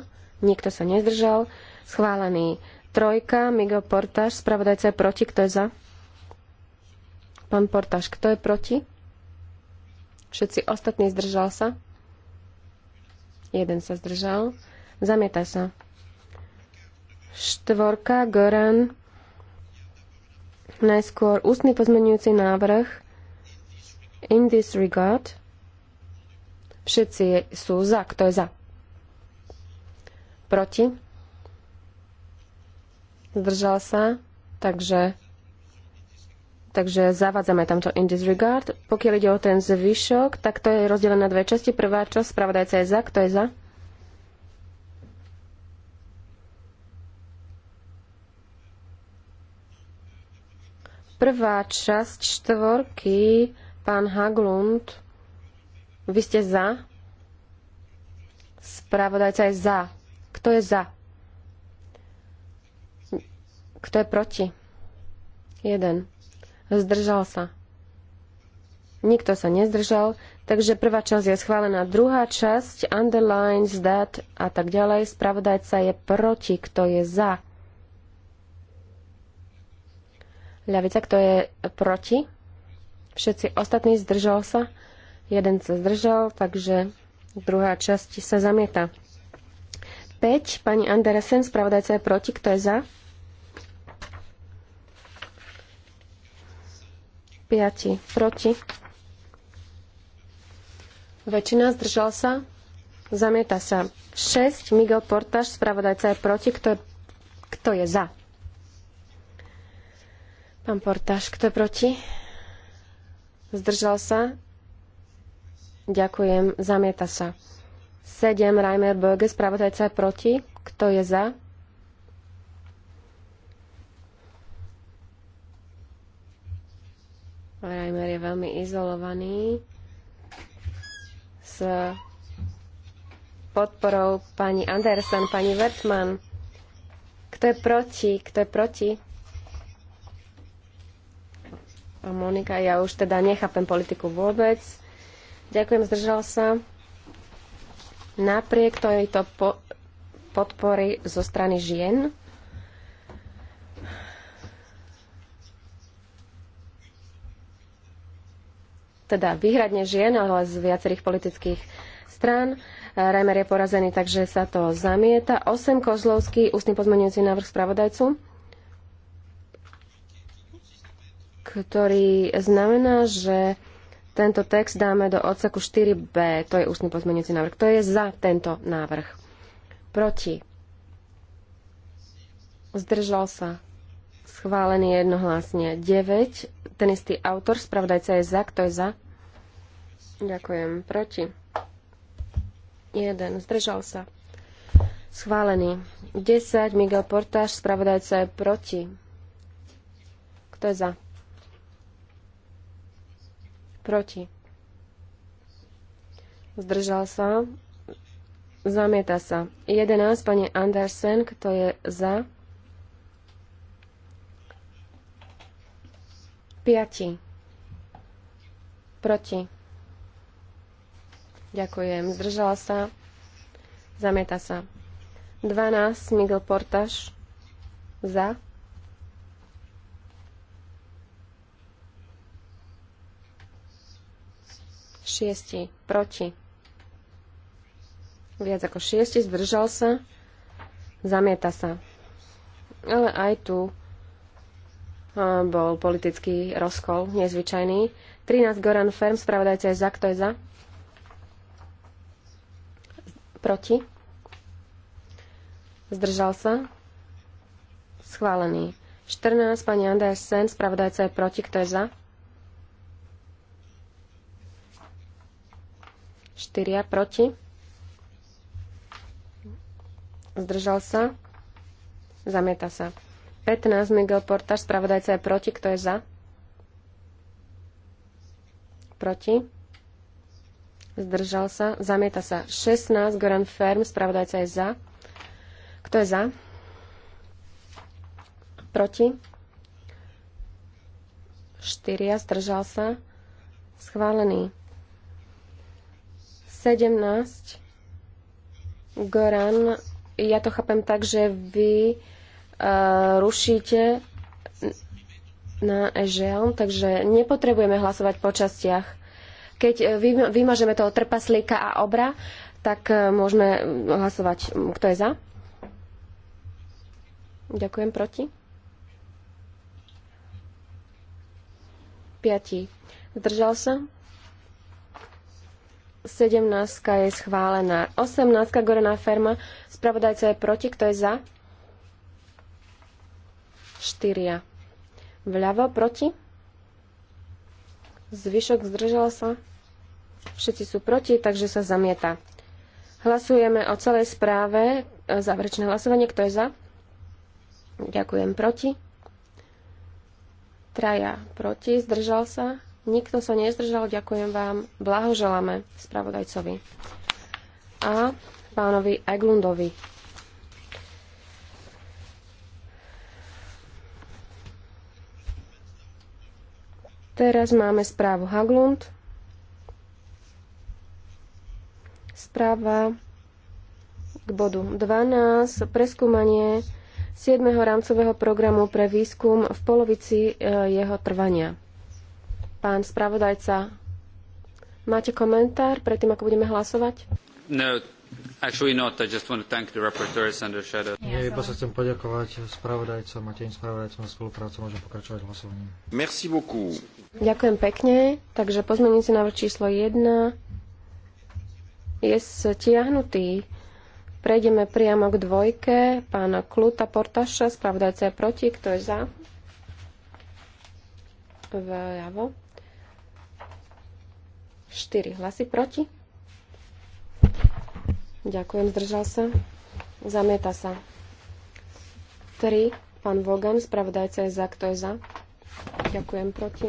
Nikto sa nezdržal. Schválený. Trojka, Miguel Portáš, spravodajca je proti. Kto je za? Pán Portáš, kto je proti? Všetci ostatní zdržal sa? Jeden sa zdržal. Zamieta sa. Štvorka, Goran, Najskôr ústny pozmenujúci návrh in this regard. Všetci sú za. Kto je za? Proti? Zdržal sa? Takže, takže zavádzame tamto in this regard. Pokiaľ ide o ten zvyšok, tak to je rozdelené na dve časti. Prvá časť, spravodajca je za. Kto je za? Prvá časť štvorky, pán Haglund, vy ste za? Spravodajca je za. Kto je za? Kto je proti? Jeden. Zdržal sa. Nikto sa nezdržal, takže prvá časť je schválená. Druhá časť, underlines, that a tak ďalej. Spravodajca je proti. Kto je za? Ľavica, kto je proti? Všetci ostatní zdržal sa. Jeden sa zdržal, takže druhá časť sa zamieta. 5. Pani Andersen, spravodajca je proti. Kto je za? 5. Proti. Väčšina zdržal sa. Zamieta sa. 6. Miguel Portáš, spravodajca je proti. Kto kto je za? Pán Portáš, kto je proti? Zdržal sa? Ďakujem. Zamieta sa. 7. Reimer Böge, spravodajca je proti. Kto je za? Reimer je veľmi izolovaný s podporou pani Andersen, pani Wertmann. Kto je proti? Kto je proti? Monika, ja už teda nechápem politiku vôbec. Ďakujem, zdržal sa. Napriek tejto po- podpory zo strany žien, teda výhradne žien, ale z viacerých politických strán. Remer je porazený, takže sa to zamieta. 8. Kozlovský, ústny pozmenujúci návrh spravodajcu. ktorý znamená, že tento text dáme do odseku 4b, to je ústny pozmeňujúci návrh. Kto je za tento návrh? Proti? Zdržal sa? Schválený jednohlasne. 9. Ten istý autor, spravodajca je za. Kto je za? Ďakujem. Proti? 1. Zdržal sa? Schválený. 10. Miguel Portáš, spravodajca je proti. Kto je za? Proti. Zdržal sa. Zamieta sa. 11. Pani Andersen, kto je za? 5. Proti. Ďakujem. Zdržal sa. Zamieta sa. 12. Miguel Portaž. Za. šiesti proti. Viac ako šiesti zdržal sa. Zamieta sa. Ale aj tu bol politický rozkol, nezvyčajný. 13 Goran Ferm, spravodajca je za, kto je za? Proti? Zdržal sa? Schválený. 14 pani Andersen, spravodajca je proti, kto je za? 4 proti. Zdržal sa. Zamieta sa. 15 Miguel Portáš, spravodajca je proti. Kto je za? Proti. Zdržal sa. Zamieta sa. 16 Goran Ferm, spravodajca je za. Kto je za? Proti. 4. Zdržal sa. Schválený. 17. Goran, ja to chápem tak, že vy uh, rušíte na Ežel. takže nepotrebujeme hlasovať po častiach. Keď e, vymažeme toho trpaslíka a obra, tak e, môžeme mm, hlasovať. Mm, kto je za? Ďakujem. Proti? Piatí. Zdržal sa? 17 je schválená. 18 Gorená ferma. Spravodajca je proti. Kto je za? 4. Vľavo proti. Zvyšok zdržala sa. Všetci sú proti, takže sa zamieta. Hlasujeme o celej správe. E, záverečné hlasovanie. Kto je za? Ďakujem proti. Traja proti. Zdržal sa. Nikto sa nezdržal, ďakujem vám. Blahoželáme spravodajcovi a pánovi Eglundovi. Teraz máme správu Haglund. Správa k bodu 12. Preskúmanie 7. rámcového programu pre výskum v polovici eh, jeho trvania. Pán spravodajca, máte komentár predtým, ako budeme hlasovať? No, actually not. I just want to thank the rapporteurs and the shadow. Ja iba sa chcem poďakovať spravodajcom a tým spravodajcom za spoluprácu. Môžem pokračovať hlasovaním. Merci beaucoup. Ďakujem pekne. Takže pozmeníci návrh číslo 1 je stiahnutý. Prejdeme priamo k dvojke pána Kluta Portaša, spravodajca je proti, kto je za? Vľavo. 4 hlasy proti. Ďakujem, zdržal sa. Zamieta sa. 3. Pán Vogan, spravodajca je za, kto je za. Ďakujem, proti.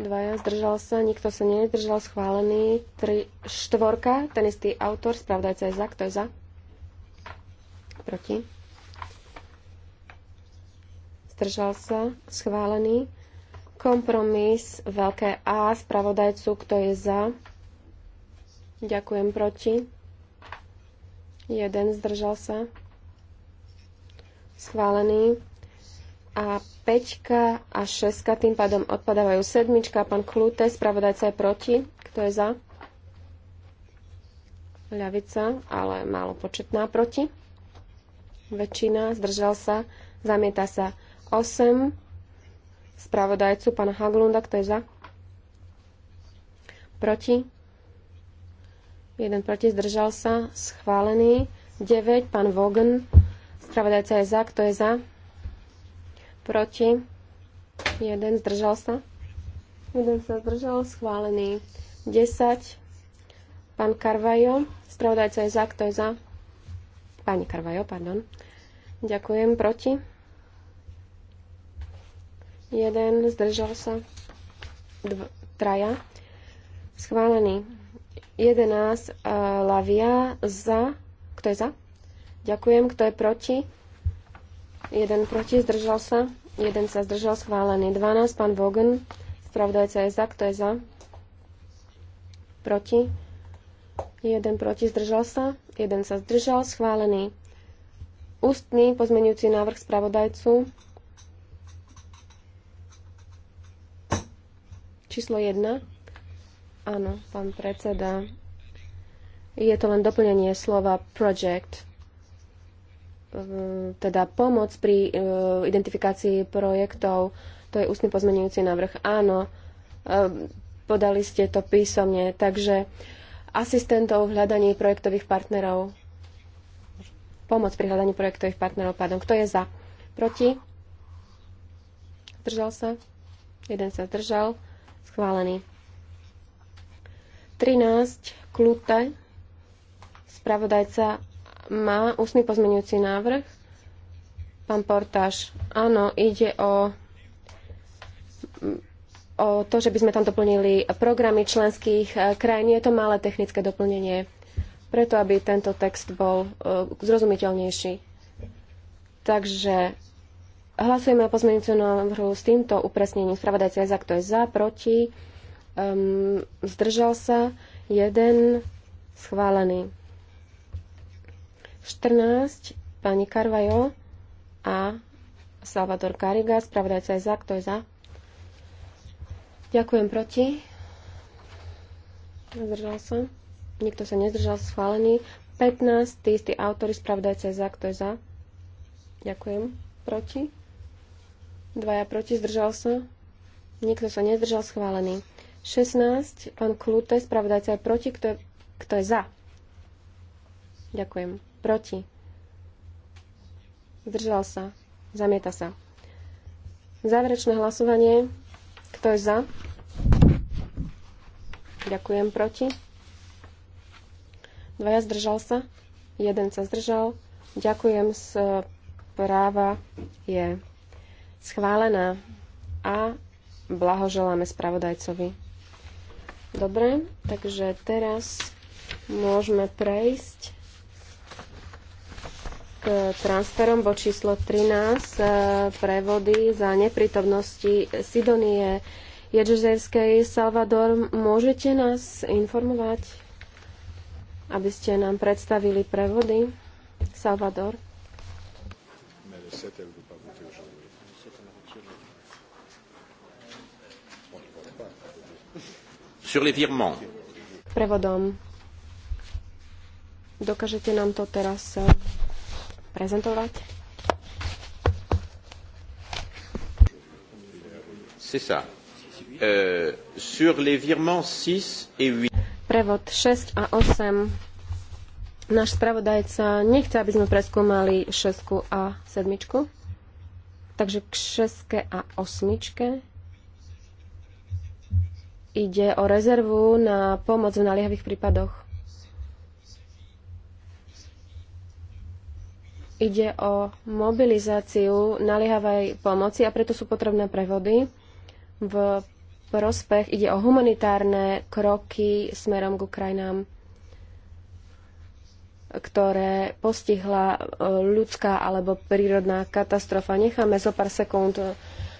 2. zdržal sa, nikto sa nezdržal, schválený. 3. štvorka, ten istý autor, spravodajca je za, kto je za? Proti. Zdržal sa, schválený. Kompromis veľké A spravodajcu, kto je za. Ďakujem proti. Jeden zdržal sa. Schválený. A 5 a 6 tým pádom odpadávajú. Sedmička, pán Klute, spravodajca je proti. Kto je za? Ľavica, ale málo početná proti. Väčšina, zdržal sa, zamieta sa 8 spravodajcu pana Haglunda, kto je za? Proti? Jeden proti, zdržal sa, schválený. 9, pán Vogen, spravodajca je za, kto je za? Proti? Jeden, zdržal sa. Jeden sa zdržal, schválený. 10, pán Karvajo, spravodajca je za, kto je za? Pani Karvajo, pardon. Ďakujem, proti? Jeden, zdržal sa. Dva, traja. Schválený. 11, uh, eh, Lavia, za. Kto je za? Ďakujem. Kto je proti? Jeden proti, zdržal sa. Jeden sa zdržal, schválený. 12, pán Vogen. Spravodajca je za. Kto je za? Proti. Jeden proti, zdržal sa. Jeden sa zdržal, schválený. Ústny pozmenujúci návrh spravodajcu. Číslo 1. Áno, pán predseda. Je to len doplnenie slova project, ehm, teda pomoc pri ehm, identifikácii projektov. To je ústny pozmenujúci návrh. Áno, ehm, podali ste to písomne. Takže asistentov v hľadaní projektových partnerov. Pomoc pri hľadaní projektových partnerov, pardon. Kto je za? Proti? Zdržal sa? Jeden sa zdržal. Schválený. 13. Klute. Spravodajca má ústny pozmenujúci návrh. Pán Portáš, áno, ide o, o to, že by sme tam doplnili programy členských eh, krajín. Je to malé technické doplnenie, preto aby tento text bol uh, zrozumiteľnejší. Takže Hlasujeme o pozmeňujúcom návrhu s týmto upresnením. Spravodajca je za, kto je za, proti. Um, zdržal sa. Jeden schválený. 14. Pani Carvajo a Salvador Cariga. Spravodajca je za, kto je za. Ďakujem proti. Zdržal sa. Nikto sa nezdržal, schválený. 15. Tí istí autory, spravodajca je za, kto je za. Ďakujem. Proti. Dvaja proti, zdržal sa. Nikto sa nezdržal, schválený. 16, pán Klute, spravodajca je proti, kto je, kto je za? Ďakujem. Proti. Zdržal sa. Zamieta sa. Záverečné hlasovanie. Kto je za? Ďakujem. Proti. Dvaja zdržal sa. Jeden sa zdržal. Ďakujem. Správa je Schválená. A blahoželáme spravodajcovi. Dobre, takže teraz môžeme prejsť k transferom bo číslo 13, e, prevody za neprítomnosti Sidonie Jedžezerskej. Salvador, môžete nás informovať, aby ste nám predstavili prevody? Salvador. Mene Sur les virements. prevodom. Dokážete nám to teraz eh, prezentovať? C'est ça. Euh, sur les virements 6 et 8. Prevod 6 a 8. Náš spravodajca nechce, aby sme preskúmali 6 a 7. Takže k 6 a 8 ide o rezervu na pomoc v naliehavých prípadoch. Ide o mobilizáciu naliehavej pomoci a preto sú potrebné prevody. V prospech ide o humanitárne kroky smerom k krajinám, ktoré postihla e, ľudská alebo prírodná katastrofa. Necháme zo pár sekúnd e,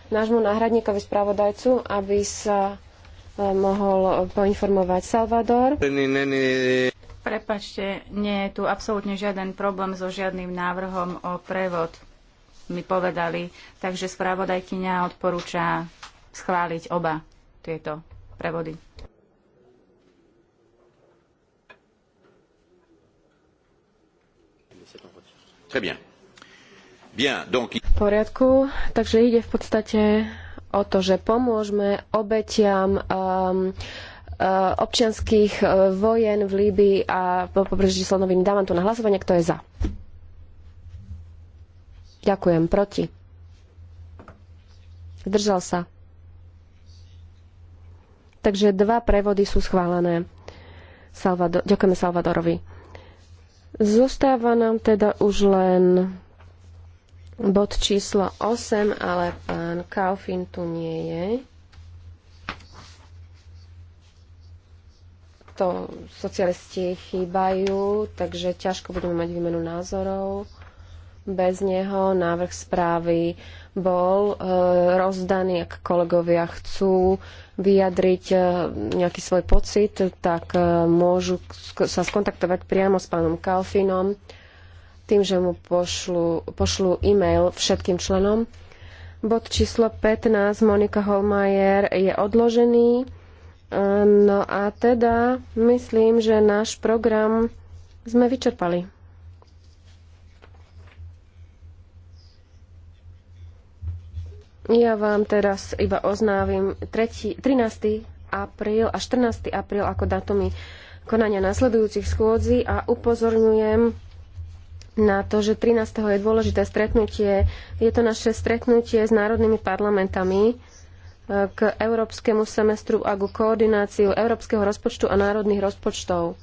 nášmu náhradníkovi spravodajcu, aby sa mohol poinformovať Salvador. Prepačte, nie je tu absolútne žiaden problém so žiadnym návrhom o prevod, mi povedali. Takže správodajkyňa odporúča schváliť oba tieto prevody. Très bien. Bien, donc... V poriadku, takže ide v podstate o to, že pomôžme obetiam um, uh, občianských uh, vojen v Líbii a pobreží slonoviny. Dávam tu na hlasovanie, kto je za. Ďakujem. Proti. Zdržal sa. Takže dva prevody sú schválené. Salvador, ďakujeme Salvadorovi. Zostáva nám teda už len bod číslo 8, ale pán Kaufin tu nie je. To socialisti chýbajú, takže ťažko budeme mať výmenu názorov. Bez neho návrh správy bol e, rozdaný, ak kolegovia chcú vyjadriť e, nejaký svoj pocit, tak e, môžu sk- sa skontaktovať priamo s pánom Kalfinom. E, tým, že mu pošlu, pošlu e-mail všetkým členom. Bod číslo 15 Monika Holmajer je odložený. Ehm, no a teda myslím, že náš program sme vyčerpali. Ja vám teraz iba oznávim 3, 13. apríl a 14. apríl ako datumy konania nasledujúcich schôdzi a upozorňujem na to, že 13. je dôležité stretnutie. Je to naše stretnutie s národnými parlamentami e, k európskemu semestru a ku koordináciu európskeho rozpočtu a národných rozpočtov.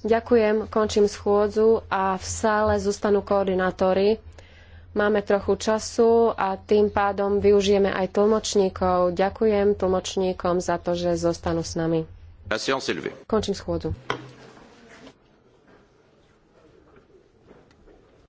Ďakujem, končím schôdzu a v sále zostanú koordinátori. Máme trochu času a tým pádom využijeme aj tlmočníkov. Ďakujem tlmočníkom za to, že zostanú s nami. Končím schôdzu.